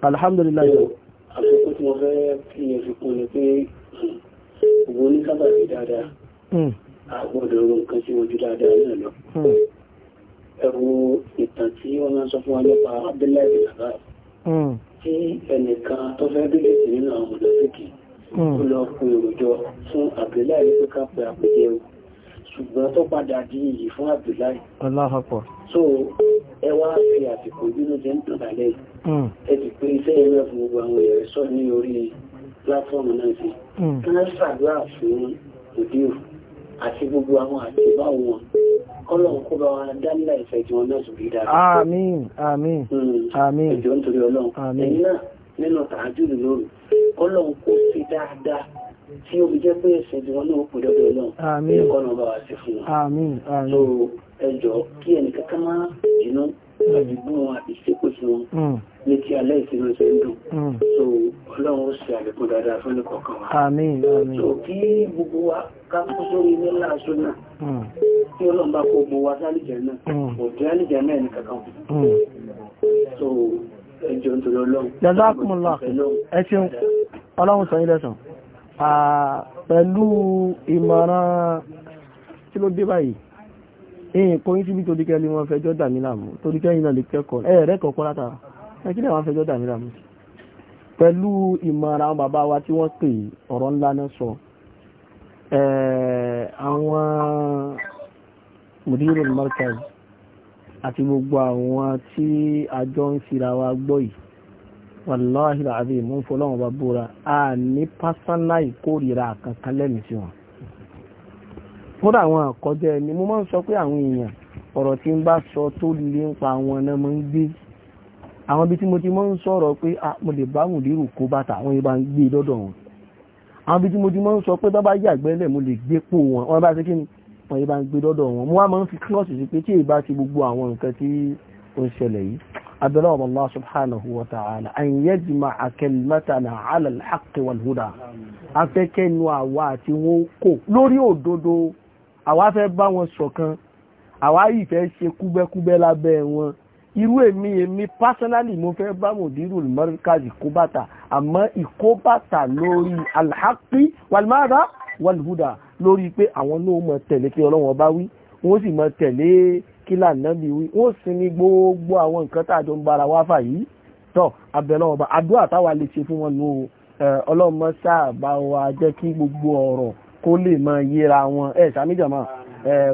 الحمد لله àfikún tí wọ́n fẹ́ kí ní fi kún ni pé òun ní sábà sí dáadáa àgbọ̀dọ̀ hmm. ọ̀rọ̀ nǹkan tí wọ́n ju dáadáa náà lọ hmm. ẹ̀rù ìtàn tí wọ́n máa sọ fún wa nípa Abdullahi bin Abbas hmm. tí ẹnìkan tó fẹ́ bílẹ̀ sí nínú àwọn olóṣèkì ó lọ kú èròjọ fún Abdullahi pé ká pẹ àpèjẹ ṣùgbọ́n tó padà di iyì fún Abdullahi aláhapọ̀ so ẹ wá fi àsìkò bínú jẹ́ ń tàbálẹ̀ hmm. ẹ ti pé iṣẹ́ ẹ̀rẹ́ fún gbogbo àwọn èèyàn sọ ní orí pláfọ́ọ̀mù náà sí hmm. kí wọ́n ṣàdúrà fún òdíò àti gbogbo àwọn àtìbá wọn kọ́lọ̀n kó bá wa dálílà ìfẹ́ tí wọ́n náà sùgbé dára àmín àmín hmm. àmín ìjọ nítorí ọlọ́run ẹ̀yìn náà nínú tàájú lóru kọ́lọ̀n kó fi dáadáa tí ó fi jẹ́ pé ẹ̀sìn ìdíwọ́n náà pè lọ́dọ̀ náà ẹ̀kọ́ náà bá wà sí fún wọn so ẹjọ́ kí ẹnìkan kan máa jìnà láti gbọ́n wọn àti ṣépè sí wọn hmm. ní ti alẹ́ ìsinmi ṣe ń dùn hmm. so ọlọ́run ó ṣe àlékún dáadáa fún ní kọ̀ọ̀kan wa so kí gbogbo wa ká kú sórí ilé láàṣọ náà hmm. kí ọlọ́run bá kó gbogbo wa sálìjẹ náà òdì àlìjẹ náà ní kankan so ẹjọ́ nítorí ọlọ́run ẹjọ́ ọlọ́run sọ ilẹ̀ sàn pẹ̀lú ìmọ̀ràn tí ló dé báyìí èyí kò yí síbi torí kẹ́lí wọn fẹjọ́ dàmí láàmú torí kẹ́yìn náà lè kẹ́kọ̀ọ́ ẹ̀rẹ́ kọ̀ọ̀kọ́ látara ẹ̀kí lẹ́wọ̀n fẹjọ́ dàmí láàmú pẹ̀lú ìmọ̀ràn àwọn bàbá wa tí wọ́n pè ọ̀rọ̀ ńlá mùdírò markaz àti gbogbo àwọn tí àjọ ń fira wa gbọ́ yìí wàláhì làbí mú ń fọlọ́wọ́n bá búra a ní pásánà ìkórìíra kankan lẹ́mìí sí wọn. kódà àwọn àkọjá ẹni mo máa ń sọ pé àwọn èèyàn ọ̀rọ̀ tí ń bá sọ tó lè ń pa àwọn ọ̀nà máa ń gbé àwọn ibi tí mo ti máa ń sọ̀rọ̀ pé ah, mo lè bá mùdírù kó bàtà àwọn ibà ń gbé lọ́dọ̀ wọn àwọn ibi tí mo ti máa ń sọ pé bá yàgbẹ́ lẹ̀ mo lè gbé pò wọn wọn bá ṣe kí ni wọn ibà ń gbé lọ́dọ̀ wọn mo wá máa ń fi kílọ̀sì sí pé tí èyí bá ti gbogbo àwọn nǹkan tí ó ń ṣẹlẹ̀ yìí abdullahi allah subhanahu wa ta'ala an yajma'a kalimatana 'ala al wal huda afẹ́kẹ́ inú àwa àti wọn kò lórí òdodo àwa fẹ́ bá wọn ṣọ̀kan àwa yìí ṣe kúbẹ́kúbẹ́ lábẹ́ wọn irú èmi èmi personally mo fẹ́ bá mudirul markaz ìkóbàtà àmọ́ ìkóbàtà lórí al wal mada wal huda lórí pé àwọn náà mọ̀ tẹ̀lé kí ọlọ́wọ́n bá wí wọ́n sì mọ̀ tẹ̀lé kila lànàbí wí wọ́n sì ní gbogbo àwọn nǹkan tààjọ ń to wáfà yìí adua abẹ́lọ́wọ́ bá àdúrà táwa lè ṣe fún wọn nù ọlọ́mọ sáàbá wa jẹ́ kí gbogbo ọ̀rọ̀ kó lè mọ yíra wọn ẹ̀ sàmìjàmọ́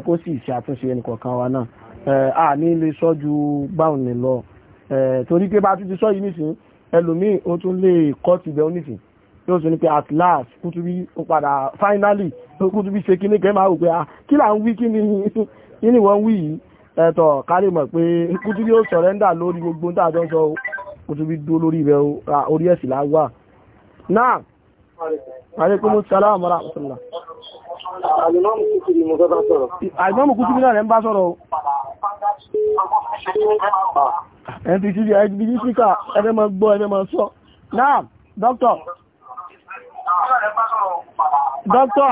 kó sì ṣe àtúnṣe ẹnìkọ̀ọ̀kan wa náà ni lè sọ ju báwọn ní lọ torí pé bá tún ti sọ yìí nísìn ẹlòmíì ó tún lè kọ́ tìbẹ̀ onísìn yóò sọ ní pé at last kútubí ó padà finally kútubí ṣe kíní kẹ́ máa wò pé ah, kí là ń wí kíní kíní wọ́n wí yìí ẹ̀tọ́ kárí mọ̀ pé kútúbí ó sọ̀rẹ́ndà lórí gbogbo tá a jọ ń sọ kútúbí dúró lórí rẹ̀ orí ẹ̀sìn là wà. náà aleykum salaam wa rahmatulah. alimami kútúbí náà rẹ̀ ń bá sọ̀rọ̀ o. Ah. npc ndc speaker ẹgbẹ́ máa gbọ́ ẹgbẹ́ máa sọ. náà dókítà. dókítà.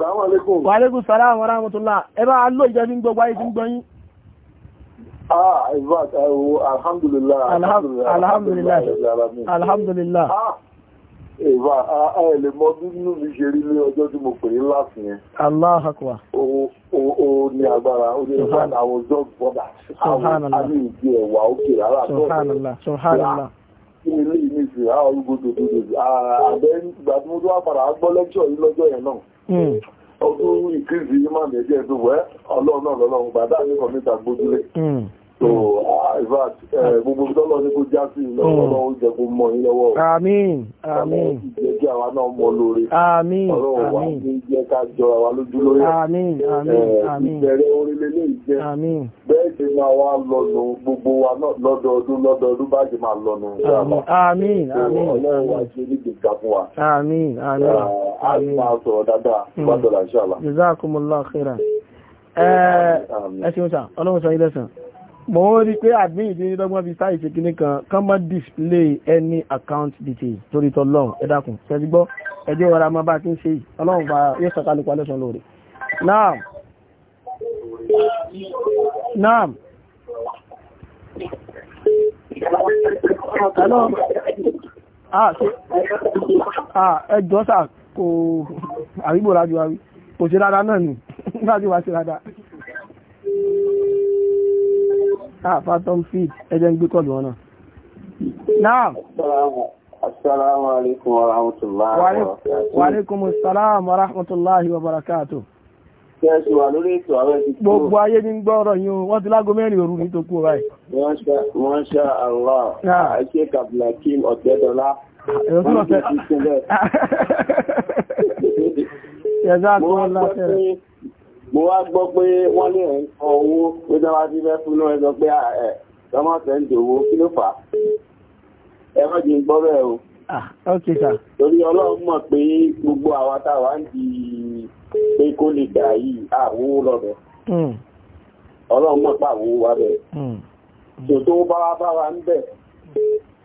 Wa alaikum salaam wa rahmatullah. Ẹ bá ló ìjẹ́ ní gbogbo ayé tí ń gbọ́yìn. Ah, ìbáta ẹ̀wọ̀, alhamdulillah. Alhamdulillah. Alhamdulillah. Ah, ìbá, ah, ah, ẹ lè mọ bí nínú mi ṣe rí ní ọjọ́ tí mo pè é láti yẹn. Allah akwa. O ní agbára, o ní ìbáta àwùjọ bọ́dà. Subhanallah. A ní ìdí ẹ̀wà òkè rárá. Subhanallah. Subhanallah ah, kí ni ilé ìmísì àwọn olùgbòdòdòdò àbẹ́ gbàdúmọ́dúwà padà gbọ́ lẹ́kṣọ̀ yìí lọ́jọ́ yẹn náà. Hmm. ó tó yí máa mẹ́jẹ́ tó wẹ́ ọlọ́run náà lọ́lọ́run bàbá àríkọ̀ gbójúlé hmm. Uh, uh, gbogbo tọ́lọ́ ní kó já sí ìlọ́wọ́ hmm. oúnjẹ kó mọ yín lọ́wọ́ àmín àmín jẹ́ kí àwa náà mọ lóore àmín ọlọ́run wa ní jẹ́ ká jọ àwa lójú lórí àmín àmín àmín ìbẹ̀rẹ̀ orílẹ̀ lè jẹ́ àmín bẹ́ẹ̀ ṣe máa wá lọ́nu gbogbo wa náà lọ́dọọdún lọ́dọọdún bá ṣe máa lọ́nu àmín àmín ọlọ́run wa ṣe ní gbèsà fún wa àmín àmín àmín máa sọ̀rọ̀ dáadáa gbàdọ̀là hmm. ṣàlà. jazakumullahu khairan ẹ ẹ ṣeun sá ọlọ́run sọ ilé sàn mo ń rí pé admin ti ní dọ́gbọ́n fi sáì ṣe kíní kan kán mọ́ display any account details. torí tọ́lọ́run ẹ dákun ṣẹ́jú gbọ́ ẹjọ́ ọ̀rọ̀ àmọ́ bá ti ń ṣe yìí ọlọ́run bá yóò sọ̀kalùkù alẹ́sàn lóore. naam naam ah ah ẹjọ́ sà kò àrígbò rájú wa rí kò ṣe dáadáa náà nù nígbà tí ṣe dáadáa àfà ah, tom fit ẹjẹ́ ń gbé kọlù wọn náà assalamu alaikum wa rahmatullahi wa barakatuh wa alaikum assalam wa rahmatullahi wa barakatuh Gbogbo ayé ní gbọ́rọ̀ yín wọ́n ti lágó mẹ́rin òru ní tó kú ọ̀rá ẹ̀. Wọ́n ṣá Allah, àṣẹ Kàbìlákìm Ọ̀tẹ́dọ́lá. Ẹ̀rọ tí mo wá gbọ́ pé wọ́n lè ń kọ owó pé dáwà tí fẹ́ fún náà ẹgbọ́ pé ah, ẹ̀ tọ́mọ̀ sẹ́ńdì owó kí ló fà á ẹ má jẹ́ gbọ́ bẹ́ẹ̀ o. Ah, torí ọlọ́run mọ̀ pé gbogbo àwa táwa ń di pé kó lè dà yìí àwo lọ́bẹ̀ hmm. ọlọ́run mọ̀ pé àwo wà bẹ̀ hmm. tòótọ́ bá wá bá wa ń bẹ̀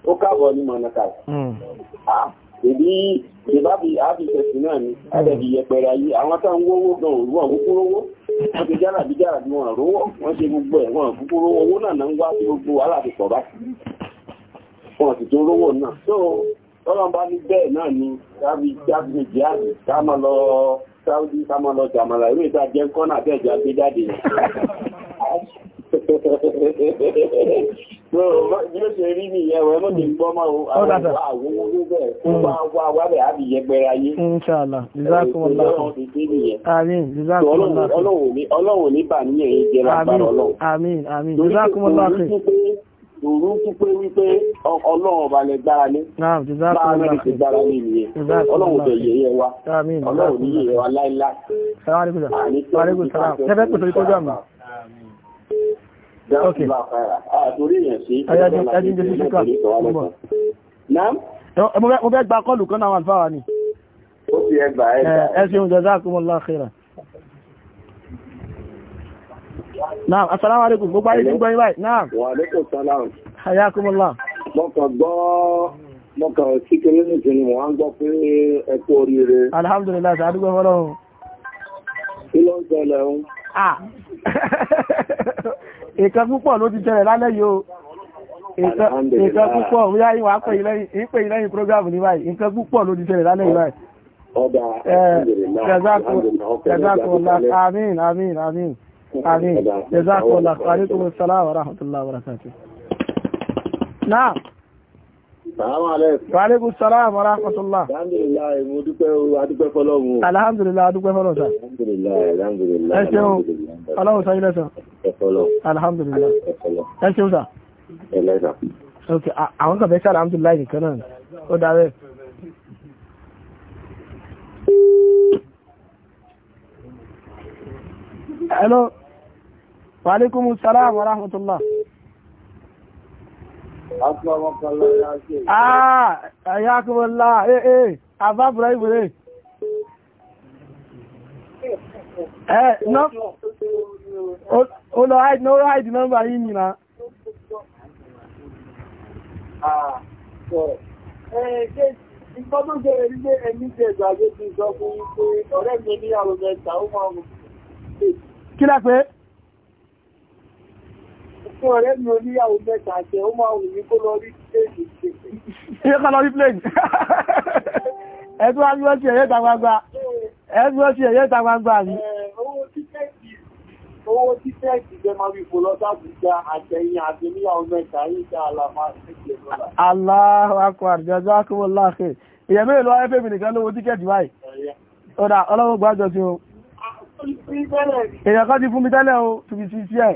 ó káàbọ̀ ní mọ̀nàkà. Hmm. Ah èbí ìbábi àbìsẹ̀sì náà ni àdẹ̀bì yẹpẹrẹ ayé àwọn tán wówó gan òwúwọ̀n kúkúrú owó wọ́n ti jára bí jára bí wọ́n rówó wọ́n ṣe gbogbo ẹ̀ wọ́n kúkúrú owó náà náà ń wá sí gbogbo aláàbìsọ̀ bá wọ́n sì tó rówó náà so tọ́lọ́n bá ní bẹ́ẹ̀ náà ni kábi jáde jáde ká máa lọ Saudi ká máa lọ jàmàlà ìwé ìta jẹ́ kọ́nà bẹ́ẹ̀ jáde Yóò ṣe rí ní ìyẹ̀wò ẹmọ́ ní gbọ́mọ́ àwọn àwọn olóògbẹ̀ wà wà wábẹ̀ àbí yẹgbẹ̀rẹ̀ ayé. Inṣàlá, Ọlọ́run ní bà ní ẹ̀yìn jẹ́ lágbàrọ̀ ọlọ́run. Àmín, àmín, Jazakumullah Òru pípé wípé ọlọ́run ọba lẹ gbára lé, bá mẹ́rin ti gbára lé ìyẹn, ọlọ́run tẹ̀ yẹ̀yẹ wa, ọlọ́run ní yẹ̀yẹ wa láíláí. Ṣẹ́wàá rí kùsàrà, ṣẹ́fẹ́ kùsàrà Okay. Mo fẹ́ gba kọlù kan náà alfáwà ni. Ó fi ẹgbà ẹgbà. Ẹ ṣeun jazakumullahu khairan. Naam, assalamu alaikum. Gbogbo ayé gbogbo ayé báyìí. Naam. Wa alaikum salam. Hayakumullah. Mọ́kàn gbọ́ mọ́kàn sí kéré ní ìsinmi wọ́n ń gbọ́ pé ẹ kú oríire. Alhamdulillah, sàádúgbọ́ fọ́lọ́run. Kí ló ń ṣẹlẹ̀ ń? Ah. ìkan púpọ̀ ló ti jẹ́rẹ̀ lálẹ́ yóò ìkan púpọ̀ wíyá ìwà pè ìlẹ́yìn program ní báyìí ìkan púpọ̀ ló ti jẹ́rẹ̀ lálẹ́ yìí báyìí eh, Amin, amin, amin. Amin. Jazakallah. Wa alaikum assalam wa rahmatullahi wa barakatuh. Naam. Wàlékún sọ́lá àmọ́ra àkọsọ́lá. Alhamdulillah, mo dúpẹ́ adúpẹ́ fọ́lọ́run. Alhamdulillah, adúpẹ́ fọ́lọ́run sá. Alhamdulillah, alhamdulillah. Ẹ ṣeun, ọlọ́run sá ilẹ̀ sá. Alhamdulillah. Ẹ ṣeun sá. Ẹlẹ́ sá. Ok, àwọn kàfẹ́ sá alhamdulillah nìkan náà. Ó dáwẹ́. Hello. Wàlékún sọ́lá àmọ́ra àkọsọ́lá. Àyá kúrọ̀lá, ee, àbá Ibrahim rẹ̀. Ẹ náà, ó lọ hide náà ó hide nọ́mbà yìí nìna. Ìfọ́dún jẹ́ ẹ̀rí lé ẹni jẹ́ ìgbàgbé ti sọ fún ọ̀rẹ́ mi ní àwọn mẹ́ta ó máa mú. Kí lápẹ́? fún ọ̀rẹ́ mi oníyàwó mẹ́ta àjẹ́ ó máa wù mí kó lọ rí pléèdì ṣe kọ́ lọ rí pléèdì ẹ̀tún wá bí wọ́n ti ẹ̀yẹ́ ta gbangba ẹ̀tún wọ́n ti ẹ̀yẹ́ ta gbangba rí owó títẹ́ẹ̀tì jẹ́ máa wípò lọ́ta àbújá àtẹ̀yìn àti níyàwó mẹ́ta ìjà àlàmà sí ìjẹ̀lọ́lá. Allahu akbar, jazakumullahu khair. ìyẹ̀mí ìlú ayẹ́fẹ́ mi nìkan lówó tíkẹ́ẹ̀tì báyìí. ọ̀dà ọlọ́wọ́ gbájọ sí o. èèyàn kan ti fún mi tẹ́lẹ̀ o tùbí sí sí ẹ̀.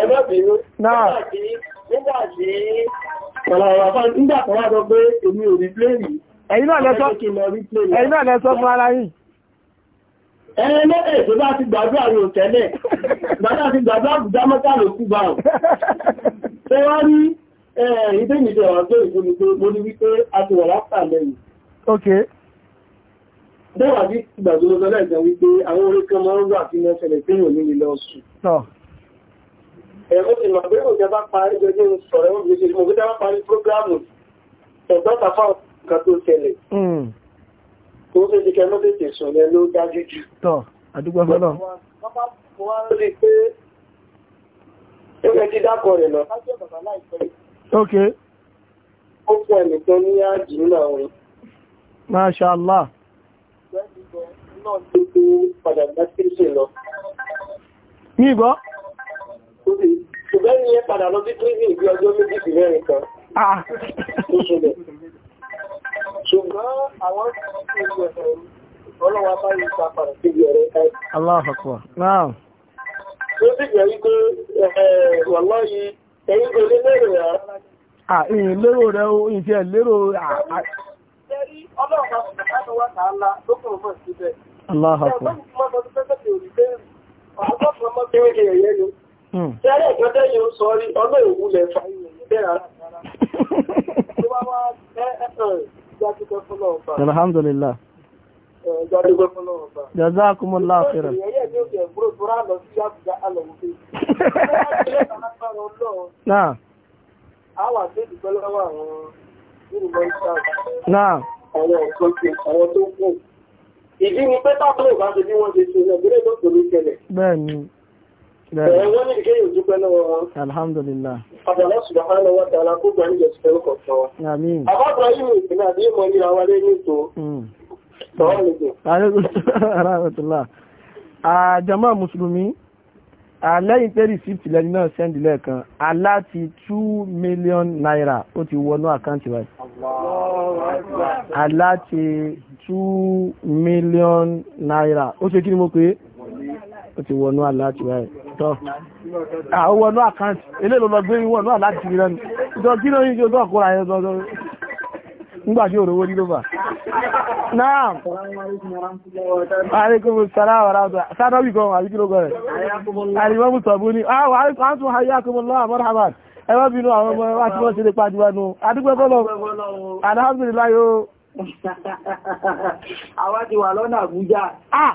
ẹgbẹ́ bèèrè nígbàtí ọlọ́run Ẹni lẹ́gbẹ̀ẹ́ tó bá ti gbàdúrà ní òtẹ́lẹ̀, gbàdá ti gbàdúrà bùdá mọ́ta ló kú bá ọ̀. Ṣé wá rí ìdí ìdẹ̀ ọ̀rọ̀ tó ìgbóni pé mo ní wípé a ti wà lápàá lẹ́yìn. Ok. Bẹ́wà ẹ̀rọ ti mọ̀ pé òjò bá parí jọjú sọ̀rọ̀ ẹ̀wọ̀n gbèsè mo gbéra parí prógrámù ẹ̀tọ́ tàfà nǹkan tó ṣẹlẹ̀ tó hmm. ṣe ti kẹ́mọ́ tètè sùn yẹn ló dájú jù. tọ́ àdúgbò fọlọ́. mo wá rí i pé ẹgbẹ́ ti dákọ̀ rẹ̀ lọ. ok. ó fún ẹnìkan ní àjì nínú àwọn yìí. masha allah. ní ìgbọ́. ṣùgbọ́n ní padà lọ ẹ̀ náà tó sì jẹ́ wípé eh, wọ̀lọ́ yìí ẹ̀yìn kò lé lérò rẹ̀ rárá ah, ìyìn lérò rẹ̀ o ìyìn ẹ̀ lérò ah, ah. Hmm. Tẹ́lẹ̀ Alhamdulillah. Jájúgbẹ́ fọ́lọ́ khairan. Ẹ̀yẹ́ ni ó jẹ́ ìgbúrò tó rá lọ sí ti àwọn tó kù. Ìdí ni pé bá ṣe bí wọ́n ṣe ṣe ẹgbẹ́rẹ́ lọ́tọ̀ ló tẹ̀lẹ̀. Bẹ́ẹ̀ ni. Ẹ̀wọ́n ní ìgbéyìí òjúpẹ́ náà wọn. Alhamdulillah. Àbàlá subhanahu wa ta'ala kó gbà níjẹ̀ sí ẹ̀rọ kọ̀ọ̀kan wa. Àmín. Àbábọ̀ yìí ìpínlẹ̀ àbí ìmọ̀ ní àwọn alẹ́ ní ètò. Sọ́ọ́lùgbò. Hmm. Àjàmá ah, Mùsùlùmí, ah, lẹ́yìn pé rìsíìtì lẹ́ni náà sẹ́ndì lẹ́ẹ̀kan, aláti 2 million naira ó ti wọnú àkáǹtì wa. Aláti 2 million naira ó ṣe kí ni mo pé? ó ti wọnú àláàtì rẹ̀ tọ́ àwọn wọnú àkáǹtì ilé ló lọ gbé wọnú àláàtì rẹ̀ ní ìjọ kí ló yíjọ tó ọkọ̀ ayé ọjọ́ nígbà tí òrówó ní lóba náà àríkùnmù sàráwà ráwà sádọ́bì kan àbí kí ló gọ́rẹ̀ àríwọ́mù ah, sọ̀bú ní àwọn àríkùnmù hayyakum Allah marhaban ẹwọ́ bínú àwọn ọmọ wa tí wọ́n ti lè pàdíwá nù adúgbẹ́kọ́lọ́ alhamdulillah yóò àwọn ti wà lọ́nà Àbújá ah!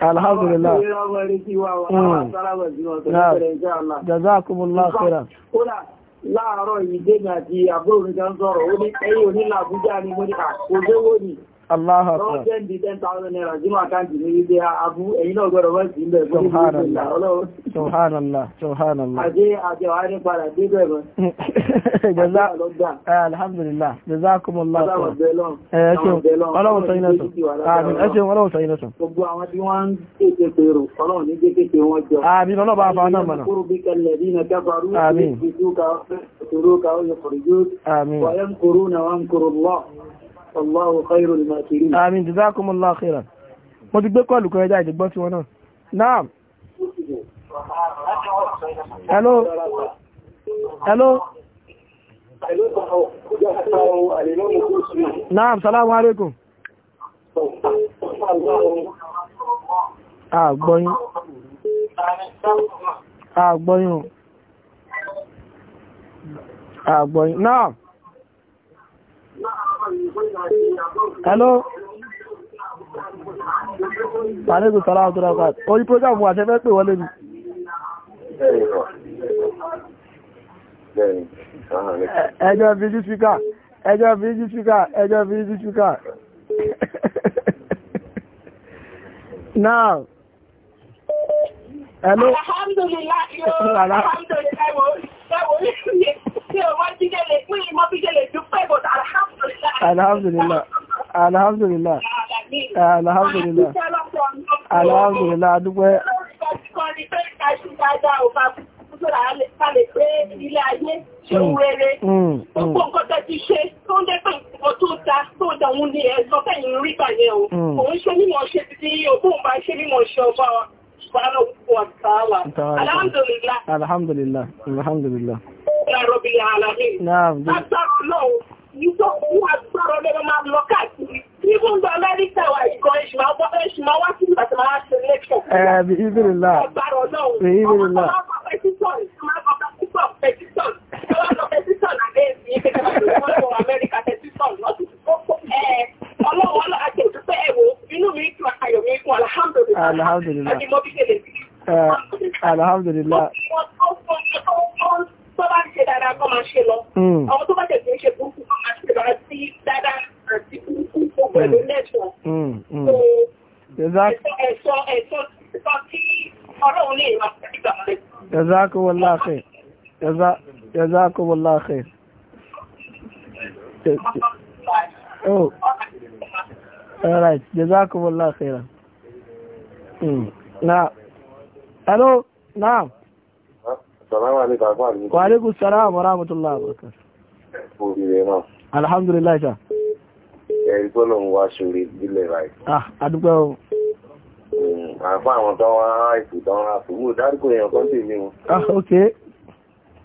alhamdulillah hmm. jazakumullah khairan láàárọ̀ yìí dé àti àbúrò mi kan sọ̀rọ̀ ó ní ẹ̀yìn onílà àbújá ni mo ní àkójówó ni Allah akbar. Lọ́jẹ́ di 10,000 naira jí máa káàkiri ní ilé abú ẹ̀yìn náà gbọ́dọ̀ wọ́n sí ilẹ̀ Subhanallah. Subhanallah. Subhanallah. Àjẹ́ àjẹ́ wà ní padà dé bẹ̀rẹ̀. Eh, alhamdulillah. Jazakumullah. Ọlọ́run eh, sọ iná sọ. Àmín. Ẹ ṣeun ọlọ́run sọ iná sọ. Gbogbo àwọn tí wọ́n ń tètè pèrò, ọlọ́run ní kéèkéé wọn jọ. Àmín ọlọ́run bá fa náà mọ̀nà. Àmín. Àmín. Allahu khairul makirin. Àmín jazakumullahu khairan. Mo ti gbé kọ́ọ̀lù kan ẹja ìdìgbọ́ sí wọn náà. Naam. Hello. Hello. Naam, salamu alaikum. Àgbọ́yún. Àgbọ́yún. Àgbọ́yún. Naam hello alẹ́gùn sọ́lá ọ̀tọ́lá ọ̀tọ́lá orí program wà ṣẹ́fẹ́ pè wọlé ni ẹjọ́ bíjú ṣíkà ẹjọ́ bíjú ṣíkà ẹjọ́ bíjú ṣíkà now hello alhamdulillah yo alhamdulillah Alhamdulillah. Alhamdulillah. Alhamdulillah. Alhamdulillah. Adúgbẹ́. Mm. Mm, mm. Òun ṣe mímọ̀ ṣe ti ogún bá ṣe mímọ̀ ṣe ọba wa subhanahu wa ta'ala. Alhamdulillah. Alhamdulillah. Alhamdulillah. Ya Rabbil Alamin. Naam. Agbára Ọlọ́run, ìjọ fún agbára Ọlọ́run máa lọ káàkiri. Even the America wa ìkọ̀ ìṣùmá wá ìṣùmá wá sí ìgbà tí máa ṣe lẹ́kṣọ̀. Ẹ bí ìbìrìlá. Agbára Ọlọ́run. Bí ìbìrìlá. Ọmọ ọmọ pẹ̀tísọ̀n, ìṣùmá ọmọ pẹ̀tísọ̀n, pẹ̀tísọ̀n, ọmọ pẹ̀tísọ̀n àbẹ́ ìbí ìkẹ́kẹ́ Ọlọ́run àti òdúpẹ́ ẹ̀wò inú mi kún ayọ̀ mi kún alhamdulillah. Alhamdulillah. Àti Alhamdulillah. Oh. All right. Jazakumullah khairan. Hmm. Now. Hello. Now. Assalamu alaikum. Wa alaikum assalam wa rahmatullahi wa barakatuh. Alhamdulillah sha. Ẹ̀rí tó lòun wá ṣorí ìbílẹ̀ ráì. Ah, adúgbẹ́ o. Hmm, Àfá àwọn tó wá ìpìtàn àfúgbò dárúkọ èèyàn kan tèmi wọn. Ah, okay.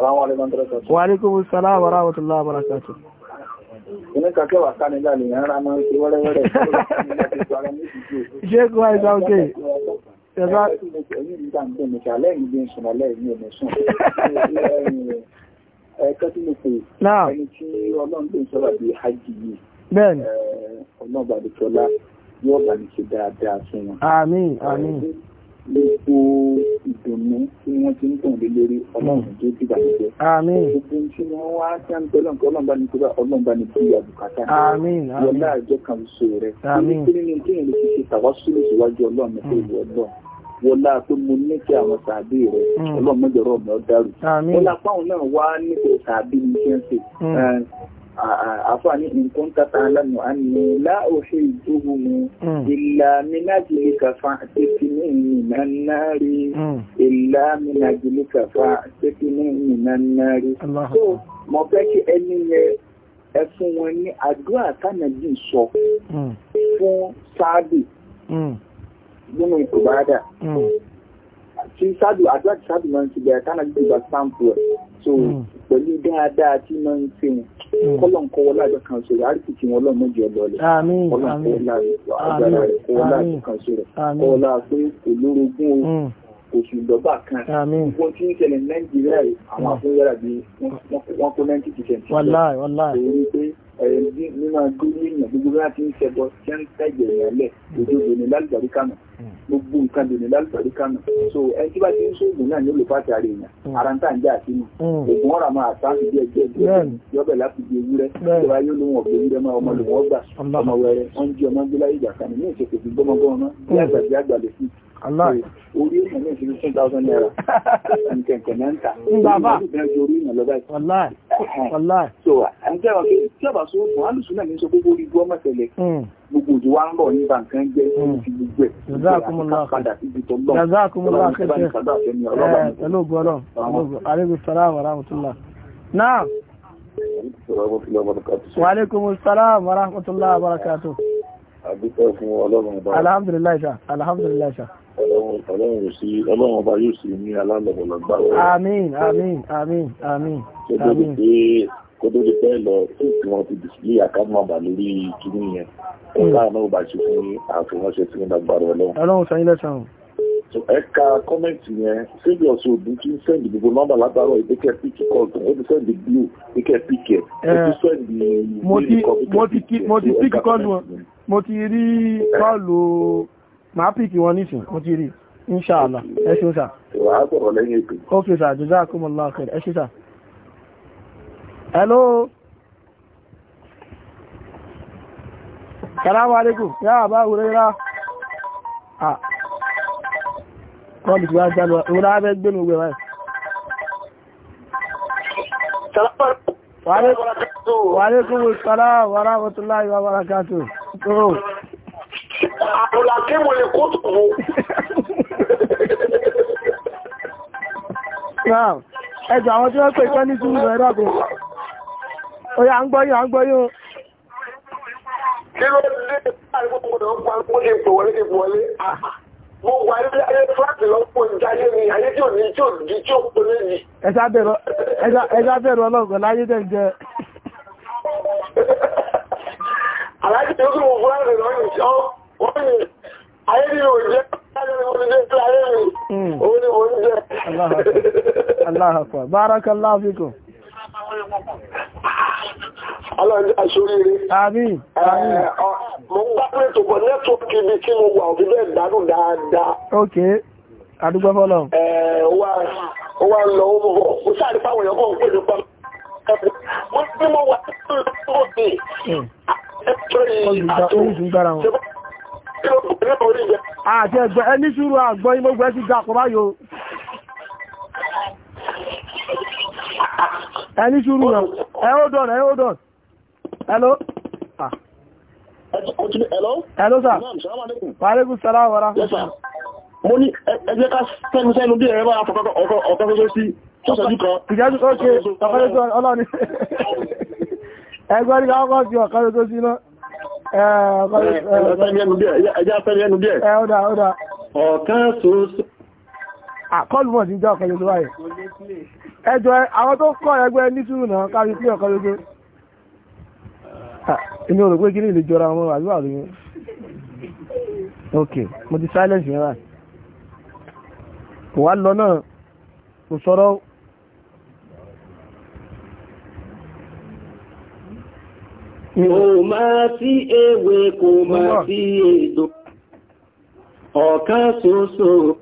Wa alaikumus salam wa rahmatullahi wa barakatuh. Ina ka kai wasa ne da ne na ranar ke ware ware. Ṣé kuwa ìta òkè? Ẹ̀sá. Ẹ̀kọ́ tí mo pè ẹni tí dáadáa fún wọn. Àmín, àmín ló kó ìdùnnú tí wọ́n ti ń tàn lé lórí ọlọ́run hmm. tó ti bá níjẹ́. gbogbo tí wọ́n wá sáà ń tọ́lọ̀ nǹkan ọlọ́run bá ní kúrò ọlọ́run bá ní kúrò àbùkátà yọlá àjọ kan so rẹ̀ kí ni kí ni kí ni tàwa sílẹ̀ síwájú ọlọ́run ní pé hmm. ìwọ ọlọ́run wọlá tó mú ní kí àwọn tàbí rẹ hmm. ọlọ́run mọ́jọ́rọ́ mi ọ wọlá pàwọn náà wá nípa tàbí ní kí n ṣe àfààní nǹkan tata lánàá á láòṣè ìdúró mu kàfà tètè ìnìyàn náà rí ìlà kàfà tètè ìnìyàn náà rí. so mo fẹ́ kí ẹni yẹn ẹ fún wọn ní àdúrà kánàbí sọ fún sáàdì nínú ìkùbádà tí sáàdì àdúrà tí sáàdì máa ń ti bẹ̀rẹ̀ kánàbí ti gbà sáǹpù ẹ̀ so hmm. pẹ̀lú dáadáa tí máa ń fi wọn hmm. kọ́lọ̀ǹkọ́ wọlé àjọ kan sórí àríkì tí wọn lọ́mọ jẹ lọlẹ̀ kọ́lọ̀ǹkọ́ wọlé àjọ kan sórí kọ́lá pé kò lórogún o hmm oṣù ìdọ́gba kan wọ́n tí ń ṣẹlẹ̀ nàìjíríà àwọn hmm. afúnyára eh, bí wọ́n kó 90 percent torí pé ẹ̀rẹ̀ bí nínú agbórí èèyàn gbogbo láti ń ṣẹbọ tí ń tẹ̀jẹ̀ èèyàn lẹ̀ ojú hmm. òní lálùbárí kánà hmm. gbogbo nǹkan lòní lálùbárí kánà so ẹni tí bá ti ń ṣoògùn náà ní olùpàtì ara èèyàn ara ń tà ń jẹ́ àtìmù oògùn ọ̀rọ̀ máa ta fi díẹ̀ díẹ̀ díẹ̀ yọbẹ̀ láti di ewúrẹ́ tó bá yóò lóhun ọ̀gbẹ́ ewúrẹ́ máa ọmọ lòun ọgbà ọmọ wẹrẹ wọ́n jí ọmọ gbé láyé ìjà kan ní ìṣèkòkò gbọmọgbọmọ bí àgbàdì àgbàlẹ̀ sí orí ìmọ̀ ní two thousand naira nkẹ̀kẹ̀ mẹ́ta orí ìmọ̀ lọ́gbà ìfọ̀n. so ẹnjẹ́ wọn kí tí ọba sọ fún alùsùn náà ní sọ pé orí gbọ́ mọ̀tẹ́lẹ̀ hmm. gbogbo òjò wa ń bọ̀ ní bàǹkan jẹ́ hmm. ti gbogbo ẹ̀ jazakumullah padà síbi tó lọ jazakumullah kẹsẹ̀ ẹlò gbọ́dọ̀ aleykum salaam wa rahmatulah. náà wa aleykum Ọlọ́run ọba yóò sì ní alálọ̀bọ̀lọ̀gbà rẹ̀. Àmín, àmín, àmín, àmín. Kó tó di pé kó tó di pé lọ tí wọ́n ti dìsílé àkámọ́bà lórí kíní yẹn. Hmm. Ọ̀gá àná ò bá ṣe fún àfihànṣẹ́ tí wọ́n dàgbàrò ọlọ́run. Ọlọ́run sọ yín lẹ́sàn-án. Ẹ̀ka kọ́mẹ́ǹtì yẹn, Ṣébí Ọ̀ṣun òbí tí ń sẹ́ndì gbogbo nọ́mbà látàárọ̀ ìdíkẹ́ píkì kọ̀ọ̀tún, ó ti sẹ́ndì blu, ìdíkẹ́ píkì ẹ̀, ó ti eh, sẹ́ndì ìlú ìkọ̀ píkì. Mo ti píkì kọ́ọ̀lù, mo ti rí kọ́ọ̀lù máa pìkì wọn nísìn wọ́n ti rí inṣàlá ẹ ṣé sà. wàá sọ̀rọ̀ lẹ́yìn ètò. ok sà jazakumullahu khair ẹ ṣé sà. hello. salamu alaikum ya Aba Huraira. ah kọ́ọ̀lù tí wàá jálọ òun náà fẹ́ gbénu gbé wáyé. Wa alaikum salaam wa rahmatullahi wa barakatuh àrùlàkímù lè kó tùbù. ẹjọ́ àwọn tí wọ́n pè tán ní túnbù ẹ̀rọ kò ó à ń gbọ́yìn o. kí ló dé láàrin gbogbo ọ̀dọ́ ń pa ń pè wọlé ń wọlé ní ayé fúláàtì lọ́pọ̀ ìjáyé ni ní tí ò di tí ò pé méjì. ẹ ṣá wọ́n ni ayé ni ò jẹ́ oúnjẹ tí ayé ni hmm. òun ni oúnjẹ. Allahu akbar, barakallahu fikum. Aláàjẹ́ aṣoríire. Àmín. Mo ń gbá pẹ̀lú ìtòkọ̀ nẹ́tọ̀kì ibi tí mo wà òbí bẹ́ẹ̀ dánú dáadáa. Ok, àdúgbẹ́ fọ́lọ̀. Ó wá lọ ó bọ̀, ó sáré fáwọn èèyàn kan pẹ̀lú pa. Mo ní mo wà nínú ìlú hmm. òde. Ẹ̀tọ́ yìí àtò àti ẹgbẹ́ ẹni ṣúrù àgbọ́ imógbẹ́ sí dàpọ̀ báyò ẹni ṣúrù rẹ̀ ẹ̀hódọ̀n ẹ̀hódọ̀n hello hello sir wàlégún sàlámù wàrá mo ní ẹgbẹ́ ká sẹ́nu sẹ́nu bí ẹ̀rẹ́ bá ọkọ̀ tó sí ṣọ́sọ̀jú kan ìjẹ́jú ókè ọkọ̀ tó sí ọlọ́ni ẹgbẹ́ Eh, eh, eh, Àkọlùmọ̀ ah, sí jẹ́ ọ̀kan lórí wáyé. Ẹjọ́ àwọn tó kọ́ ẹgbẹ́ ní túrù náà kárí sí ọ̀kan lórí. Inú ah, òrò pé kí ní ìlèjọra wọn wà lórí yẹn. Ok, mo ti silence yẹn rà. Kò wá lọ náà, kò sọ̀rọ̀ Kò máa sí ewé kò máa sí èdò. Ọ̀kan ṣoṣo.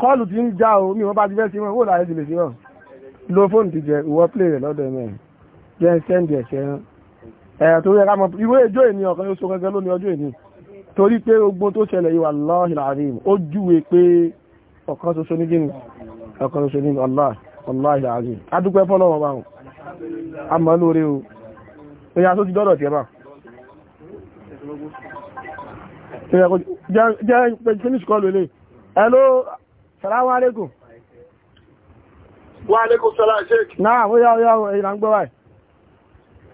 Kọ́ọ̀lù ti ń já o, mi wọ́n bá ti fẹ́ sí wọn, wò láyé ti lè sí wọn. Lo fóònù ti jẹ, ìwọ play rẹ̀ lọ́dọ̀ ẹ̀mẹ́. Jẹ́ sẹ́ndì ẹ̀ṣẹ́ rán. Ẹ̀yà tó yẹ ká mọ̀, ìwé ẹjọ́ èní ọ̀kan yóò so gẹ́gẹ́ lónìí ọjọ́ èní. Torí pé ogbó tó ṣẹlẹ̀ yìí wà lọ́hìn láàrin, ó júwe pé ọ̀kan ṣoṣo ní gíní, ọ̀kan ṣoṣo ní ọlá, ọlá ìlàrin. Adúpẹ́ fọ́lọ́wọ́ bá wọn. A mọ̀ lórí o ìyá tó ti dọ́dọ̀ tí ẹ máa jẹ́ finish call ilé hello salamu alaikum wa alaikum salam sheik náà ó yá ó yá ìràngbọ́wàá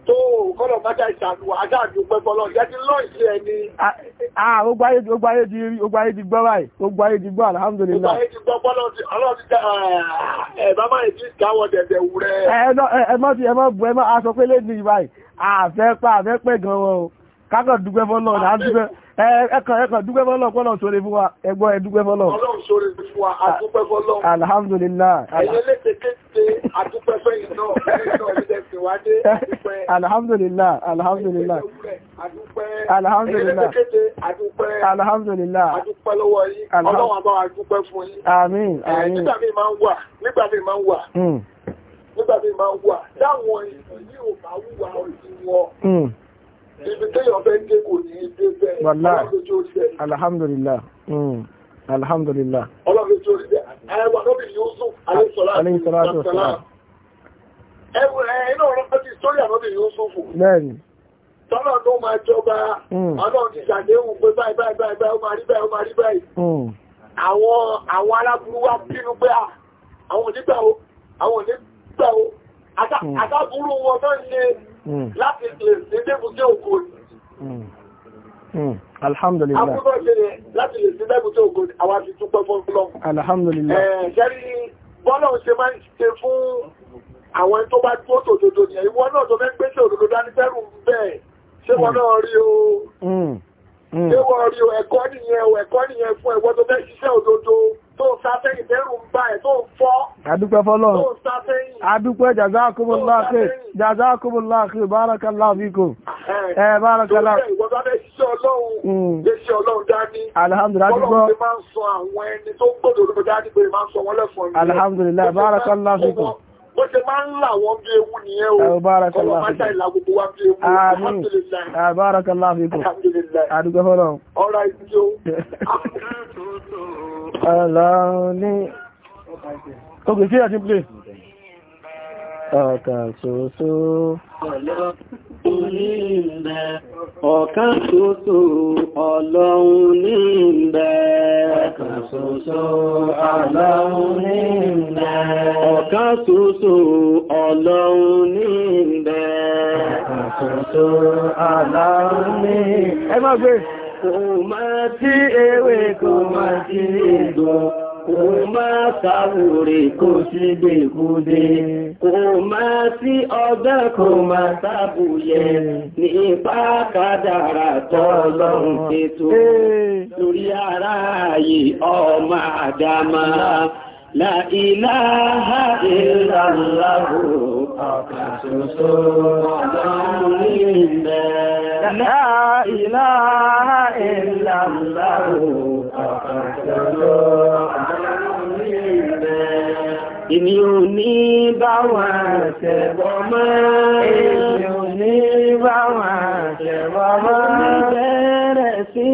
tó kọ́lọ̀ bájá ìṣàlùwà ajáàjú pẹ́kọ́lọ̀ jẹ́ ti lọ́ ìṣẹ́ ẹni. Ah, ó gbáyé gbọ́ báyìí, ó gbáyé gbọ́ alhamdulillah. ẹ̀bá máa ìdí ìdáwọ̀ dẹ̀dẹ̀ wù rẹ̀. Ẹmọ́ ẹmọ́ bu ẹmọ́ aṣọ ẹ̀kàn dúpẹ́ fọ́lọ̀ pọ́lọ̀ sórí fún wa ẹgbọ́ ẹdúpẹ́ fọ́lọ̀ ọlọ́run sórí fún wa àdúpẹ́ fọ́lọ̀ alhamdulillah alhamdulillah alhamdulillah alhamdulillah alhamdulillah àdúpẹ́ lọ́wọ́ yìí ọlọ́run àbáwà dúpẹ́ fún yín àmín àmín nígbà mi máa ń wà nígbà mi máa ń wà hmm. nígbà mi máa ò bá wúwa òjì wọn hmm ibi alhamdulillah hmm. alhamdulillah. ọlọ́run tó rí bẹ́ẹ̀ ẹwà lọ́bì Yusuf alayhi salatu wa salam. ẹwà inú ọ̀rọ̀ ti sórí àlọ́bì Yusuf. bẹ́ẹ̀ni. tọ́lọ̀ tó máa jọba hmm. ọlọ́run ti ṣàdéhùn pé báyìí báyìí báyìí ó máa rí báyìí ó máa rí báyìí. Hmm. àwọn àwọn aláburú wa bínú pé ah, àwọn onígbà o àwọn onígbà o àtàbúrú Hmm. láti lè dédé bùté òkú hmm. Hmm. alhamdulillah àkókò ìṣẹ̀lẹ̀ láti lè dédé bùté òkú àwọn àti túpẹ́ fọ́nfọ́lọ́ alhamdulillah ṣẹ́rí bọ́lọ̀ ṣe máa ń ṣe fún àwọn tó bá tó tòdodo ní ìwọ náà tó fẹ́ gbéṣẹ́ òdodo dání fẹ́rù bẹ́ẹ̀ ṣé wọ́n náà rí o ṣé wọ́n rí o ẹ̀kọ́ nìyẹn o ẹ̀kọ́ nìyẹn fún ẹ̀wọ́ tó fẹ́ ṣiṣẹ́ òdodo tó sáfẹ́yìn bẹ́rù ń bá ẹ̀ tó fọ́. Adúpẹ́ fọ́lọ́run. Tó sáfẹ́yìn. Adúpẹ́ jazakumullahu khair. Jazakumullahu khair. Barakallahu fikum. Ẹ eh, barakallahu. Tó fẹ́ ìwọ́n bá fẹ́ ṣiṣẹ́ ọlọ́run. Hmm. Lé ṣe ọlọ́run dání. Alhamdulillah. Bọ́lọ́run ti máa ń sọ àwọn ẹni tó gbọ́dọ̀ olóko dání pé máa ń sọ wọ́n lẹ́fọ̀ọ́ ni. Alhamdulillah. Barakallahu fikum. Bó ṣe máa ń là wọ́n bí ewu nìyẹn o. Eh, barakallahu fikum. Kọ́lọ́ máa ṣàìlà gbogbo wa bí ewu. Alhamdulillah. Eh, barakallahu fikum. Alhamdulillah. Adúgbẹ́ fọ́lọ́run. Ọ̀rọ̀ ìdíjọ́. aláàrínlẹ́ ogun tí a ti plé ọ̀kan ṣoṣo ọ̀kan ṣoṣo ọlọ́run ní ìbẹ̀ ọ̀kan ṣoṣo ọlọ́run ní ìbẹ̀ ọ̀kan ṣoṣo ọlọ́run ní ìbẹ̀ ọ̀kan Kò máa kò máa tí egbò, kò máa sáwòrè kò sí gbèkúdé. Kò máa tí ọgbẹ́ kò máa sábòyẹ ní ipá tọ́lọ́run ètò lórí ara ààyè ọmọ àdámá. La ilaha illallah ọ̀kan ṣoṣo ọlọ́run La ilaha illallah ọ̀kan ṣoṣo ọlọ́run ní bẹ̀. Èmi ò ní bá wọn ṣẹ̀bọ̀ mọ́. Èmi ò ní bá wọn ṣẹ̀bọ̀ mọ́. Mo bẹ̀rẹ̀ sí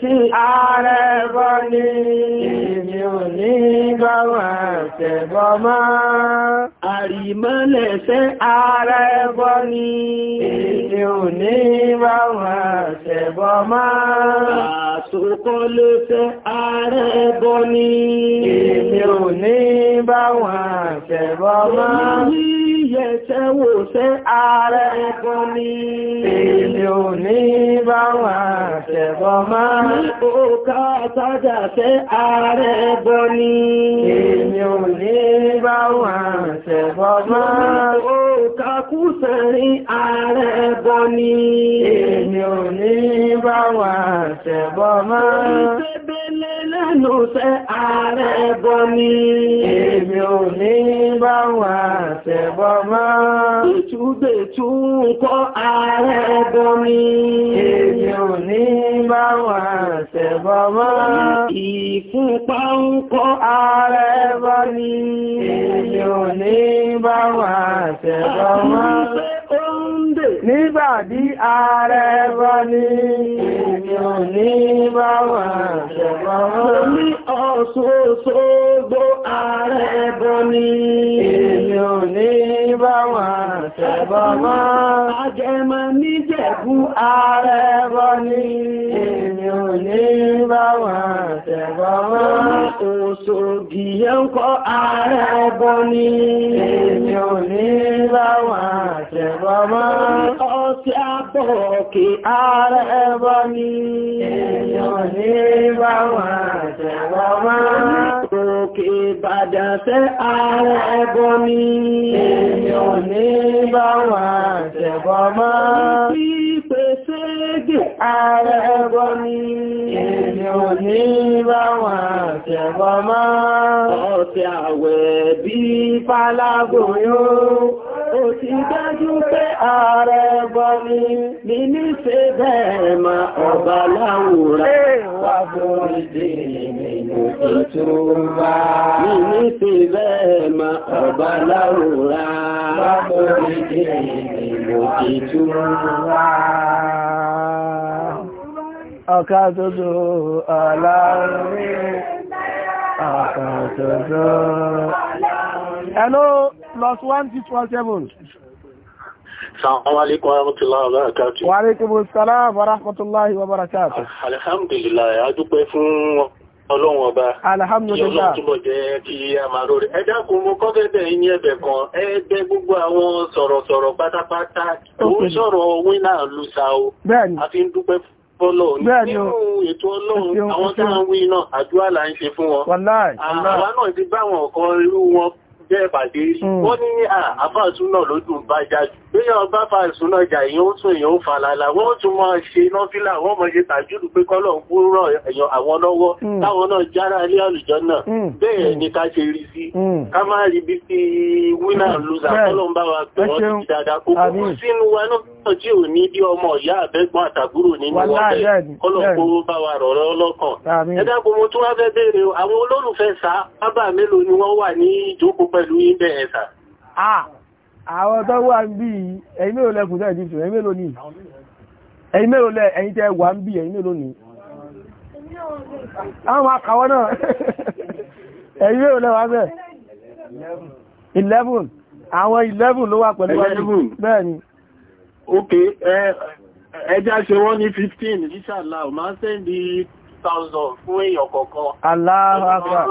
sí ààrẹ bọ́ ni ní báwọn àtẹ̀bọ mọ́. Àrìmọ́lẹ̀ṣẹ́ ara ẹbọ ni. Èdè ò ní báwọn àtẹ̀bọ mọ́. Àtòkọ́lẹ́ṣẹ́ ara ẹbọ ni. Èdè ò ní báwọn àtẹ̀bọ mọ́. Yíyẹ̀ṣẹ́ wò ṣẹ́ ara ẹbọ ni. Èdè ò ní báwọn àtẹ̀bọ mọ́. Ní òkà sádà ṣẹ́ ara ẹbọ ní. Èmi ò ní bá wọn ṣẹ̀bọ̀ mọ́. Òkàkú sẹ́rin ààrẹ bọ́ ní. Èmi ò ní bá wọn ṣẹ̀bọ̀ mọ́. Ìṣẹ́bẹ̀lẹ̀ lẹ́nu tẹ́ ààrẹ ẹbọ ni. Èmi ò ní bá wà àtẹ̀bọ mọ́. Ìtúgbè tún kọ́ ààrẹ ẹbọ ni. Èmi ò ní bá wà àtẹ̀bọ mọ́. Ìfúnpá ń kọ́ ààrẹ ẹbọ ni. Èmi ò ní bá wà àtẹ̀bọ mọ́ ó ń dè nígbà bí ààrẹ bá ní èmi ò ní bá wà ṣẹ̀gbọ́n ní ọ̀ṣọ́ṣọ́gbó ààrẹ bá ní èmi ò ní bá wà ṣẹ̀gbọ́n ajẹmọ níjẹ̀bú ààrẹ bá ní èmi ò ní bá wà ṣẹ̀gbọ́n òṣògì yẹn kọ́ ààrẹ bá ní èmi ò ní bá wà ṣẹ̀gbọ́n bàbá ọtí àpọ̀ kí ààrẹ ẹbọ ní èèyàn ní bá wọn àjẹ́ bàbá òkè ní pèsè gè ààrẹ ẹbọ ní èèyàn ní bá wọn àjẹ́ bàbá ọtí àwẹ̀ bí ó ti dájú pé ààrẹ bọ́ ni bí ní ṣe bẹ́ẹ̀ ma ọba láwùrá wà fórí dé nínú ìtura. Bí ní ṣe bẹ́ẹ̀ ma ọba láwùrá wà fórí dé nínú ìtura. Ọ̀ká tó tó Ọ̀ká tó tó plus one six one seven. Assalamu alaikum wa rahmatullahi wa barakatuh. Wa alaikum assalam wa rahmatullahi wa Alhamdulillah, a dúpẹ́ fún Ọlọ́run ọba. Alhamdulillah. Yọ́lọ́run túbọ̀ jẹ́ Bẹ́ẹ̀ni. A ètò Ọlọ́run, àwọn táwọn wí náà, àdúrà là ṣe fún wọn. Ah, wàláì. Àwa náà ti bá wọn kan irú wọn jẹ́ ìpàdé hmm. wọ́n ní àfáàsúnà ló bá jájú léyàn bá fàásúnà jà èyàn ó tún èyàn ó falala wọ́n tún máa ṣe nọ́fílà wọ́n mọ̀ ṣe tàjúdù pé kọ́lọ̀ ń kúrò rọ̀ èyàn àwọn lọ́wọ́ táwọn hmm. náà jára ilé àlùjọ náà hmm. bẹ́ẹ̀ ni ká ṣe rí sí ká má rí bí ti wínà lùzà kọ́lọ̀ ń bá wa pè wọ́n kókó sínú wa náà náà tí ò ní bí ọmọ ìyá àbẹ́gbọ́n àtàbúrò nínú ọ̀fẹ́ kọ́lọ̀kọ́ bá wa rọ̀rọ̀ ọlọ́kàn ẹ̀dàkùn mo tún wá àwọn olólùfẹ́ sá ni wọn wà ní pẹ̀lú àwọn ló wà pẹ̀lú bẹ́ẹ̀ ni. ok ẹjá ṣe wọ́n ní 15 inshallah o máa ṣe ní 1000 fún èèyàn kọ̀ọ̀kan Allahu Akbar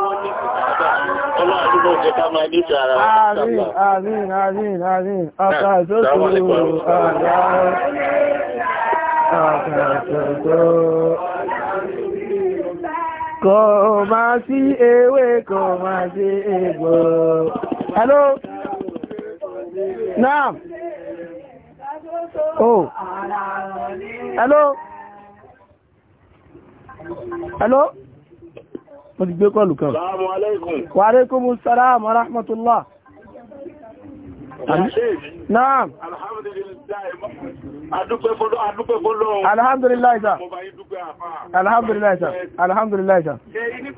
ọlọ́dúnbọ̀ jẹ́ ká máa ní ṣe ara àmín àmín àmín àmín ọkà tó tó ọkà tó tó kò máa sí ewé kò hello naam Oh. Hello. Hello. Mo ti gbé kọlù kan. Assalamu alaikum. Wa alaikumus salam wa rahmatullah. Naam. Alhamdulillah. Alhamdulillah sir. Alhamdulillah sir. Eh, Alhamdulillah sir. Eh,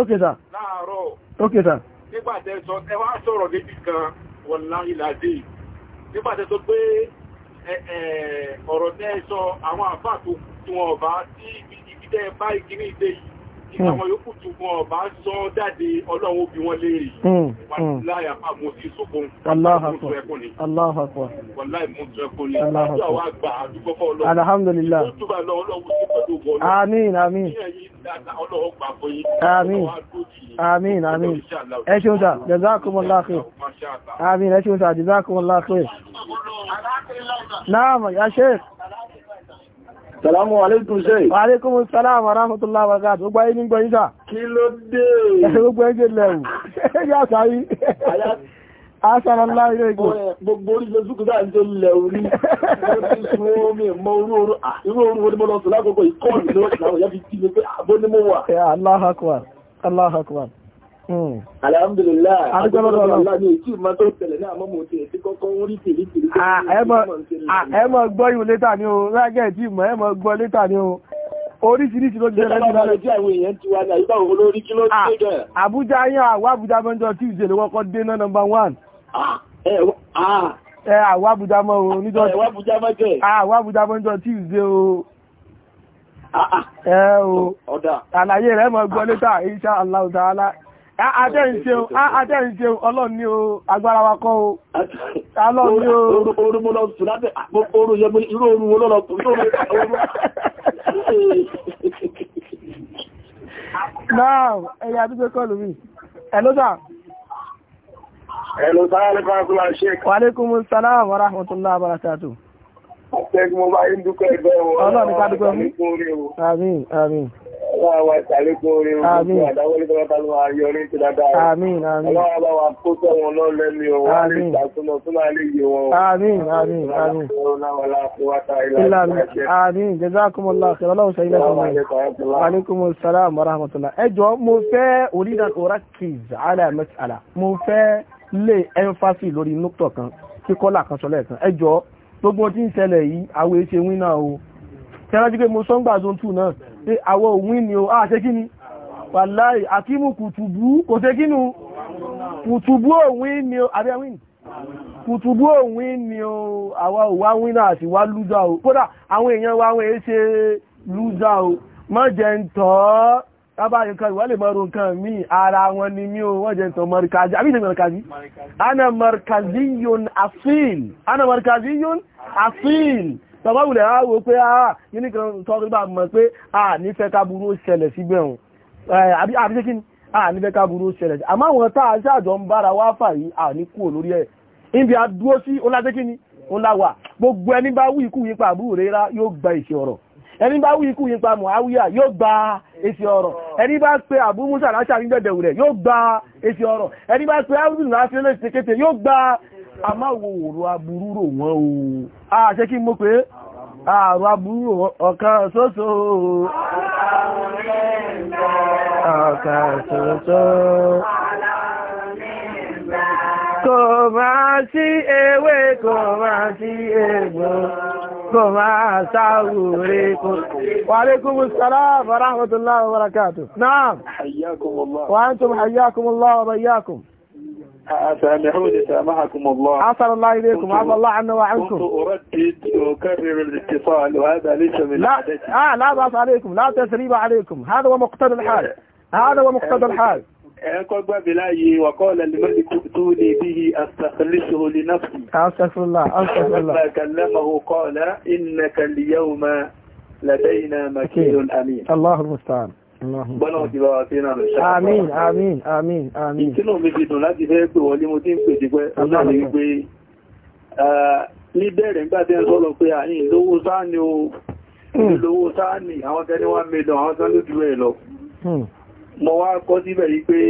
okay sir. Okay sir wọ́n láyé ládé nígbàtẹ́ tó pé ọ̀rọ̀ tẹ́ sọ àwọn àfáà tó wọ́n ọ̀bá tí ibi tẹ́ bá ìkíní ìdé yìí tí hmm. àwọn yòókù tún wọn ọba sọ jáde ọlọ́run bí wọ́n léèrè wàláì àpapọ̀ sí ìsòkun aláhàpọ̀ aláhàpọ̀ wàláì mú tún ẹkùn ní àjọ àwọn àgbà àdúgbọ́fọ́ ọlọ́run alhamdulillah àmín àmín àmín àmín àmín ẹ ṣeun sà jazakumullahu khair àmín ẹ ṣeun sà jazakumullahu khair náà ya sheikh Salamu alaikum ṣe. Wa alaikum salam wa rahmatullahi wa ní gbọ́ yíṣà. Kí ló dé? Gbogbo ẹgbẹ́ lẹ́wù. Ẹgbẹ́ àṣàrí. Aṣàrànlá ilé ìgbò. Gbogbo orí Jésù kìí sáà lẹ́wù rí. Ó ti sun omi mọ irú orú orí mọ́ lọ sùn lákòókò Hmm. Alhamdulillah. Ẹmọ ah, ah, gbọ́ ìwò létà ni o, rágẹ̀ tí mọ̀ ẹmọ gbọ́ létà ni o. Oríṣiríṣi ló jẹ́ lẹ́gbẹ̀rẹ̀. Àbújá yán àwọ́ Àbújá mọ́jọ́ tí ìjẹ̀ lè wọ́kọ́ dé náà nọmbà 1. Ah, ẹ àwọ́ Àbújá mọ́ o, níjọ́ tí àwọ́ Àbújá mọ́jọ́ tí ìjẹ̀ o. Ẹ o, àlàyé rẹ̀ mọ́ gbọ́ létà, insha Allah ta'ala. Adẹ́ ń ọlọ́run ní o, agbára wa kọ́ o. Ọlọ́run ní o. Oru lọ sùn láti, oru yẹ irú oru wo lọ́lọ́ tó lórí oru. Náà, ẹ̀yà àdúgbò kọlù mi. Hello sir. Hello, salaam alaikum warahmatullahi sheikh. Wa alaikumus salaam warahmatullahi wabarakatuh. Ṣé kí mo bá yín dúpẹ́ Láàwà ìsàlékún orin ojú àdáwọlé tó látàlú ayọ̀ ní ti dáadáa. Àmín, àmín. Ọlọ́wà bá wa kó tọ́ wọn lọ lẹ́nu o, wà lè ìtàkùnmọ̀ tó máa lè yé wọn. Àmín, àmín, àmín. Àmín, jazakumullahu khairan, ọlọ́run ṣe ilẹ̀ fún mi. Alaikum salam wa rahmatullah. Ẹ jọ, mo fẹ́ oríran orakiz ala mas'ala. Mo fẹ́ lé ẹ́ńfásì lórí nùtọ̀ kan, kíkọ́là kan sọlẹ̀ kan. Ẹ jọ, gbogbo tí ń ṣẹlẹ̀ yìí, àwọn èṣe wí náà o. Tẹ́lájú pé mo sọ́ngbà zone 2 náà pé àwọ òun ni o àṣẹ ah, kí ni wàláì àkímù kùtùbú kò ṣe kí ni kùtùbú òun ni o àbí àwìn kùtùbú òun ni o àwa òwá wín náà sì wá lúzà o kódà àwọn èèyàn wa wọ́n ṣe lúzà o má jẹ́ ń tọ́ lábá ìwà lè mọ́rún nǹkan mí ara wọn ni mí o wọ́n jẹ́ ń tọ́ àbí ìṣẹ́ markazi ana markazi yun asil ana markazi yun asil tàbáwùlẹ̀ á wò pé àà ah, yìí kan tọ́rí bá mọ̀ pé à ah, nífẹ́ káburú ó ṣẹlẹ̀ sígbẹ̀ ọ̀hún eh, àbí ṣe ni à ah, nífẹ́ káburú ó ṣẹlẹ̀ sí àmọ́ àwọn tá a ṣàjọ ń bára wá fà yìí ní kúrò lórí ẹ̀ níbi àdúró sí ọláṣe kí ni ó láwà gbogbo ẹni bá wí ikú yípa àbúrò rẹ yóò gba ìṣe ọ̀rọ̀ ẹni bá wí ikú yípa Muawiya yóò Abu Musa láṣà ní gbẹ̀dẹ̀wù rẹ̀ yóò gba èsì ọ̀rọ̀ ẹni bá pe áwùdù láṣà yóò gba a máa wo òrò aburú rò wọ́n o a ṣe kí mo pé àrò aburú ọ̀kan ṣoṣo kò máa sí ewé kò máa sí egbò kò máa sáwúrí kò wa alaikumus salam wa rahmatullahi wa barakatuh na'am wa antum hayyakumullah wa bayyakum سامحوني سامحكم الله عفى الله إليكم عفى الله عنا وعنكم كنت أردد وأكرر الاتصال وهذا ليس من لا عادتي. آه لا بأس عليكم لا تسريب عليكم هذا هو مقتضى الحال هذا هو مقتضى الحال قل بلاي وقال لمن تؤتوني به استخلصه لنفسي استغفر الله استغفر الله لما كلمه قال انك اليوم لدينا مكين امين الله المستعان bọ́lá ti bá wa sí náà dùn láti fẹ́ pé wọlé mo ń pè dípẹ́ ọjọ́ wípé ní bẹ̀rẹ̀ nígbà tí ń sọ́lọ pé àyí sáàni o hmm. lówó sáàni àwọn tẹ́ni wá mẹ́lọ àwọn rẹ̀ lọ hmm. wá kọ́ síbẹ̀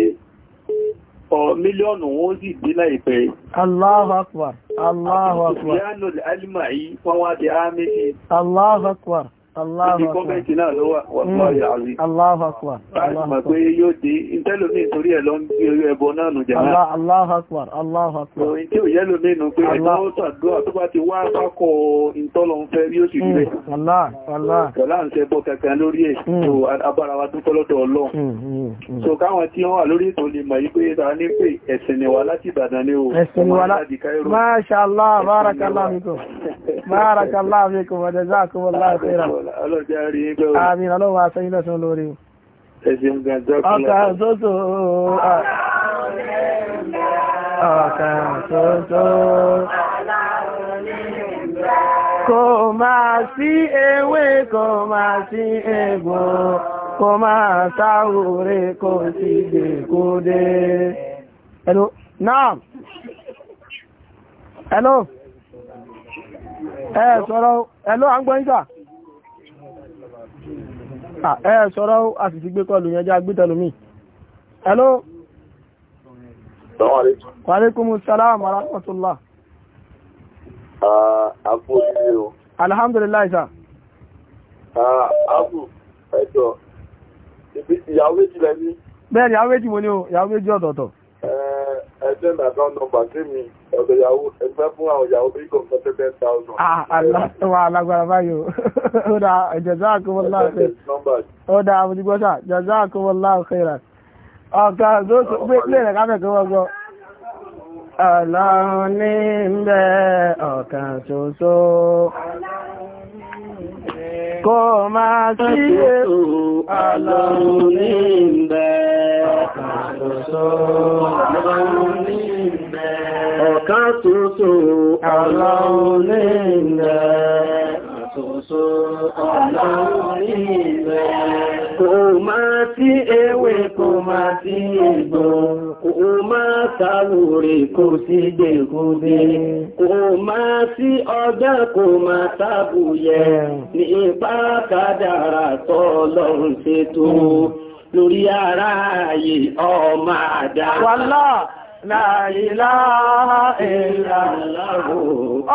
mílíọ̀nù wọ́n sì láìpẹ́ Ibi kọ́mẹ́ntì náà ló wà hmm. wà yàrí. Allahu Akbar. Mọ̀ pé yóò dé, ìtẹ́lòmí torí ẹ̀ lọ ń gbé orí ẹbọ náà nù jẹ́ náà. Allahu Akbar, Allahu Akbar. Orin tí ò yẹ́lò mínú pé ẹgbẹ́ ó sàdúrà tó bá ti wá pákọ̀ ìtọ́lọ ń fẹ́ bí ó sì rí rẹ̀. Kọ̀lá ń ṣẹbọ kankan lórí ẹ̀ tó hmm. abára wa dúpẹ́ lọ́dọ̀ Ọlọ́run. Hmm, so káwọn tí wọ́n wà lórí ètò lè mọ̀ pé ta ní pé ẹ̀sìn ni wà láti Ìbàdàn ni o. Ẹ̀sìn ni wà láti Cairo. Masha Allah, barakallahu fikum. Barakallahu fikum wa jazakumullahu khairan ọlọ́jà rí ẹgbẹ́ òun. àmì ọlọ́run aṣẹ́yìn lẹ́sùn lórí. ẹ̀sìn gàjọ́ kan lọ́pàá. ọkà máa sí ewé sí egbò kò máa sáwòrè kò sí hello hello ẹ sọ̀rọ̀ hello à ń gbọ́ yín sà ẹ sọ̀rọ̀ a sì ti gbé kọlù yẹn já gbé tẹlùmí hello wa alaikumus salam wa rahmatullah àpò ìlú o alhamdulillah sir àpò ẹjọ́ ìyàwó méjì lẹ́ni bẹ́ẹ̀ ni ìyàwó méjì mo ní o ìyàwó méjì ọ̀tọ̀ọ̀tọ̀ ẹ̀jẹ̀ nàdán nọmbà kémi ọ̀dọ̀ ìyàwó ẹgbẹ́ fún àwọn ìyàwó bí kò fẹ́ tẹ́ ten thousand. Ah, wà á lágbára báyìí o ó dà jazakumullahu khairan ó dà àmójúgbọ́sà jazakumullahu khairan ọ̀gá tó pé rẹ̀ káfẹ́ kí wọ́n gbọ́. ọlọ́run ní bẹ́ẹ̀ ọ̀kan ṣoṣo. Kọ́ máa kí ètò àlọ́run ní ìbẹ̀. Ọ̀kan ṣoṣo àlọ́run ní ṣoṣo ọlọ́run ní ìbẹ̀. Kò máa tí ewé kò máa tí egbò, kò máa tàwòrè kò sí gbẹ̀gúdé, kò ọjọ́ kò máa tàbùyẹ ní ipá kádàrà tọ́ọ̀lọ́run ṣètò lórí ara ààyè ọmọ àdá. La ilaha illallah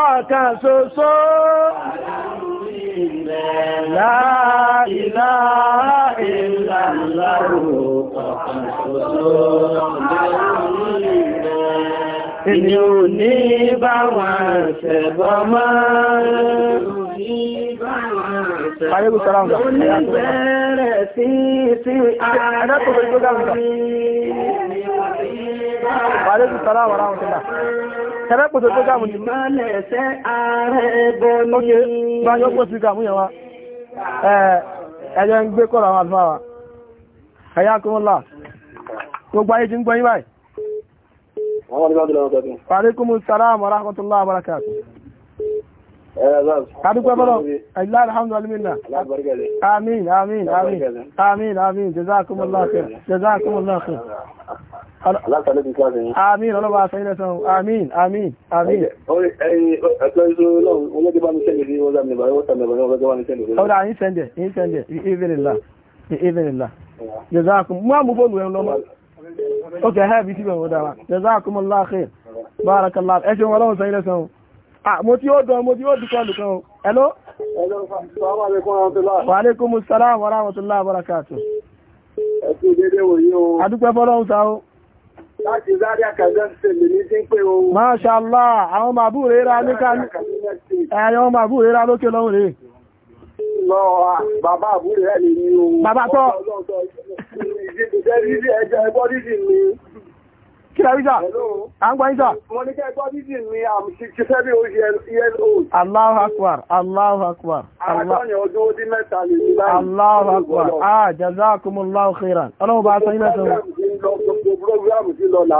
ọ̀kan ṣoṣo La ilaha illallah ọ̀kan ṣoṣo Ìní ò ní bá wọn ṣẹ̀bọ̀ máa Aleykum salaam. Oníbẹ̀rẹ̀ sí sí àdákòrò tó dáhùn sọ. Aleykum salaam wa rahmatullah. Tẹ́lẹ̀kùn tó dáhùn sí. Mọ́lẹ̀ṣẹ́ ààrẹ bọ́ni. Ó yẹ, máa yọ́ pọ̀ sí wa. Ẹ̀yẹ ń gbé kọ́ra àwọn àlùfáà wa. Ẹ̀yà kúmọ́lá. Gbogbo ayé ti ń gbọ́ yín báyìí. Wa aleykum salaam wa Adúgbẹ́ bọ́lọ̀, ilá alhamdulillah. Amin, amin, amin, amin, amin, jazakumullahu khair, jazakumullahu khair. Amin, ọlọ́bà sẹ́yìn ẹ̀sán, amin, amin, amin. Ẹ̀kọ́ ìṣó lọ́wọ́, ọlọ́dẹ́ bá mi sẹ́lẹ̀ sí ọjọ́ mi bàrẹ́ wọ́tà mẹ́bàrẹ́ ọlọ́dẹ́ bá mi sẹ́lẹ̀ sí ọjọ́. Ọ̀dà, ìṣẹ́ndẹ̀, ìṣẹ́ndẹ̀, ìṣẹ́ndẹ̀, ìṣẹ́ndẹ̀, jazakum. Mú àmúbọ̀lù ẹ̀ lọ́mọ. Ó kẹ́ hẹ́ẹ̀bì síbẹ̀ wọ́n dára. Jazakumullahu khair. Barakallahu. Ẹ ṣeun ọlọ́run sẹ́yìn mo tí ó dán mo tí ó dùkọ́ lùkan o hello wa alaikumus salam wa rahmatullahi wa barakatuh ẹ̀kú dédé wòye o adúpẹ́ fọ́lọ́hun sá o láti Zaria Kaduna State ní tí ń pé o Masha Allah àwọn màbú rẹ̀ rà ní ká ní ẹ̀yọ́ màbú rẹ̀ rà lókè lọ́hùn rẹ̀ lọ bàbá o bàbá kílá rí sáà à ń gbá yín sáà. mo ní kẹ́ gbọ́ dídì ní àmì sixty seven old years old. Allah akbar Allah akbar. àádọ́yìn ọdún ó dín mẹ́ta lè ní báyìí. Allahu akbar ah jazakumullahu khairan ọlọ́run bá a sọ yín mẹ́ta. program ti lọ là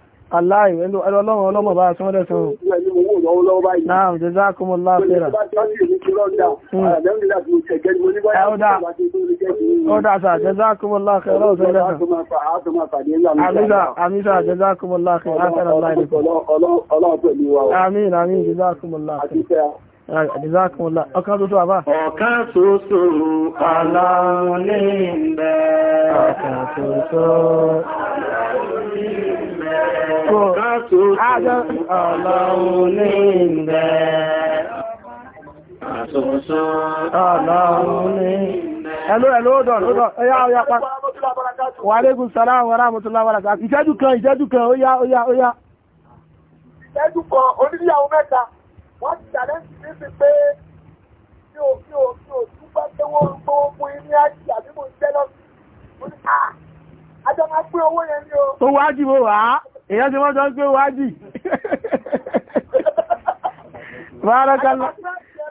aláì ẹlú ọlọ́run ọlọ́mọ bá sán rẹ̀ sán náà jazakumullah fẹ́ra ọdá sà jazakumullah fẹ́ra ọ̀sán rẹ̀ sán àmìsà jazakumullah fẹ́ra ọ̀sán rẹ̀ Àdìzákùnlá, ọkàn tó tó àbá. Ọkàn tó tó aláwọn ní ìbẹ̀. tó tó aláwọn ní Ẹlú ẹlú ọdọ̀ ọdọ̀ ọyá ọyá pa. Wa alaikum salaam kan, kan, ó yá, ó yá, ó yá. kan, oníyàwó mẹ́ta. wọ́n ti challenge eh, mi sí pé kí o kí o kí o dúpẹ́ pé wọ́n ń gbowó fún yín ní àjì àbí mo ń jẹ́ lọ́sí mo ní à ah, àjọ máa pín owó yẹn ni o. tó wájì mo wà á èèyàn ti wọ́n jọ ń pé wájì. Bárakàlá.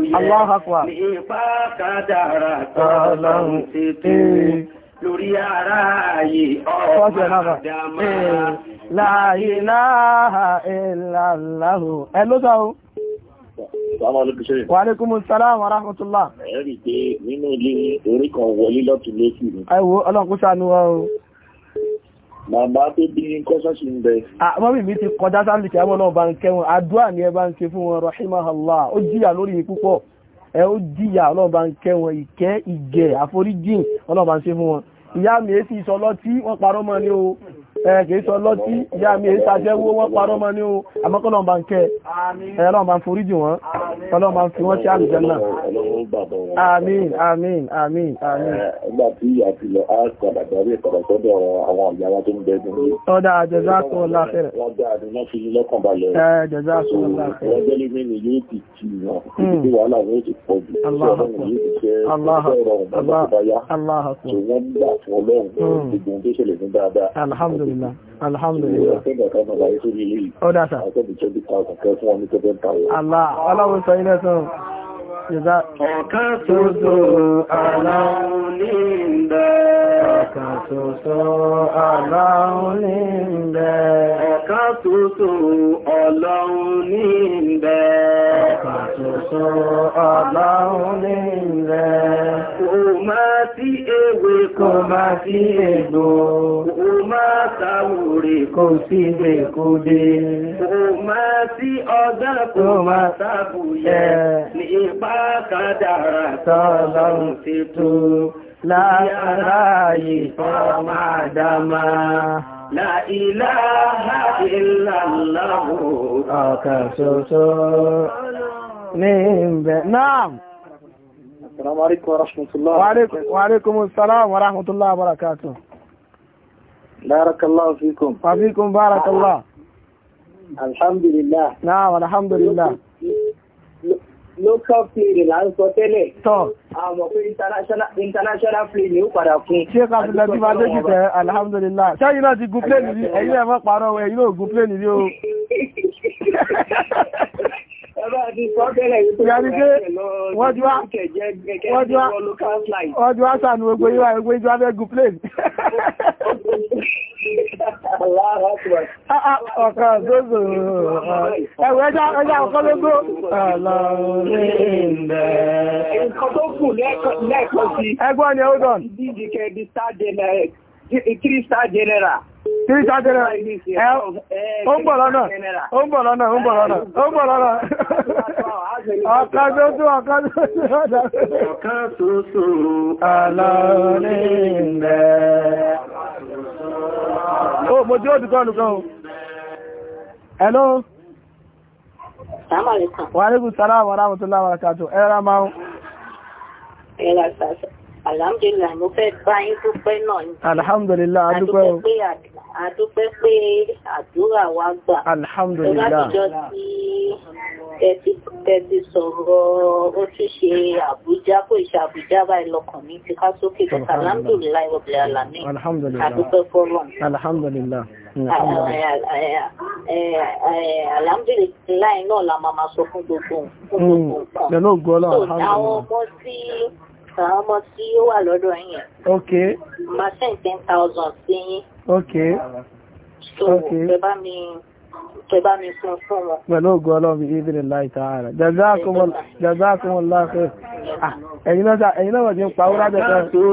yẹ nípa kádàrà tọ́lọ́run ti tó lórí ara ayé ọ̀pàdàmà láàyè náà ìlàláhù ẹ ló sọ o Wàlékúmù sálàm wa rahmatullah. Ẹ̀rí pé nínú ilé orí kan wọlé lọ́tún lóṣù. Ẹ wo ọlọ́run kó ṣàánú Màmá tó bí ní kọ́sọ́sì ń bẹ. Àmọ́bì mi ti kọjá sáàlì kí náà bá ń kẹwọn, àdúrà ni ẹ bá ń ṣe fún wọn, Rahimahallá, ó jíyà lórí ẹ o jíyà ọlọ́run bá ń kẹwọn, ìkẹ́ ìgẹ̀ àforíjìn ọlọ́run bá ń ṣe fún wọn. Ìyá mi èsì ìsọlọ́tí wọ́n parọ́ o, Eh, kìí sọ lọ́tí ìyá mi èyí sàṣẹ́wó wọ́n parọ́ mọ́ ní o àmọ́ ń kẹ́ ẹ̀rọ eh, bá ń forí jì wọ́n kọ́lọ́n ń fi wọ́n sí àlùjànnà. àmín àmín àmín àmín. Eh, nígbà tí ìyá lọ á padà alhamdulillah alhamdulillah ọdá sà aláwọ̀ sọ ilẹ̀ sọ́rọ̀ إذا أكسس ألون أكسس ألون أكسس ألون أكسس ألون Oma ti ewé kò máa sí egbò, Oma sáwòrè kò sí ìgbèkúdé, Oma sí ọjọ́ kò máa sábùyẹ ní ipa kádàrà tọ́lọ́run ti tó láyàrá ìfọ́ máa ilaha illallah ọ̀kan ṣoṣo ní ìbẹ̀ náà. Assalamu alaikum wa barakatuh. Barakallahu fikum. Wa barakallah. Alhamdulillah. Naam, alhamdulillah local play rẹ̀ là ń sọ tẹ́lẹ̀. tọ́ àmọ̀ pé international play ni ó padà kún. ṣé ká fi lọ́dún máa lójú tẹ alhamdulillah ṣẹ́yìn náà ti gun plane rí ẹ̀yin ẹ̀ mọ́ pàrọ̀ ẹ̀yin náà gun plane rí o. Wọ́n ju àṣànú gbogbo yíwá gbogbo ìjọ abẹ́gùn plane. Ọ̀kà zozo ẹ̀wọ̀ ẹja ọkọ́ lógó. Ẹ̀kọ́ tó kù lẹ́ẹ̀kan sí. Ẹgbọ́n ni, hold on. Ìdíjì kẹ́ di Saturday night. Crystal General. Crystal General. Wa alaikum wa rahmatullahi wa barakatuh. Alhamdulillah, mo fẹ́ bá yín dúpẹ́ náà ni. alhamdulilayi adúpẹ́ o. adúpẹ́ Alhamdulillah. àdúrà wa gbà. alhamdulilayi. látijọ́ tí ẹ ti sọ̀rọ̀ ó ti ṣe àbújá kó ìṣe àbújá báyìí lọkàn mi ti ká sókè tó alhamdulilayi wọ bẹ̀rẹ̀ àlàmì. alhamdulilayi adúpẹ́ fọlọ́n. alhamdulilayi. alhamdulilayi náà la máa ma sọ fún gbogbo nǹkan. lẹ́nu mm. ògbọ́n ọmọ tí ó wà lọ́dọ̀ yẹn. ok. ma send ten thousand sí yín. ok. so ẹ bá mi ẹ bá mi fún fún wọn. pẹ̀lú ògùn ọlọ́run ìbílẹ̀ láì tààrà jazakumullahu khair. Ah, ẹ̀yin náà ẹ̀yin náà wọ̀ sí ń pa wúrà bẹ̀rẹ̀. tó tòrò.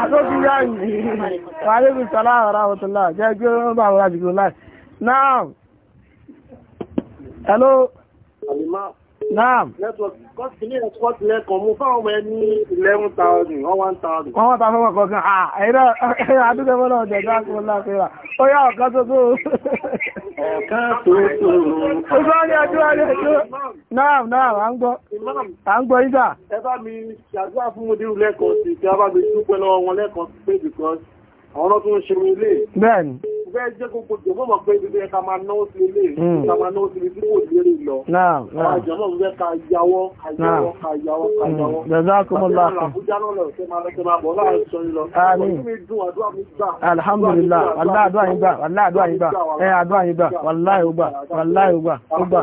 àtó ah, ti yá yìí. wàhálẹ́bí sọlá ọ̀rá ọ̀tọ̀lá jẹ́ gbé wọn Naam. Network kọ́sìlẹ̀ ẹ̀kọ́sìlẹ̀ kan mú fáwọn ọmọ ẹni 11,000, 1,000. Wọ́n wá ta fọ́wọ́ kọ̀ọ̀kan, àà ah, ẹ̀rọ àdúgbẹ́ mọ́nà ọ̀dẹ̀ dákùn láfẹ́ra. Ó yá ọ̀kan tó tó. Ọ̀kan tó tó. Ó sọ́ ní ọjọ́ ẹjọ́. Naam, naam, à ń gbọ́. À ń gbọ́ ìjà. Ẹ bá mi ṣàdúrà fún mo dírú lẹ́kọ̀ọ́ sí, kí a bá mi dúpẹ́ lọ́wọ́ wọn lẹ́kọ̀ọ́ because àwọn tó ń ṣe ilé bẹ́ẹ̀ni bẹ́ẹ̀ jẹ́ gbogbo jọmọ́ mọ̀ pé ibi ẹka máa náwó sí ilé hmm. ìta máa náwó sí ibi tí wò lérí lọ àwọn jọmọ́ mọ̀ ká yàwọ́ kàyàwọ́ kàyàwọ́ kàyàwọ́ hmm. jazakumullah àbújá náà lọ sí máa lọ́sẹ̀ máa bọ̀ láàrín sọ yìí lọ àmín alhamdulillah aláàdúrà yín gbà aláàdúrà yín gbà ẹ àdúrà yín gbà wàláì eh, ó gbà wàláì ó gbà ó gbà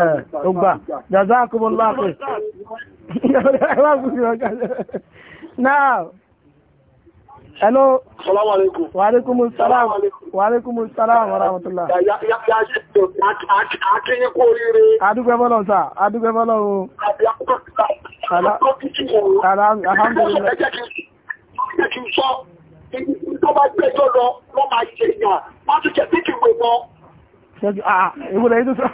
ẹ eh, ó gbà jazakumullah pé náà Hello. Salaam alaikum. Wa alaikum salam. Wa alaikum salam wa rahmatullah. Ya ya ya ṣe akínyìn kú oríire. Adúgbẹ́ bọ́lọ̀ sá, adúgbẹ́ bọ́lọ̀ o. Alhamdulillah. Ẹjẹ́ kí n sọ, tó bá gbẹ́jọ́ lọ, wọ́n máa ṣe èèyàn, wọ́n tún jẹ́ bí kí n gbé mọ́. Ìwúlẹ̀ yìí tó sọ.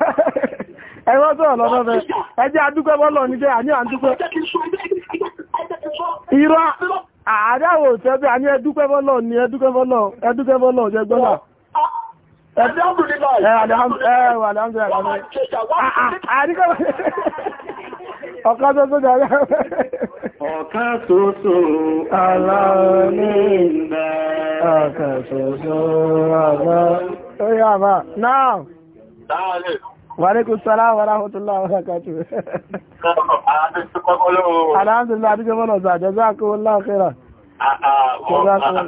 Ẹ̀rọ sọ̀rọ̀ lọ́dọ̀ rẹ̀. Ẹjẹ́ adúgbẹ́ bọ́lọ̀ ní jẹ́ àní àádáwò tẹ́bẹ̀ a ní ẹdúpẹ́ fọ́lọ̀ ní ẹdúpẹ́ fọ́lọ̀ ẹdúpẹ́ fọ́lọ̀ jẹ gbọ́nà ah, ah, ọ̀kan ṣoṣo jàrá ọ̀kan ṣoṣo aláwọ̀lẹ́gbẹ̀ ọ̀kan ṣoṣo aláwọ̀lẹ́gbẹ̀ Wàríkú sálá wa rahmatullahi wa barakatuh. Alhamdulillah, àdúgbò mọ́nà ọ̀sà, jazakumullahu khairan. Ah, ah, oh, ah, àdúgbò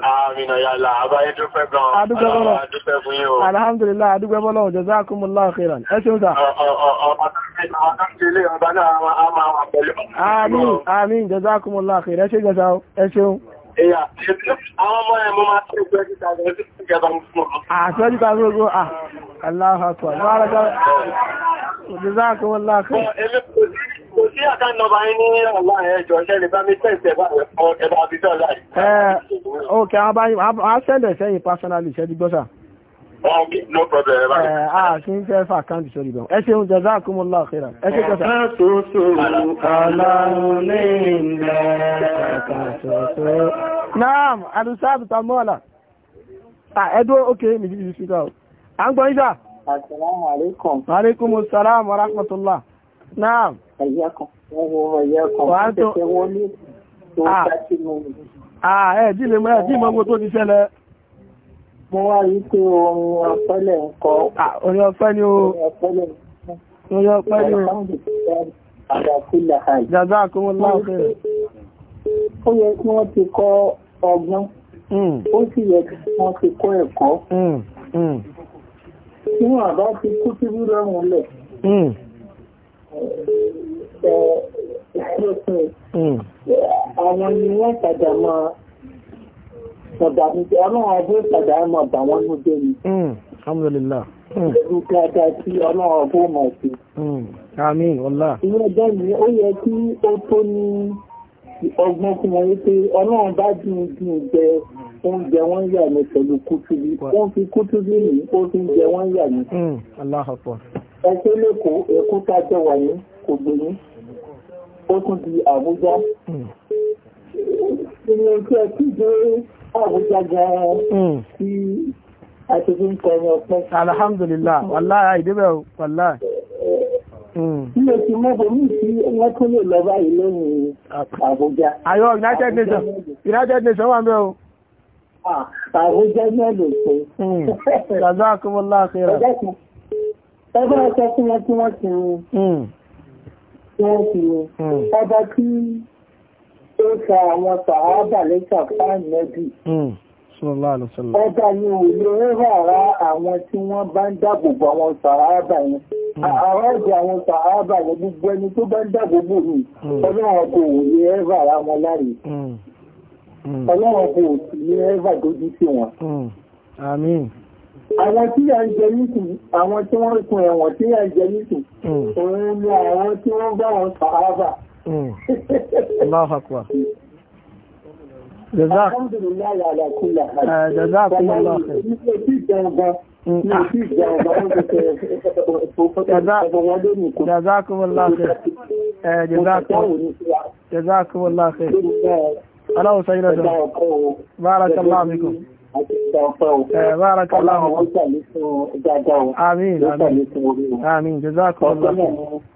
mọ́nà, alhamdulillah, àdúgbò mọ́nà, jazakumullahu khairan. Ẹ ṣeun sá. Àmín, àmín, jazakumullahu khairan. Ẹ ṣeun. Àwọn ọmọ ẹ̀mọ́ máa tí ó gbẹ́ títà rẹ̀ sí ìjọba mú fún ọmọ. Àṣọ́jú ta gbogbo àláhàtọ̀. Lọ́rọ̀dá ìdíjáàkùn wọ́n láàkùn. Kò sí àkà nọba yín ní ọ̀la ẹjọ́ ṣẹlẹ̀ bá mi tẹ́ẹ̀tẹ̀ bá ẹ̀bá àbíjọ́ láì. Ẹ́ Okay, no problem. Eh, ah, kí n fẹ́ fà káńtì sórí ìbọn. Ẹ ṣeun jazakumullahu khairan. Ẹ ṣe kẹta. Ọ̀ká ṣoṣo ọlọ́run ní ilẹ̀ ọ̀ká Naam, Alusaadu Tamola. Ẹdúró òkè níbi ìbí síkà o. À ń gbọ́ ìjà. Assalamu alaikum. Wa alaikumus salam wa mo wá rí pé orin ọpẹ́lẹ̀ ń kọ orin ọpẹ́ ni o orin ọpẹ́ ni o jàdá àkúmọ̀ láàfẹ́ ó yẹ kí wọ́n ti kọ́ ọgbọ́n hmm. ó sì yẹ kí wọ́n ti kọ́ ẹ̀kọ́ hmm. Hmm. tí wọ́n bá ti kú sí rírọ̀rùn lẹ̀ àwọn ni wọ́n tàjà máa sọ̀dàmí ọlọ́run ọdún ìpàdà ẹmọ àbàwọn ní ọjọ́ mi. alhamdulillah. lẹ́nu káàdá tí ọlọ́run ọdún hmm, hmm. mọ̀ sí. àmín ọlá. ìwé ẹjọ́ mi ó yẹ kí ó tó ní ọgbọ́n fún wọn wípé ọlọ́run bá dín dín jẹ oúnjẹ wọn yà ní pẹ̀lú kútùbí ó fi kútùbí ní ó fi ń jẹ wọn yà ní. Hmm, aláhàpọ̀. ẹgbẹ́ lẹ́kọ̀ọ́ ẹ̀kú tájọ wà ní kò gbé ní ó tún di Àbújá. ìrìn òkè ẹ̀kú jẹ́ Àbújá gan-an tí a ti fi ń kọrin ọpẹ́. Alhamdulillah, wàláhì ìdíbẹ̀ wàláhì. Ilé ti mọ́bò mm. ní ìsí wọ́n tún lè lọ báyìí lẹ́yìn Àbújá. Ayọ̀ United Nations, United Nations wà ń bẹ̀ o. Àbújá náà lè ṣe. Jazakumullah khairan. Ẹgbẹ́ ọ̀sẹ̀ tí wọ́n ti mm. wọ́n ti rin. Wọ́n ti rin. Ọba tí ó ta àwọn sàábà lẹ́sà fáìnẹ́bì ọba ni ò lè rárá àwọn tí wọ́n bá ń dáàbòbò àwọn sàábà yẹn hmm. àwọn ọ̀dọ̀ àwọn sàábà yẹn gbogbo ẹni tó bá ń dáàbòbò mi hmm. ọlọ́run kò lè rárá wọn láre hmm. ọlọ́run kò lè rárá dojú sí wọn. àmín àwọn tí a ń jẹ nìsìn àwọn tí wọ́n ń kun ẹ̀wọ̀n tí a ń jẹ nìsìn òun ni àwọn tí wọ́n bá wọn sàábà. Hmm. Allahu akbar. Alhamdulillahi ala kulli hal. Ah, jazakum Allah khair. Jazakum Allah khair. Eh, jazakum Allah khair. Aláwọ̀ sọ ilẹ̀ dùn. Barakallahu fikum. Eh, barakallahu. Àmín. Àmín. Jazakum Allah khair.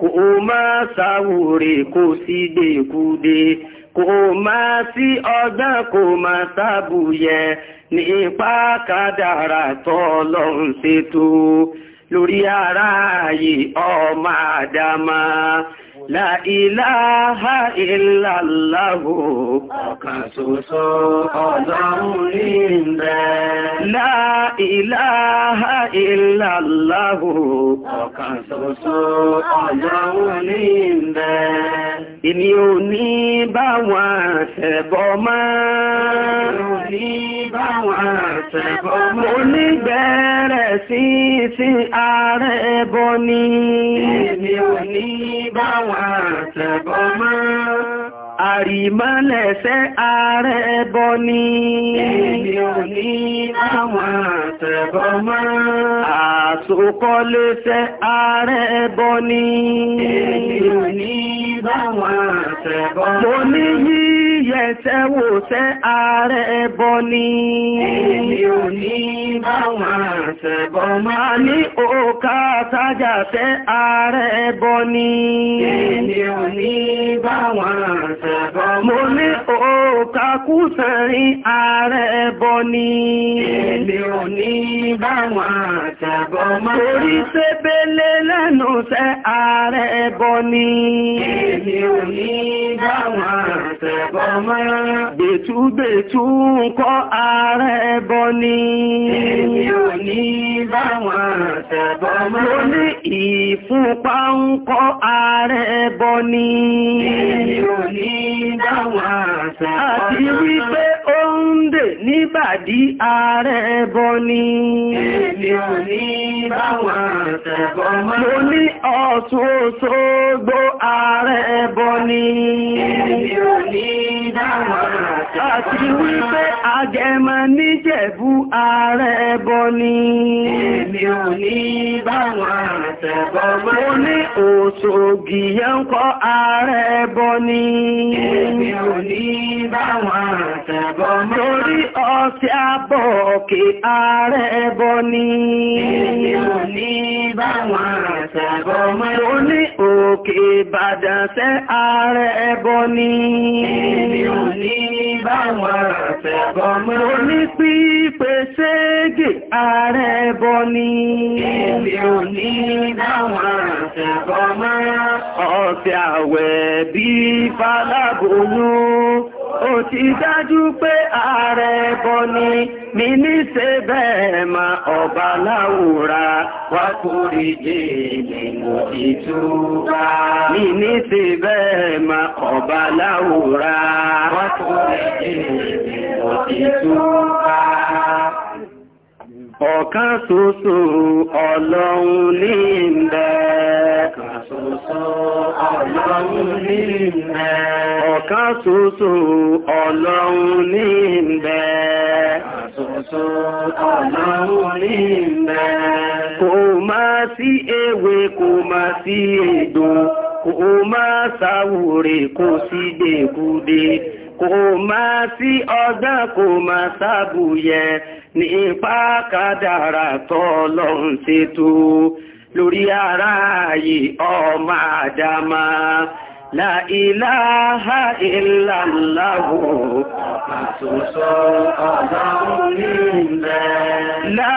kò máa sáwòrè kò sí gbèkúdé kò máa sí ọgbọ́n kò máa sábúyẹ nípa kádàrà tọ́lọ́run ṣètò lórí ara ààyè ọmọ àdámá La ilaha illallahu ọ̀kan ṣoṣo ọlọ́run ní La ilaha illallahu ọ̀kan ṣoṣo ọlọ́run ní ìbẹ̀. Èmi ò ní bá wọn ṣẹbọ mọ́. Èmi ò ní bá wọn ṣẹbọ mọ́. Mo ní bẹ̀rẹ̀ sí sí ààrẹ àtẹ̀bọ̀ mọ́. Àrìmọ́lẹ̀ṣẹ́ ààrẹ ẹbọ ni. Èmi ò ní àwọn àtẹ̀bọ̀ mọ́. Àsòkọ́lẹ́ṣẹ́ ààrẹ ẹbọ ni. Èmi ò ní àwọn àtẹ̀bọ̀ yẹ ṣẹ́ wò ṣẹ́ ààrẹ ẹbọ ni. Èmi ò ní báwọn àṣẹ̀bọ máa ní òkà tájà ṣẹ́ ààrẹ ẹbọ ni. Èmi ò ní báwọn àṣẹ̀bọ máa. Mo ní òkà kúsẹ̀rin ààrẹ ẹbọ ni. Èmi ò ní báwọn àṣẹ̀bọ máa. Torí ṣe lẹ́nu ṣẹ́ ààrẹ ẹbọ ni. Èmi ò ní báwọn àṣẹ̀bọ máa àmọ́. Bètúbètú ń kọ́ ààrẹ bọ ni. Èmi ò ní báwọn ṣẹ̀bọ mọ́. Mo ní ìfúnpá ń kọ́ ààrẹ bọ ni. Èmi ò ní báwọn ṣẹ̀bọ mọ́. Àti wípé ó ń dè níbàdí ààrẹ bọ ní Mo ní ọ̀tún Òṣogbo ààrẹ bọ ní Àti wípé àjẹmọ níjẹ̀bú ààrẹ ẹbọ ni. Èmi ò ní báwọn àrẹ̀tẹ̀bọ̀ mọ́. Ó ní òṣògì yẹn kọ́ ààrẹ ẹbọ ni. Èmi ò ní báwọn àrẹ̀tẹ̀bọ̀ mọ́. Torí ọtí ààrẹ ẹbọ ni. Èmi ò ní báwọn àrẹ̀tẹ̀bọ̀ ní òkè Ìbàdàn mi ò ní báwọn àtẹ̀bọ̀ mọ́. Mo ní pípe ségè ààrẹ bọ ni. Èmi ò ní àwẹ̀ bí faláboyún ó ti dájú pé ààrẹ bọ́ ni mi ní ṣe bẹ́ẹ̀ ma ọba láwùra wá kúrì èèmì mo ti túbá. mi ní ṣe bẹ́ẹ̀ ma ọba láwùra wá kúrì èèmì mo ti túbá. ọ̀kan soso ọlọ́run ní ìbẹ̀. ọ̀kan ṣoṣo ọlọ́run ní ìbẹ̀. kò máa sí ewé kò máa sí kò máa sí ọdán kò máa sábúyẹ ní ipá kádàrà tọ́lọ́run ṣètò lórí ara ayé ọmọ àdámá La ilaha illallah Àtúnṣọ́ ọ̀dọ́ ní ilẹ̀. La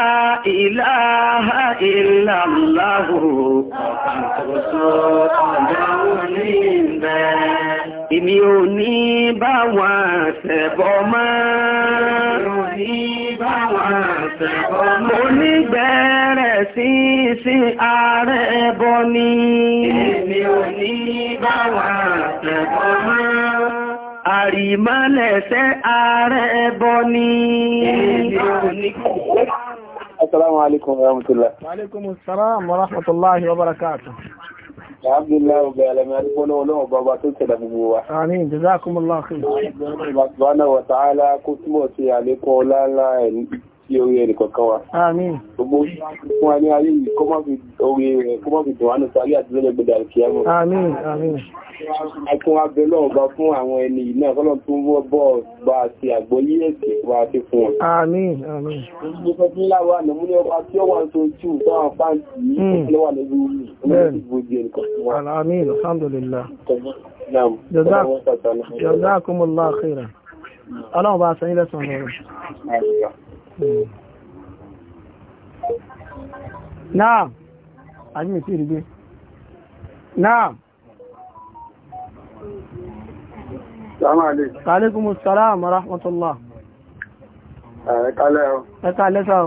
ilaha illallah Àtúnṣọ́ ọ̀dọ́ ní ilẹ̀. Ìmí ò ní bá wọn ṣẹbọ mọ́. Ìmí ò ní Onígbẹ̀rẹ̀ sí sí ààrẹ ẹbọ ni. Èmi ò ní bá wà tẹ̀bọ mọ́. Àrìmọ́lẹ̀ṣẹ́ ààrẹ ẹbọ ni. Èmi ò ní kò Assalamu alaikum wa rahmatullah. Wa alaikum wa rahmatullahi wa barakatuh. Alhamdulillah ọgbẹ̀ alẹ́mẹ́ àdúgbò lọ́wọ́ bàbá tó tẹ̀lẹ̀ gbogbo wa. Àmín, jazakumullahu khair. Subhanahu wa ta'ala kó túnbọ̀ sí orí ẹnì kọ̀ọ̀kan wa. Gbogbo fún wa ní ayé yìí kó má fi orí rẹ̀ kó má fi dùn wánú sáré àti lọ́lẹ́gbẹ̀dẹ̀ àkíyàmọ̀. Akún abẹ náà bá fún àwọn ẹni yìí náà kọ́lọ̀ tó ń wọ́ bọ́ bá a ti àgbọ́yé ẹ̀sìn bá a ti fún wọn. Mo sọ fún láwa àná mú ní ọba tí ó wà ń tó tù tó àwọn fáǹtì yìí ló wà lórí orí Jazakumullahu khairan. Ọlọ́run bá sọ yín lẹ́sàn-án lọ́rọ̀ náà ayé ìtí ìrìgbé náà Alaikum salam wa rahmatullah. Ẹ̀kálẹ́ o. Ẹ̀kálẹ́ sá o.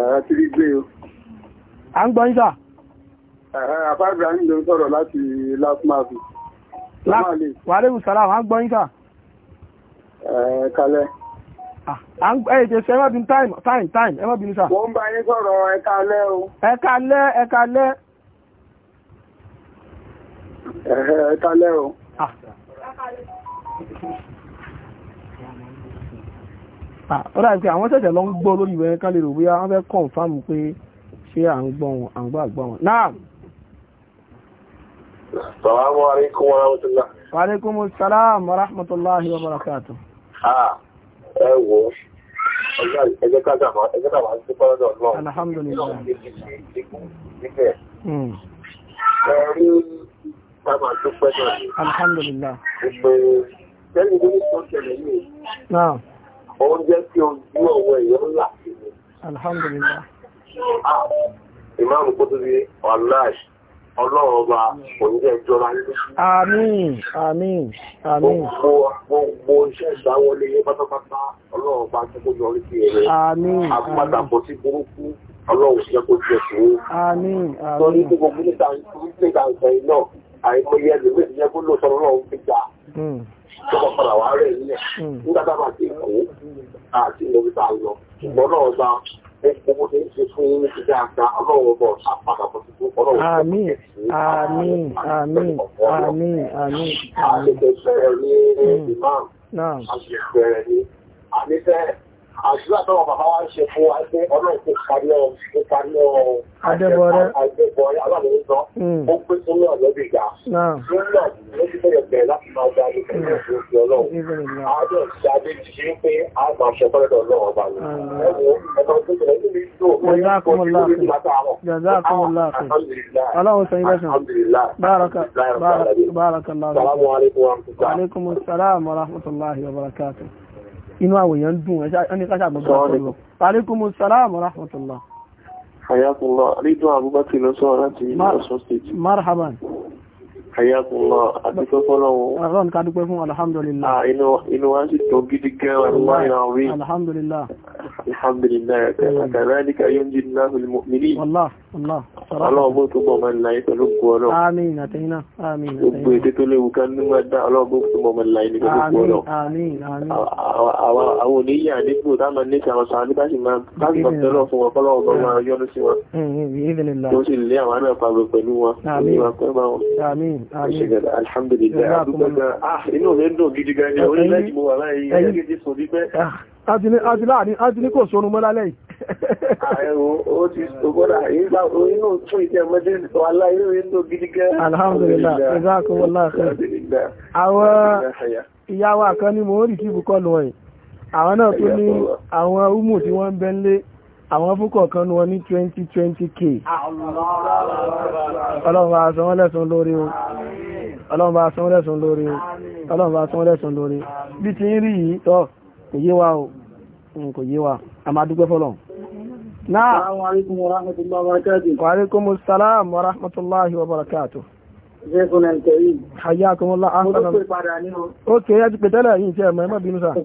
Ẹ̀rẹ́ ti rí gbé o. A ń gbọ́ ń sà. Ẹ̀rẹ́ àfáàgbà ń sọ̀rọ̀ láti last month. Wà alaikum salam, a ń gbọ́ ń sà. Ẹ̀kálẹ́. ẹ̀jẹ̀ ah, ah, sẹ́ ẹ má bínú time time time ẹ má bínú sà. wọ́n ń bá yín sọ̀rọ̀ ẹ̀ka alẹ́ o. ẹ̀ka alẹ́ ẹ̀ka alẹ́. ẹ̀ka alẹ́ o. Ah. ó dàbí pé àwọn ṣẹ̀ṣẹ̀ lọ ń gbọ́ lórí ìwé ẹ̀ka lè rò bóyá wọ́n fẹ́ confirm pé ṣé à ń gbọ́ wọn à ń gbọ́ àgbọ́ wọn. náà. salaamaleykum wa rahmatulah. wa aleykum salaam wa rahmatulahi wa barakatu. ẹ Alhamdulillah. ó ẹjẹ́ kájà máa ń dúpẹ́ lọ́dọ̀ náà alhamdulilayi níbẹ̀ hmm. rí ká máa dúpẹ́ náà alhamdulilayi ìpè tẹ́lẹ̀ ní ọlọ́run ọba oníjẹ́ ìjọba nílé. àmín àmín àmín. gbogbo iṣẹ́ ìdáwọlé yẹn pátápátá ọlọ́run ọba tó kó yọrí sí ẹ̀rẹ́. àmín àpàdàpọ̀ sí burúkú ọlọ́run jẹ́ kó jẹ́ kó. àmín àmín. torí gbogbo níta níta nǹkan iná àìmọye ẹlòmíì ti jẹ́ kó lóòótọ́ ọlọ́run ti gbà. tó hmm. bá padà wá rẹ̀ nílẹ̀ hmm. nígbà tá a bá ti kú àti ìlú Àmín, àmín, àmín, àmín, àmín. Àṣìṣẹ́ rẹ̀ ní ìmáà, àṣìṣẹ́ rẹ̀ ní àníṣẹ́ àdúrà tọ́wọ́ bàbá wá pé ọlọ́run kò parí ọ kò parí hmm. ó pé sórí láti máa gba ní ìpínlẹ̀ hmm. ọlọ́run àádọ́ ìṣàdé ti pé a máa ṣe ọlọ́run ọba ni ẹ̀wọ̀n ẹ̀tọ́ tó tẹ̀lé ní mi tó ó ní kò tí ó ní bàtà àwọn inú àwọn èèyàn dùn ẹni káṣà gbogbo ọ̀rọ̀ alaikum salam rahmatullah hayakullah ridwan abubakar lọ sọ láti ọ̀ṣun state marhaban Àyàkùnlọ àdúgbẹ́fọ́lọ́wọ́. Àrọ́n ká dúpẹ́ fún alhamdulillah. Ah, inú wá sí tó gidi gẹ́wà lọ́wọ́ Alhamdulillah. Alhamdulillah. Kàràníkà yóò jí náà mìírí. Ọlọ́ọ̀bọ̀ tó bọ̀ mọ́ láyé pẹ̀lú gbọ́ọ̀lọ́. Àmín àtẹ́yìnà. Àmín àtẹ́yìnà. Gbogbo ètò tó léwu ká nínú ẹ̀dá ọlọ́ọ̀bọ̀ tó bọ̀ mọ́ láyé ní pẹ̀lú gbọ́ọ̀lọ́. Àmín àmín. Àwọn oníyà nípò táwọn ní àwọn sàábí bá sì máa bá sì máa tẹ́lọ̀ fún wọn kọ́lọ́wọ́ bọ́ máa yọ́nú sí wọn. Mm, mm, tó sì lé àwọn náà pàgbẹ̀ pẹ̀lú wọn. Àmín àmín alhamdulillah ah, inú rẹ̀ dùn gidi gan ni orílẹ̀ ìmú wà láyé ẹgbẹ́gbẹ́ sọ bí bẹ́ẹ̀ ajínú kò sọ́nu mọ́lá lẹ́yìn ààrùn ah, ó ti inú tún ìtẹ́ mọ́dé aláyé rẹ̀ gidi gan alhamdulillah jazakumullah khair àwọn àwọn náà àwọn fúnkọ̀ kan ní wọn ní 2020k ọlọ́run bá san wọ́n lẹ́sùn lórí o ọlọ́run bá san wọ́n lẹ́sùn lórí o ọlọ́run bá san wọ́n lẹ́sùn lórí bí ti ń rí yìí tọ́ kò yé wa o kò yé wa a máa dúpẹ́ fọ́lọ̀ náà wàríkùnmù sàlámù yìí. tí ẹ̀mọ̀ ẹ̀mọ̀ bínú sáà.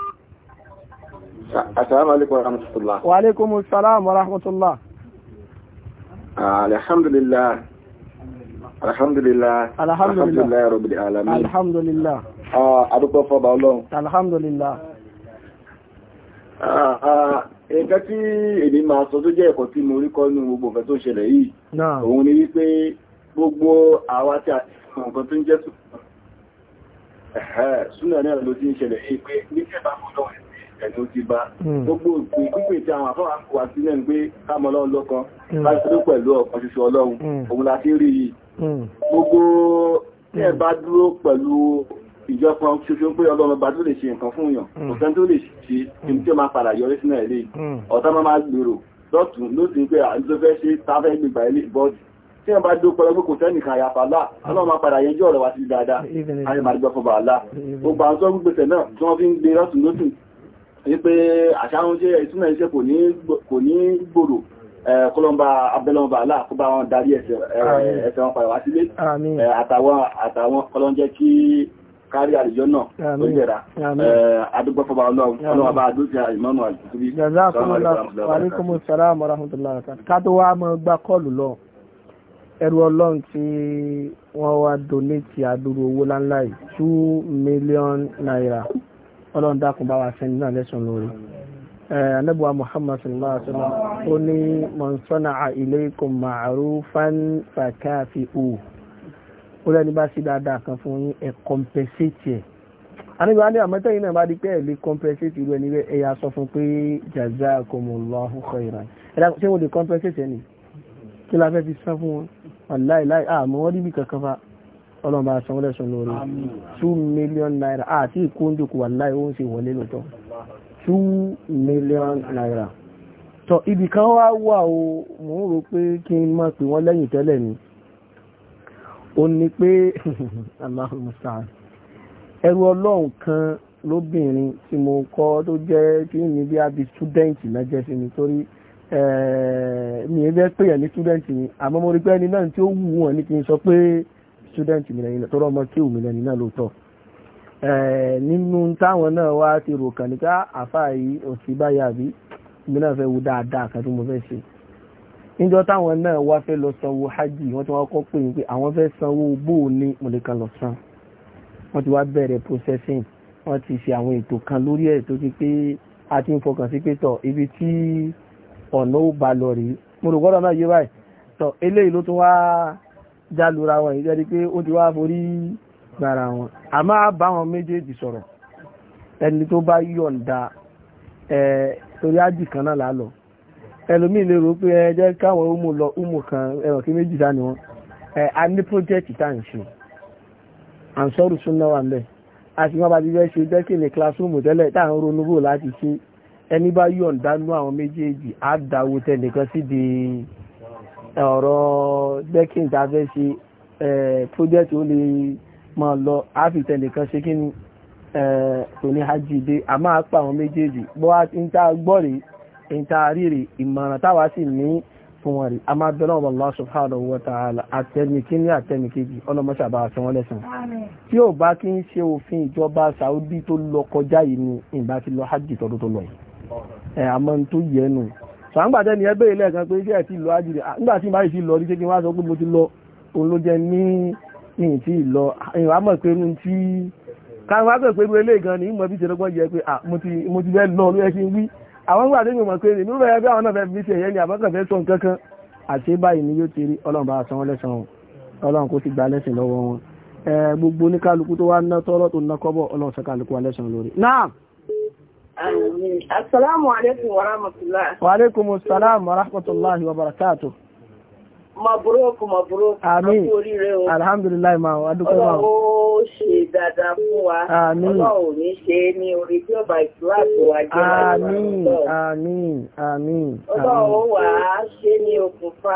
Assalamu alaikum wa rahmatullah. Wa alaikum assalam wa rahmatullah. Ah, alhamdulillah. Alhamdulillah. Alhamdulillah rabbil alamin. Alhamdulillah. Ah adúpẹ́ fọ́ba Ọlọ́run. Alhamdulillah. Ah ah nǹkan tí èmi máa sọ tó jẹ́ ẹ̀kọ́ tí mo rí kọ́ nínú gbogbo nǹkan tó ṣẹlẹ̀ yìí òun ni wípé gbogbo àwa tí a nǹkan tó ń jẹ́ súnà náà ló ti ń ṣẹlẹ̀ yìí ní tẹ́bà ẹni ó ti bá hmm. gbogbo òpin pípè tí àwọn àfọwà wà sílẹ̀ ń pé káàmọ́ ọlọ́run lọ́kan láti dúró hmm. pẹ̀lú ọ̀kan ṣoṣo ọlọ́run hmm. òun la ti rí yìí gbogbo ẹ bá dúró pẹ̀lú ìjọkan ṣoṣo pé ọlọ́run bá tó lè ṣe nǹkan fún yàn kò sẹ́ni tó lè ṣe kí tí ó máa padà yọrí sínú ẹ̀ léyìí ọ̀tá máa máa gbèrò lọ́tún lóṣìí pé àti tó fẹ́ ṣe táfẹ́ gbìgbà ilé bọ́ọ̀dì tí wọ́n bá dó pẹ̀lú pé kò tẹ́nìkan àyàfà láà aláwọ̀ máa padà yẹjọ́ ọ̀rọ̀ wá sí dáadáa ayé máa gbọ́ fún bàálà gbogbo àwọn tó ń gbèsè náà tí wọ́n fi ń gbé lọ́tún lóṣù wípé àṣáhún jẹ́ ìtúnmọ̀ iṣẹ́ kò ní gbòrò kọlọmbà abẹ́lọ́mbà aláàkóbá wọn darí ẹsẹ̀ wọn pàdàwà sílé àtàwọn kọlọ́njẹ́ kí kárí àríyọ́ náà tó jẹ́ra adúgbọ́fọ́bà ọlọ́run ẹrù ọlọ́run tí wọ́n wá donate àdúrú owó láńláì 2 million naira ọlọ́run dákun bá wa sẹ́ni náà lẹ́sùn lórí anabuwa muhammad sallallahu alaihi wasallam ó ní man sana'a ilaykum ma'rufan fakafi'u ó lẹ́ni bá sí dáadáa kan fún yín ẹ̀ compensate ẹ̀ àníbà ní àmọ́tẹ́ yìí náà bá di pé ẹ̀ lè compensate irú ẹni rẹ̀ ẹ̀yà sọ fún pé jazakumullahu khairan ẹ̀dá ṣé wọ́n lè compensate ẹ̀ kí la fi sá fún wọn wàláì àmọ́ wọ́n rí kankan fa ọlọ́mọba sanwó lẹ́sùn lórí two million naira àti ìkóńdùkú wà láì ó ń ṣe wọlé lóòótọ́ two million naira tọ ibì kan wá wà o mò ń rò pé kí n má pè wọ́n lẹ́yìn tẹ́lẹ̀ ni ó ní pé Allahu musta'an ẹrú ọlọ́run kan lóbìnrin tí mo kọ́ tó jẹ́ kí ni bí a bí stúdẹ́ǹtì lẹ́jẹ́ sí mi torí eh, mi ẹ pè yẹn ní stúdẹ́ǹtì ni àmọ́ mo rí pé ẹni náà tí ó wù wọ́n ní kí n sọ pé student mi lẹ́yìn tọ́rọ ọmọ kí òmìnira ní náà lóòótọ́ nínú táwọn náà wá ti rò kàn nípa ah, àfáà yìí òsì báyà bí mi náà fẹ́ wo dáadáa kan tí mo fẹ́ ṣe níjọ táwọn náà wá fẹ́ lọ sanwó hajj wọ́n ti wá kọ́ pé pé àwọn fẹ́ sanwó bó o ní mo lọ san wọ́n ti wá bẹ̀rẹ̀ processing wọ́n ti ṣe àwọn ètò kan lórí ẹ̀ tó ti pé a ti ń fọkàn sí pé tọ̀ ibi tí ọ̀nà ó ba lọ rèé mo rò gbọ́dọ̀ náà yé báyìí tọ̀ eléyìí ló tún wá jálura wọn ìjẹ́rí pé ó ti wá borí gbàrà wọn a máa bá wọn méjèèjì sọ̀rọ̀ ẹni tó bá yọ̀ǹda torí ájì kan náà lálọ ẹlòmíì lè rò pé ẹ jẹ́ káwọn umu lọ umu kan ẹwọ̀n kí méjì sáà ni wọn a ní pọ́jẹ́kì tá à ń ṣe à ń sọ́rù súnná wà mẹ́ a sì wọ́n bá ti fẹ́ ṣe jẹ́kì ní kílásùmù tẹ́lẹ̀ tá à ń ronú bò láti ṣe ẹni bá yọ̀ǹda nú àwọn méjèèjì á dáwó tẹnìkan sídìí ọ̀rọ̀ bẹ́kìn tá a fẹ́ ṣe project ó lè máa lọ áfíìtẹ́ nìkan ṣe kí ni kò ní hajj dé a máa pa àwọn méjèèjì bọ́ n ta gbọ́ rè n ta rí rè ìmọ̀ràn táwa sì ní fún wọn rè a máa bẹ̀rẹ̀ ọ̀bọ̀ Allah subhanahu wa ta'ala àtẹnìkí ní àtẹnìkejì ọlọ́mọṣàbá àti wọn lẹ́sìn tí ò bá kí ń ṣe òfin ìjọba Saudi tó lọ kọjá yìí ni ìgbà tí lọ hajj tọdún tó lọ yìí àmọ́ tó yẹ nù sàǹgbàtẹ́ ni ẹgbẹ́ ilẹ̀ kan pé iṣẹ́ ẹ̀ ti lọ ájìrì nígbà tí báyìí ti lọ ní kékeré wá sọ pé mo ti lọ òun ló jẹ ní ìyìn tí lọ ìwà mọ̀ pé irun tí káwá pẹ̀ pé irú eléyìí gan ni ìmọ̀ bí ìṣẹ́lọ́gbọ́n yẹ pé mo ti fẹ́ lọ ló yẹ kí n wí àwọn nígbà tí mi mọ̀ pé rè mi rẹ̀ bí àwọn náà fẹ́ fi ṣe ẹ̀yẹ ni àbọ̀kàn fẹ́ sọ nǹkan kan àti báyìí ni yóò ti rí ọlọ́run bá san lẹ́san ọlọ́run kó sì gba lẹ́sìn lọ́wọ́ wọn gbogbo oníkálukú tó wá ná tọ́rọ́ tó ná kọ́bọ̀ ọlọ́run sọ kálukú Assalamu alaikum wa rahmatullah. Wa alaikum assalam wa rahmatullahi wa barakatuh. Mabúrókù mabúrókù. Àmín. Alhamdulillah ma wa dúpẹ́ ma. Ọlọ́wọ́ ṣe dáadáa fún wa. Àmín. Ọlọ́wọ́ ní ṣe ní orí tí ọba ìtúrásù wa jẹ́ Àmín. Àmín. Àmín. Ọlọ́wọ́ wà á ṣe ní okùnfà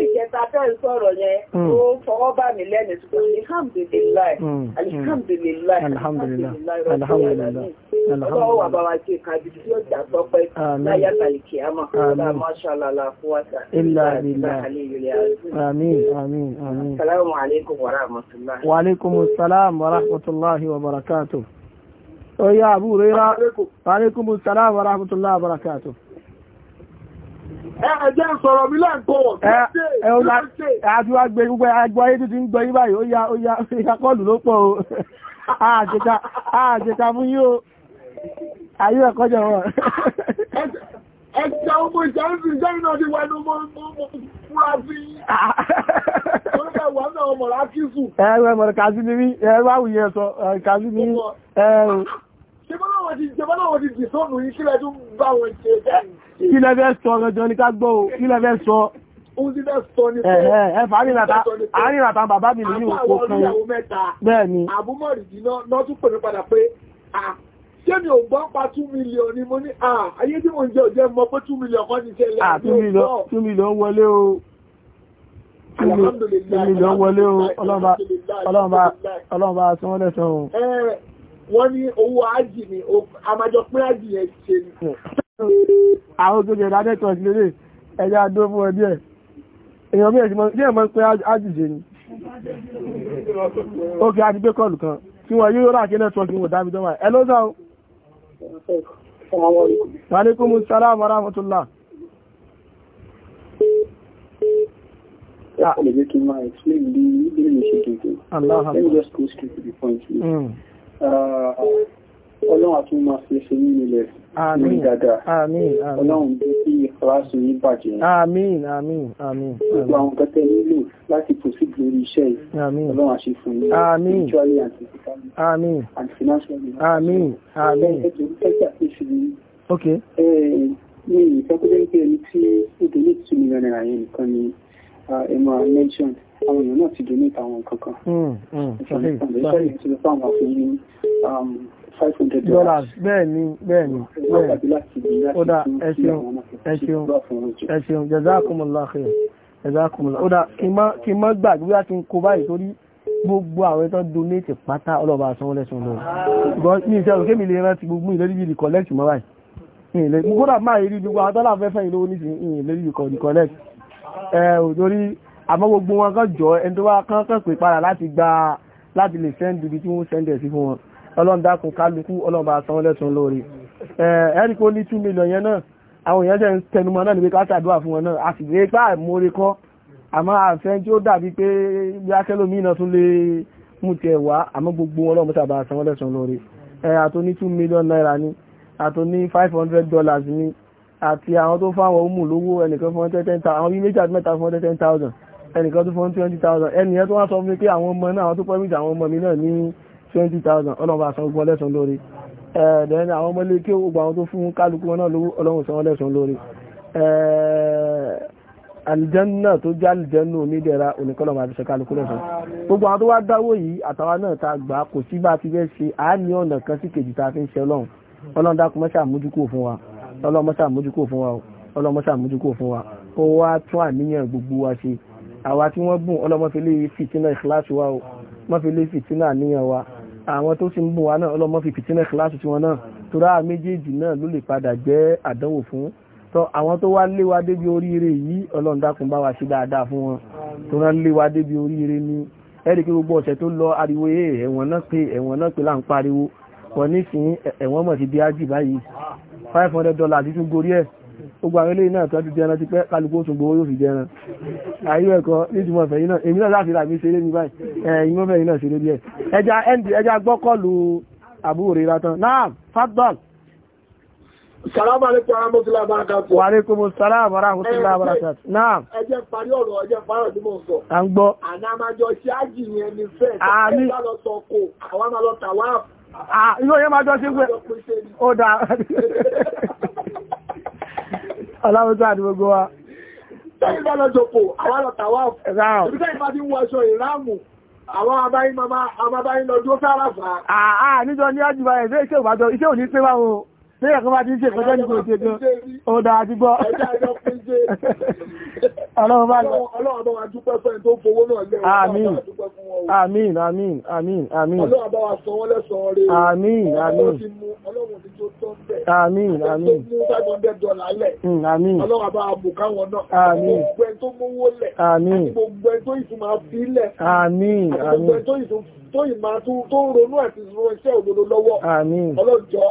ìjẹta tẹ́ ń sọ̀rọ̀ yẹn tó hmm. fọwọ́ bà mí lẹ́nu tó ní alhamdulilayi alhamdulilayi alhamdulilayi ọlọ́wọ́ wà bá wa ṣe kájú tí ó jà sọpẹ́ láyà kàlìkì àmọ́ ọ̀dà mọ́ṣálálá fúwátà ilá ilá àmín àmín àmín. salamu alaykum wa rahmatulah. wa alaykum salaam wa rahmatulahi wa barakatuh. oya abu rira wa alaykum salaam wa rahmatulahi wa barakatuh. Ẹ̀ẹ̀jẹ́ sọ̀rọ̀ mi lẹ́ǹkọ́. Àjúwágbé gbogbo àjọ ayé tó ti ń gbọ́ yí báyìí, ó yá ó yá ìyàkọlù ló pọ̀ o. Àjẹta fún yí o, ayé ẹ̀kọ́jọ wọn. Ẹjá ọmọ ìjà ń fi jẹ́ iná ti wẹnu mọ́ fúra sí. Ó rẹ̀ wà náà mọ̀lá kíṣù. Ẹ̀rẹ̀ mọ̀lá kàzí ni mí, ẹ̀rọ àwùyẹ sọ, kàzí ni mí. Ṣé bọ́lá wọn ti dìsọ́nù yìí sílẹ̀ tó bá wọn ṣe jẹ́? kí lẹ fẹ́ sọ ọ̀rọ̀jọ́ ní ká gbọ́ o kí lẹ fẹ́ sọ ẹ̀fà àríràtà bàbá mi ní òkú kan bẹ́ẹ̀ ni àbúmọ̀rì dínà lọ́tún pẹ̀lú padà pé ṣé mi ò gbọ́ pa 2 million ni mo ní ayé tí mo ń jẹ ò jẹ́ mọ́ pé 2 million kan ní tẹ́lẹ̀ 2 million wọlé o Ìlú wọlé o, ọlọ́mọba tí wọ́n lẹ́sàn ohun. Wọ́n ní owó ájì ni, a májọ pín ájì yẹn ṣe ni àwọn ògbèjì ẹ̀dá network lérè ẹ̀dá àdó fún ẹbí ẹ̀ èèyàn bí ẹ̀sìn mọ́ mọ́ pé ájìjẹ ni ó kí ajígbé kọlù kan tí wọ́n yóò ráàkí network wò dábí dọ́mà ẹ ló sọ Wàlékún Mùsàlá Mọ́rá Mọ́túnlá. That will Ọlọ́run àti máa ṣe ní ilẹ̀. Àmín dada. Àmín àmín. Ọlọ́run bí kí ìfaraṣù yí bàjẹ́. Àmín àmín àmín. Gbogbo àwọn kẹtẹ nílò láti proceed lórí iṣẹ́ yìí. Àmín. Ọlọ́run àṣẹ fún yín. Àmín. Spiritually and physically. Àmín. And financially. Àmín àmín. Ẹjọ́ ẹjọ́ àpèsè yìí. Ok. Ẹ ní ìfẹ́kọ́jẹ́ pé ẹni tí ó donate two million naira yẹn nìkan ni ẹ máa mention àwọn èèyàn náà ti donate àwọn kankan. Ìfọ̀nìfọ̀nì sọ́yìn ti lọ fáwọn àfihàn five hundred dollars. bẹ́ẹ̀ ni bẹ́ẹ̀ ni bẹ́ẹ̀ ó dá ẹ ṣeun ẹ ṣeun ẹ ṣeun jazakumullahu khair jazakumullahu ó dá kí n má gbàgbé bí a ti ń kó báyìí torí gbogbo àwọn ẹ̀tọ́ donate pátá ọlọ́ba àsanwó lẹ́sùn lọ ṣùgbọ́n ní iṣẹ́ òkè mi lè rántí gbogbo ìlérí yìí collect mọ́ báyìí ìlẹ̀ gbọ́dọ̀ máa rí gbogbo àtọ́là fẹ́fẹ́ ìlówó ní ìlérí yìí collect ẹ̀ òdórí àmọ́ gbogbo wọn kan jọ ẹni tó bá kán kàn pè padà láti gba ọlọ́ndàkùn kálukú ọlọ́ba san lẹ́sùn lórí ẹ̀rí kó ní 2 million yẹn náà àwọn èèyàn jẹ́ tẹnumọ́ náà níbi káṣàdúrà fún wọn náà a sì gbé pá mórí kọ́ àmọ́ àfẹ́ tí ó dàbí pé bí náà tún lè mú tiẹ̀ wá àmọ́ gbogbo ọlọ́mọ sábà san lẹ́sùn lórí àtò ní 2 million naira ni àtò ní 500 dollars ni àti àwọn tó fáwọn ọmọ lówó ẹnìkan fún 10,000 àwọn bí méjì àti mẹ́ta fún 10,000 ẹnìkan tó fún 20,000 ẹnìyẹn tó wá sọ fún mi pé àwọn ọmọ náà àwọn tó pẹ́ méjì àwọn ọmọ mi náà ní twenty thousand ọlọ́run àṣà ogun ọlẹ́sàn lórí ẹ̀ẹ́dẹ̀ẹ́ni àwọn ọmọlé kí ogun àwọn tó fún kálukú wọn náà lówó ọlọ́run sàn ọlẹ́sàn lórí àlìjẹ́nà tó jẹ́ àlìjẹ́nà onídẹ̀ra oníkọ́lọ̀mọ̀ àti ṣẹ̀kálukú lẹ́sàn gbogbo àwọn tó wá dáwó yìí àtàwọn náà ta gbà kò sí bá ti fẹ́ ṣe á ní ọ̀nà kan sí kejì tá a fi ń ṣe ọlọ́run ọlọ́run dákun mọ́ṣà mójúkò fún wa ọlọ́run mọ́ṣà tí wọ́n bùn ọlọ́mọ fi lè o wọ́n fi lè àwọn tó sì ń bùn wa náà ọlọ́mọ fi fìtínà kíláàsì tiwọn náà torá méjèèjì náà ló lè padà jẹ́ àdánwò fún tọ́ àwọn tó wá léwa débi oríire yìí ọlọ́run dákun bá wa ṣe dáadáa fún wọn tó rán léwa débi oríire ní ẹ̀rí pé gbogbo ọ̀sẹ̀ tó lọ ariwo ẹ̀wọ̀n náà pé ẹ̀wọ̀n náà pé là ń pariwo wọ́n nísìnyí ẹ̀wọ̀n mọ̀ sí bí báyìí five hundred dollars tún gorí ẹ̀ gbogbo àwọn eléyìí náà tó ti ti pẹ́ kálukú oṣù yóò fi jẹran ayé ẹ̀kọ́ nítumọ̀ fẹ̀yìn náà èmi náà láti rà mí ṣeré mi báyìí ẹ̀yìn mọ́ fẹ̀yìn náà ṣeré bí se ẹja ẹ̀ndì ẹja aláwọ̀tá àti gbogbo wa tẹ́yìn bá lọ jòkó àwọn àlọ́tàwà ìbítẹ́yìn bá ti ń wọṣọ ìráàmù àwọn abáyín lọ dúró sára fà á níjọ ní ájúbà ẹ̀ tí ẹ̀kọ́ bá ti ń ṣe ìpẹ́jọ́ ní kò ṣe gan ó dáa ti gbọ́ Àmín, àmín, àmín, àmín. Àmín, àmín. Àmín, àmín. Hmm, àmín. Àmín. Àmín, àmín. Tó ìmá tó ronú àti ìṣòro iṣẹ́ òdodo lọ́wọ́. Àmín. Ọlọ́jọ́.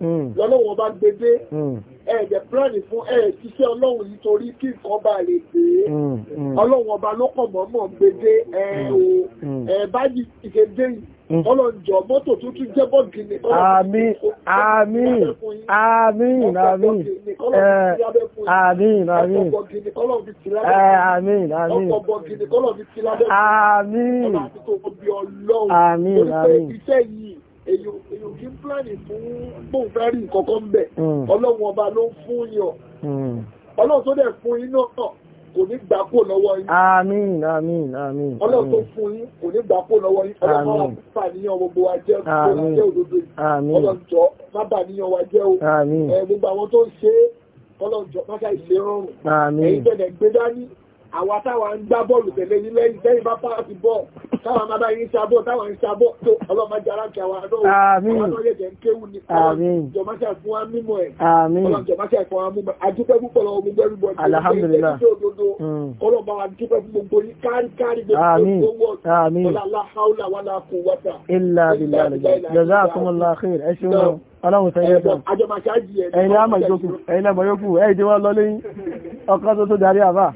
Mm. lọ́lọ́wọ́ bá gbé dé mm. ẹ̀ẹ̀dẹ̀ pílánì fún ẹ̀ẹ̀tíṣẹ́ ọlọ́run nítorí kí nǹkan bá lè pé mm. ọlọ́run ọba lọ́kọ̀ mọ́mọ́ gbé dé ẹ̀ẹ̀bájì ìgédé yìí ọlọ́njọ́ mọ́tò tó tún jẹ́bọ́ gini àmín àmín eh. àmín àmín eh. àmín àmín àmín àmín àmín àmín èyàn kí ń pláàni fún gbóhùn fẹ́ rí ń bẹ̀ hmm. ọlọ́run ọba ló ń fún yàn hmm. ọlọ́run tó dẹ̀ fún yín náà kò ní gbà kó lọ́wọ́ yín. àmín àmín àmín. ọlọ́run tó fún yín kò ní gbà kó lọ́wọ́ yín. ọlọ́run máa bà níyàn gbogbo wa jẹ́ òdodo yìí. ọlọ́run jọ má bà níyàn wa jẹ́ o. gbogbo àwọn tó ń ṣe ọlọ́run jọ má ṣàìṣe rọrùn. èyí bẹ̀rẹ̀ gbé dání àwa táwa ń gbá bọ́ọ̀lù tẹ̀lé ní lẹ́yìn tẹ́yìn bá pààtì bọ́ọ̀ táwa máa bá yín sábọ̀ táwa ń sábọ̀ tó ọlọ́mọdé aráàkì àwa náà àwọn náà yẹ̀jẹ̀ ń kéwù ní jọmáṣà fún wa mímọ̀ ẹ̀ jọmáṣà fún wa mímọ̀ àdúpẹ́ púpọ̀ lọ́wọ́ gbogbo ẹrú bọ́ọ̀lù alhamdulillah mm. ọlọ́ba wa dúpẹ́ fún gbogbo yín kárí kárí illa billah jazakumullahu khair ẹ ṣeun náà ọlọ́run tẹ́lẹ̀ tán ẹ̀yìn àmà ìjókù ẹ̀yìn àmà yókù ẹ̀yìn tí wọ́n lọ lẹ́yìn ọkọ̀ tó tó darí àbá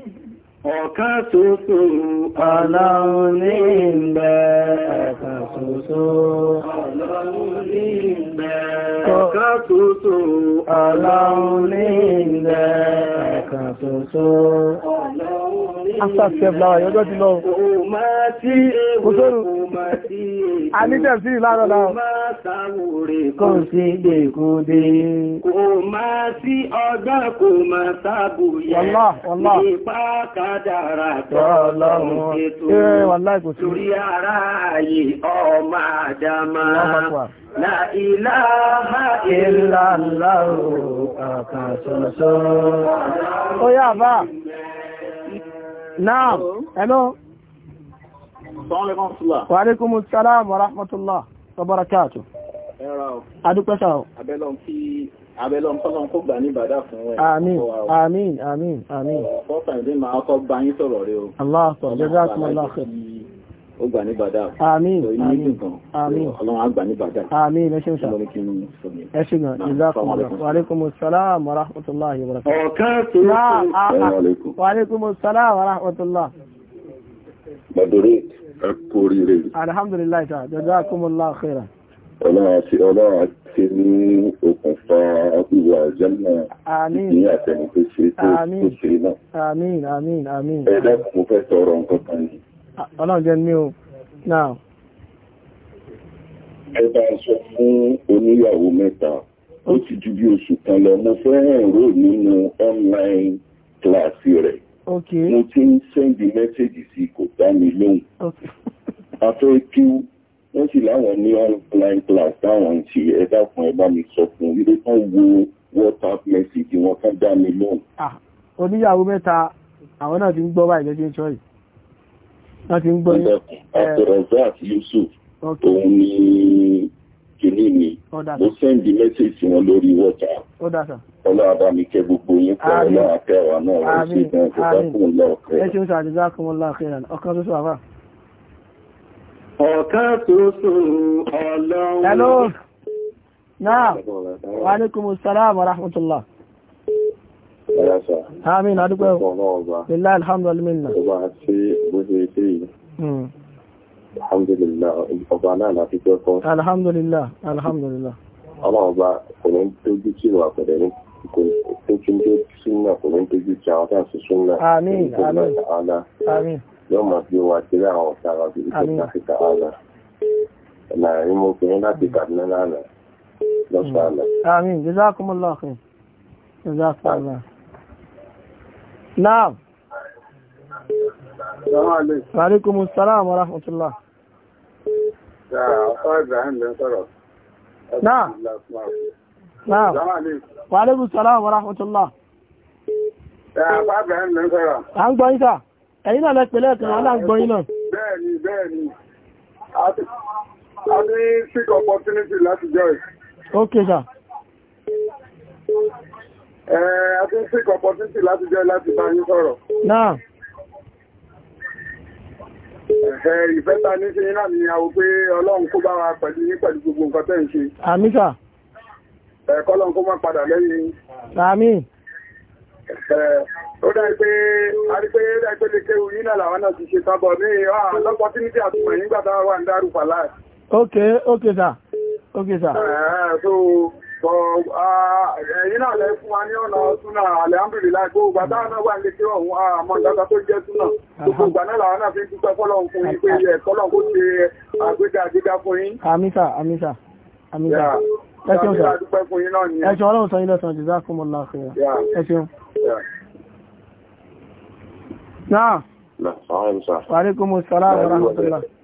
Ọ̀kan ṣoṣo ọlọ́run ní ìbẹ̀ ẹ̀kan ṣoṣo ọlọ́run ní ìbẹ̀ ọ̀kan ṣoṣo ọlọ́run ní ìbẹ̀ ẹ̀kan ṣoṣo Asáfẹ́ Bláwà yọjọ́ ti lọ. Kò sórù. A ní tẹ̀sí láàrọ̀ láàrọ̀. Kò sí gbèkúdé. Kò máa sí ọgbà kò kádàrà tọ́lọ́run ètò torí ara ayé ọmọ àdámá la ìlàhà ìlàláwò ọ̀kan ṣoṣo. Ó yá bá. Náà, hello. Wa alaikumus salam wa rahmatullah wa barakatuh. Ẹ̀rọ. Adúpẹ́sà. Abẹ́lọ́n kí abẹ́lọ́ ọ̀pọ̀lọ́ kó gbà ní bàdá fún ẹ̀ àmín àmín àmín àmín ọ̀pọ̀lọ́ máa kọ́ gbà yín sọ̀rọ̀ rẹ̀ o aláàtọ̀ jẹ́gbà tí wọ́n láàfẹ́ ó gbà ní bàdá àmín àmín àmín ọlọ́run àgbà ní bàdá àmín sọ ẹṣin náà wa alaikumus salam wa rahmatullahi wa barakatuh ọ̀kan tó wa alaikumus salam wa rahmatullahi Bàdúrí ẹkù oríire. Alhamdulillah, jazakumullahu khairan. Ọlọ́run àti ọlọ́run ṣe ní okùnfà ìwà àjẹ́mọ̀ ní àtẹni tó ṣe tó ṣe náà. Àmín, àmín, àmín. Ẹ dákun mo fẹ́ tọrọ nǹkan kan ni. Ọlọ́run jẹ́ ní o. Now. Ẹ bá sọ fún oníyàwó mẹ́ta. Ó ti ju bí oṣù kan lọ. Mo fẹ́ ẹ̀rọ nínú online kíláàsì rẹ̀. Mo ti ń sẹ́ndì mẹ́sẹ̀gì sí kò dá mi lóhùn. A fẹ́ kí wọ́n sì láwọn ní online class táwọn ń ṣe ẹ dákun ẹ bá mi sọ fún ilé kan wo whatsapp message wọn kán dá mi lóhùn. oníyàwó mẹ́ta àwọn náà ti ń gbọ́ báyìí lọ́jọ́ ìṣọ́ yìí wọ́n ti ń gbọ́ yìí. Abdulrasaq Yusuf òun ni kìíní mi mo sẹ́ndì mẹ́sẹ̀sì wọn lórí whatsapp ọlọ́àbámikẹ́ gbogbo yín pọ̀ ọlọ́àtẹ́wà náà rẹ̀ sí ìdán ìfọ́sákùn lọ́ọ̀kẹ́. ẹ ṣeun sàdéjá kọmọlá kẹrìn ọkàn tó sọ àbá ọ̀kan ṣoṣo ọlọ́run. hello náà wa alaikumus salam wa rahmatullah. Àmín àdúgbò ilá alhamdulillah. Ọba àti bó ṣe ṣe yìí. Hmm. Alhamdulillah, ọba náà láti jẹ́ kan. Alhamdulillah, alhamdulillah. Ọlọ́ọ̀ba kò ní tójú tí wà pẹ̀lẹ̀ ní kò tójú tí ó súnmọ̀ kò ní tójú tí àwọn tàbí súnmọ̀. Àmín, àmín, àmín yóò mọ̀ sí wa sí àwọn ọ̀tá wa bí ìṣẹ́ káfíkà ààrẹ ẹ̀nà rí mo pè ní láti kàdínà lánàá lọ́sọ̀ àlẹ́. àmín jazakumullahu khair jazakumullahu. naam. Wa alaikumus salam wa rahmatullah. Naam. Naam. Wa alaikumus salam wa rahmatullah. Àà ń gbọ́ yín sáà ẹ̀yìn náà lẹ́pẹ̀lẹ́ ẹ̀kan alágbọ́n iná bẹ́ẹ̀ni bẹ́ẹ̀ni a ní sick opportunity láti join ok sir ẹ̀ẹ́ a ní sick opportunity láti join láti bá yín sọ̀rọ̀ náà ẹ̀ẹ́ ìfẹ́ ta ní sí iná ni àwọn pé ọlọ́run kó bá wa pẹ̀lú yín pẹ̀lú gbogbo nǹkan tẹ́ ń ṣe àmì sà ẹ̀kọ́ ọlọ́run kó má padà lẹ́yìn àmín ó dáa pé arípé dáa pé lè kéwù yìí náà làwọn náà ti ṣe sábọ̀ ní ọ̀pọ̀ tí ní àtúmọ̀ nígbà tá a wà ń dárú pàlá. ok ok sir ok sir. so ẹ̀yìn náà lẹ fún wa ní ọ̀nà súnà alhamdulillah gbogbo gbàtà náà wà ní kí ọ̀hún àmọ́ ìdájọ́ tó jẹ́ súnà gbogbo ìgbà náà làwọn náà fi ń dúpẹ́ fọ́lọ́hún fún yín pé ẹ̀kọ́ náà kó ṣe àgbéga àgbéga fún yín. àmín sà àmín sà ẹṣin ọlọ́run sọ ilẹ̀ sàn jù zákùn mọ́ láàfíà ẹṣin náà wàríkùn mọ́ sọ́lá àwọn ọ̀rọ̀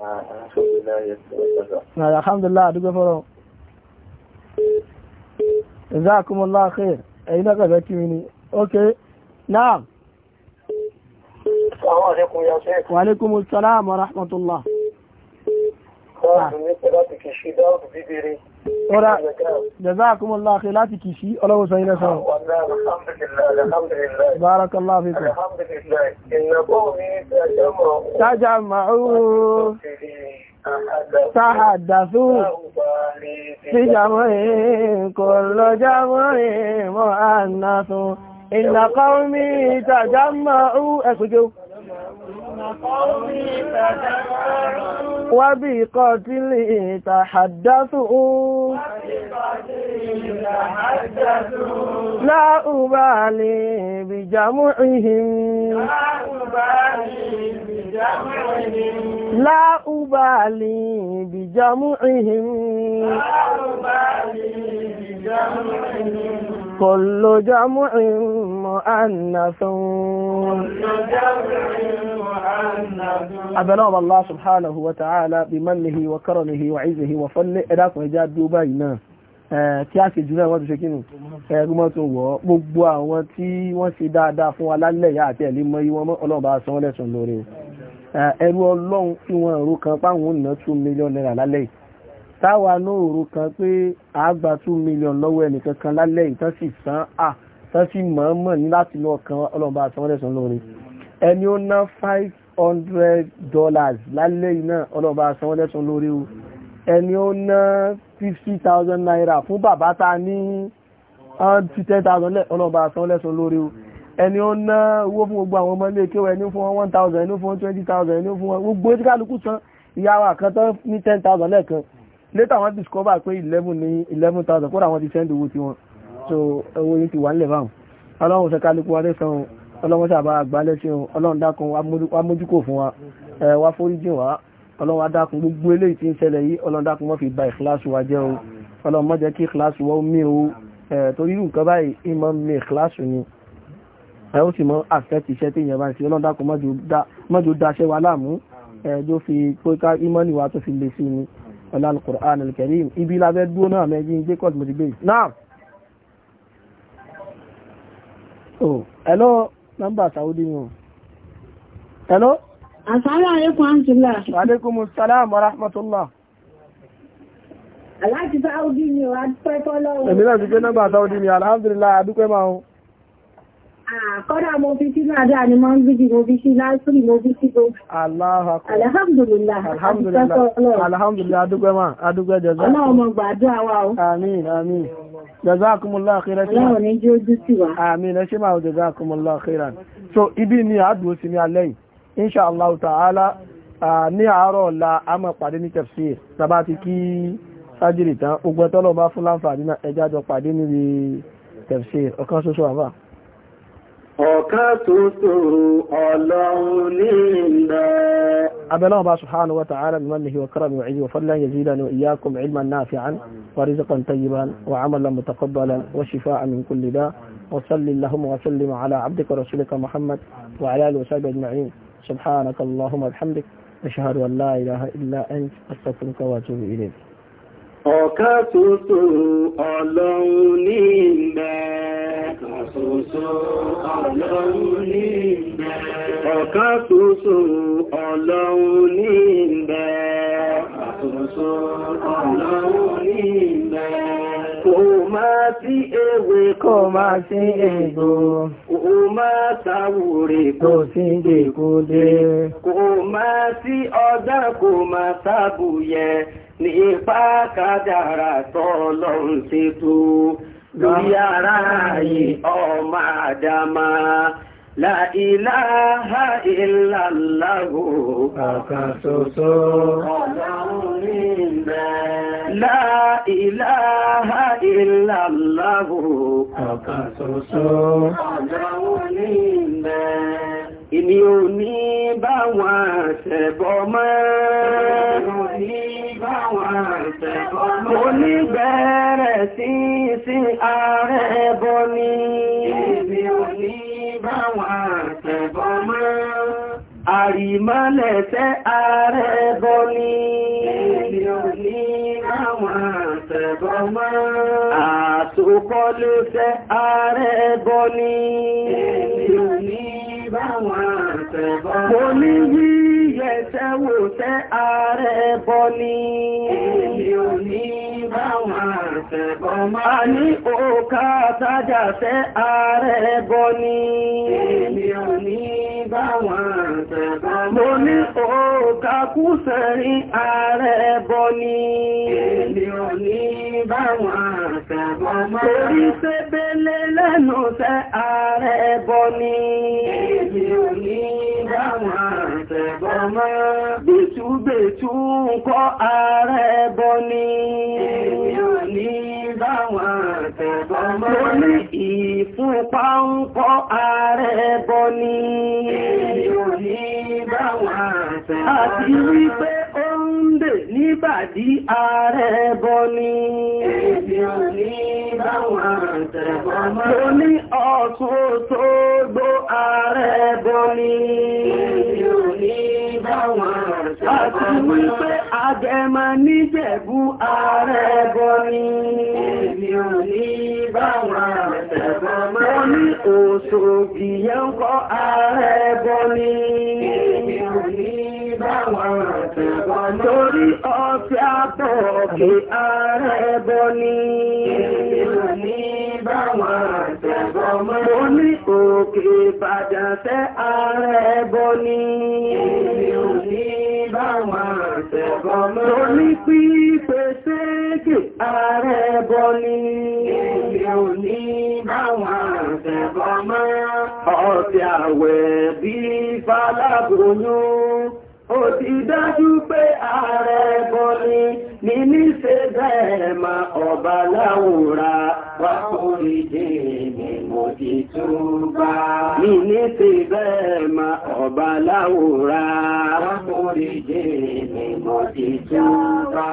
alhamdulillah àdúgbò fọ́rọ̀ jazakumullahu khair ẹ̀yìn náà kàfẹ́ kí mi ni ok naam wa alaikumus salam wa rahmatullah ọ̀rá jazakumullahu khairan láti kì sí ọlọ́wọ́ sọ ilẹ̀ sọ́rọ̀ barakallahu fikum tajama'u tahaddathu fi jam'in kullu jam'in mu'annathun inna qawmi tajama'u وبقتل تحدثوا لا أبالي بجمعهم لا أبالي بجمعهم لا أبالي بجمعهم كل جمع مؤنث أبناء الله سبحانه وتعالى بمنه وكرمه وعزه وفضله إذاكم إجاب دوباينا tí a ṣe jù náà wọ́n ti ṣe kínú ẹgbùmọ́ tó wọ́ gbogbo àwọn tí wọ́n ṣe dáadáa fún wa lálẹ́ àti ẹ̀lé mọ́ ìwọ́n mọ́ ọlọ́ọ̀bá sanwó lẹ́sùn lórí ẹrú ọlọ́run tí wọ́n rò kan páwọn ò ná 2 mílíọ̀nù náírà lálẹ́ yìí táwa nóòrò kan pé àgbà two million lọ́wọ́ ẹnìkan kan lálẹ́ ìtàn sì san à tán sì mọ̀ọ́mọ̀ ní láti lọ kan ọlọ́mọba àsanwọ́lẹ́sàn lóore ẹni ó ná five hundred dollars lálẹ́ iná ọlọ́mọba àsanwọ́lẹ́sàn lóore o ẹni ó ná fifty thousand naira fún bàbá ta ní ten thousand ọlọ́mọba àsanwọ́lẹ́sàn lóore o ẹni ó ná owó fún gbogbo àwọn ọmọ ilé kéwọ ẹni fún wọn one thousand ẹni fún wọn twenty thousand ẹni fún wọn gbogbo tí kálukú san ìyá wa kan tán ní ten thousand lẹ́ẹ̀kan later wọ́n discover pé eleven ní eleven thousand kódà wọ́n ti send owó tiwọn so owó yìí ti wà nílẹ̀ báwọn ọlọ́run ṣe kálukú wa lẹ́sàn án ọlọ́run ṣàbá àgbálẹ́sìn ọlọ́run dákun wá mójúkò fún wa ẹ wá foríjìn wá ọlọ́run wá dákun gbogbo eléyìí tí ń ṣẹlẹ̀ yìí ọlọ́run dákun wọ́n fi ba ìkíláàsì wa jẹ́ o ọlọ́run má jẹ́ kí ìkíláàsì wa ó mí o torí irú nǹkan báyìí ìmọ̀ mi ìkíláàsì ni ẹ ó sì mọ affect iṣẹ́ tí ìyẹn bá ń ṣe ọlọ́run dákun má jò dáṣẹ́ wa láàmú ẹ fi pé ká ìmọ̀ ni wa tó fi lè sí ni pẹ̀lú alukur'an alkarim ibi lábẹ́ dúró náà mẹ́jì ń gbé kọ́ọ̀tù mo ti gbé yìí. now oh hello nọ́mbà saudi ni o hello. asalaamu aleykum amtula. wa aleykum salaam wa rahmatulah. aláàtì saudi ni Ah, Kọ́dá mo fi sí láàdá ni máa ń gbígi mo fi sí lásìrì mo fi sí gbogbo. Alhamdulillah. Alhamdulillah. Alhamdulillah. Adúgbẹ́ máa, adúgbẹ́ jẹ́zá. Ọlọ́run mọ̀ gbàdúrà wa o. Àmín, àmín. Jazakumullah khairan. Ọlọ́run ní jí ó jú sí wa. Àmín, ẹ ṣe máa So, ibi ni àdúró sí ní alẹ́ yìí. Inshallah ta'ala ní àárọ̀ ọ̀la a máa pàdé ní tafsir. Tàbá ti kí sájìrì tán, ogun ẹ̀tọ́lọ́ bá fún láǹfààní náà ẹjá jọ pàdé níbi tafsir. Ọ̀kan ṣoṣo àbá. ọ̀ká الله سبحانه وتعالى بمنه وكرمه وعزه وفضلا يزيدني وإياكم علما نافعا ورزقا طيبا وعملا متقبلا وشفاء من كل داء وصل اللهم وسلم على عبدك ورسولك محمد وعلى آله وصحبه أجمعين سبحانك اللهم وبحمدك أشهد أن لا إله إلا أنت أستغفرك وأتوب إليك Ọ̀ká ṣoṣo ọlọ́run ní ìbẹ̀. Ọ̀ká ṣoṣo ọlọ́run ní ìbẹ̀. ọlọ́run ní Kò máa tí ewé kò máa sí egbò. Kò máa sáwòrè kò sí dèkúdé. Kò máa kò máa ní ipá kádàrà tọ́lọ́run ṣètò lórí ara yìí ọmọ àdámá láìláha ìlàláhù àkàtòsó ọlọ́run ní ìbẹ̀ láìláha ìlàláhù àkàtòsó ọlọ́run ní ìbẹ̀ èmi ò ní bá wọn àṣẹ̀bọ mọ́ mo ní bẹ̀rẹ̀ sí sí ààrẹ bọ́ ni èmi ò ní bá wọn àṣẹ̀bọ mọ́ àrìmọ́lẹ̀ṣẹ̀ ààrẹ bọ́ ni èmi ò ní bá wọn àṣẹ̀bọ mọ́ àtòkọ́lẹ́ṣẹ̀ ààrẹ bọ́ ni èmi ò ní bá wọn tẹ̀bọ́. Mo ní yíyẹ tẹ́wò tẹ́ ààrẹ bọ́ ní. Èmi ò ní A àṣẹ̀bọ̀ máa ní òkà sájà tẹ́ ààrẹ gọ́ ní èmi ní báwọn àṣẹ̀bọ̀ ààrẹ ní ń kọ́ ààrẹ èèyàn ní báwọn àtẹ̀bọ̀ mọ́ ní ìfúnpá ń kọ́ ààrẹ bọ́ ní èèyàn ní báwọn àtẹ̀bọ̀ mọ́ ó ń dè níbàdí ààrẹ bọ́ ní mo ní ọ̀tún tó gbó ààrẹ bọ́ ní àti wípé agẹmọ níjẹ̀bú ààrẹ bọ́ ní mo ní òṣògì yẹn kọ́ ààrẹ bọ́ ní láwọn àtẹ̀bọ̀ lórí ọ̀fẹ́ àtọ̀ọ̀kì ààrẹ bọ ní. Ìlú ní báwọn àtẹ̀bọ̀ mọ́. Mo ní òkè Ìbàdàn tẹ́ ààrẹ bọ ní. Ìlú ní báwọn àtẹ̀bọ̀ mọ́. Mo ní pípẹ́ sékè ààrẹ bọ ní. Ìlú ní báwọn àtẹ̀bọ̀ mọ́. Ọ̀sẹ̀ àwẹ̀ bíi Fálábòyún ó ti dájú pé ààrẹ bọ́ ni níní ṣe bẹ́ẹ̀ ma ọba láwùra wá orí dé mi mo ti túbà. níní ṣe bẹ́ẹ̀ ma ọba láwùra wá orí dé mi mo ti túbà.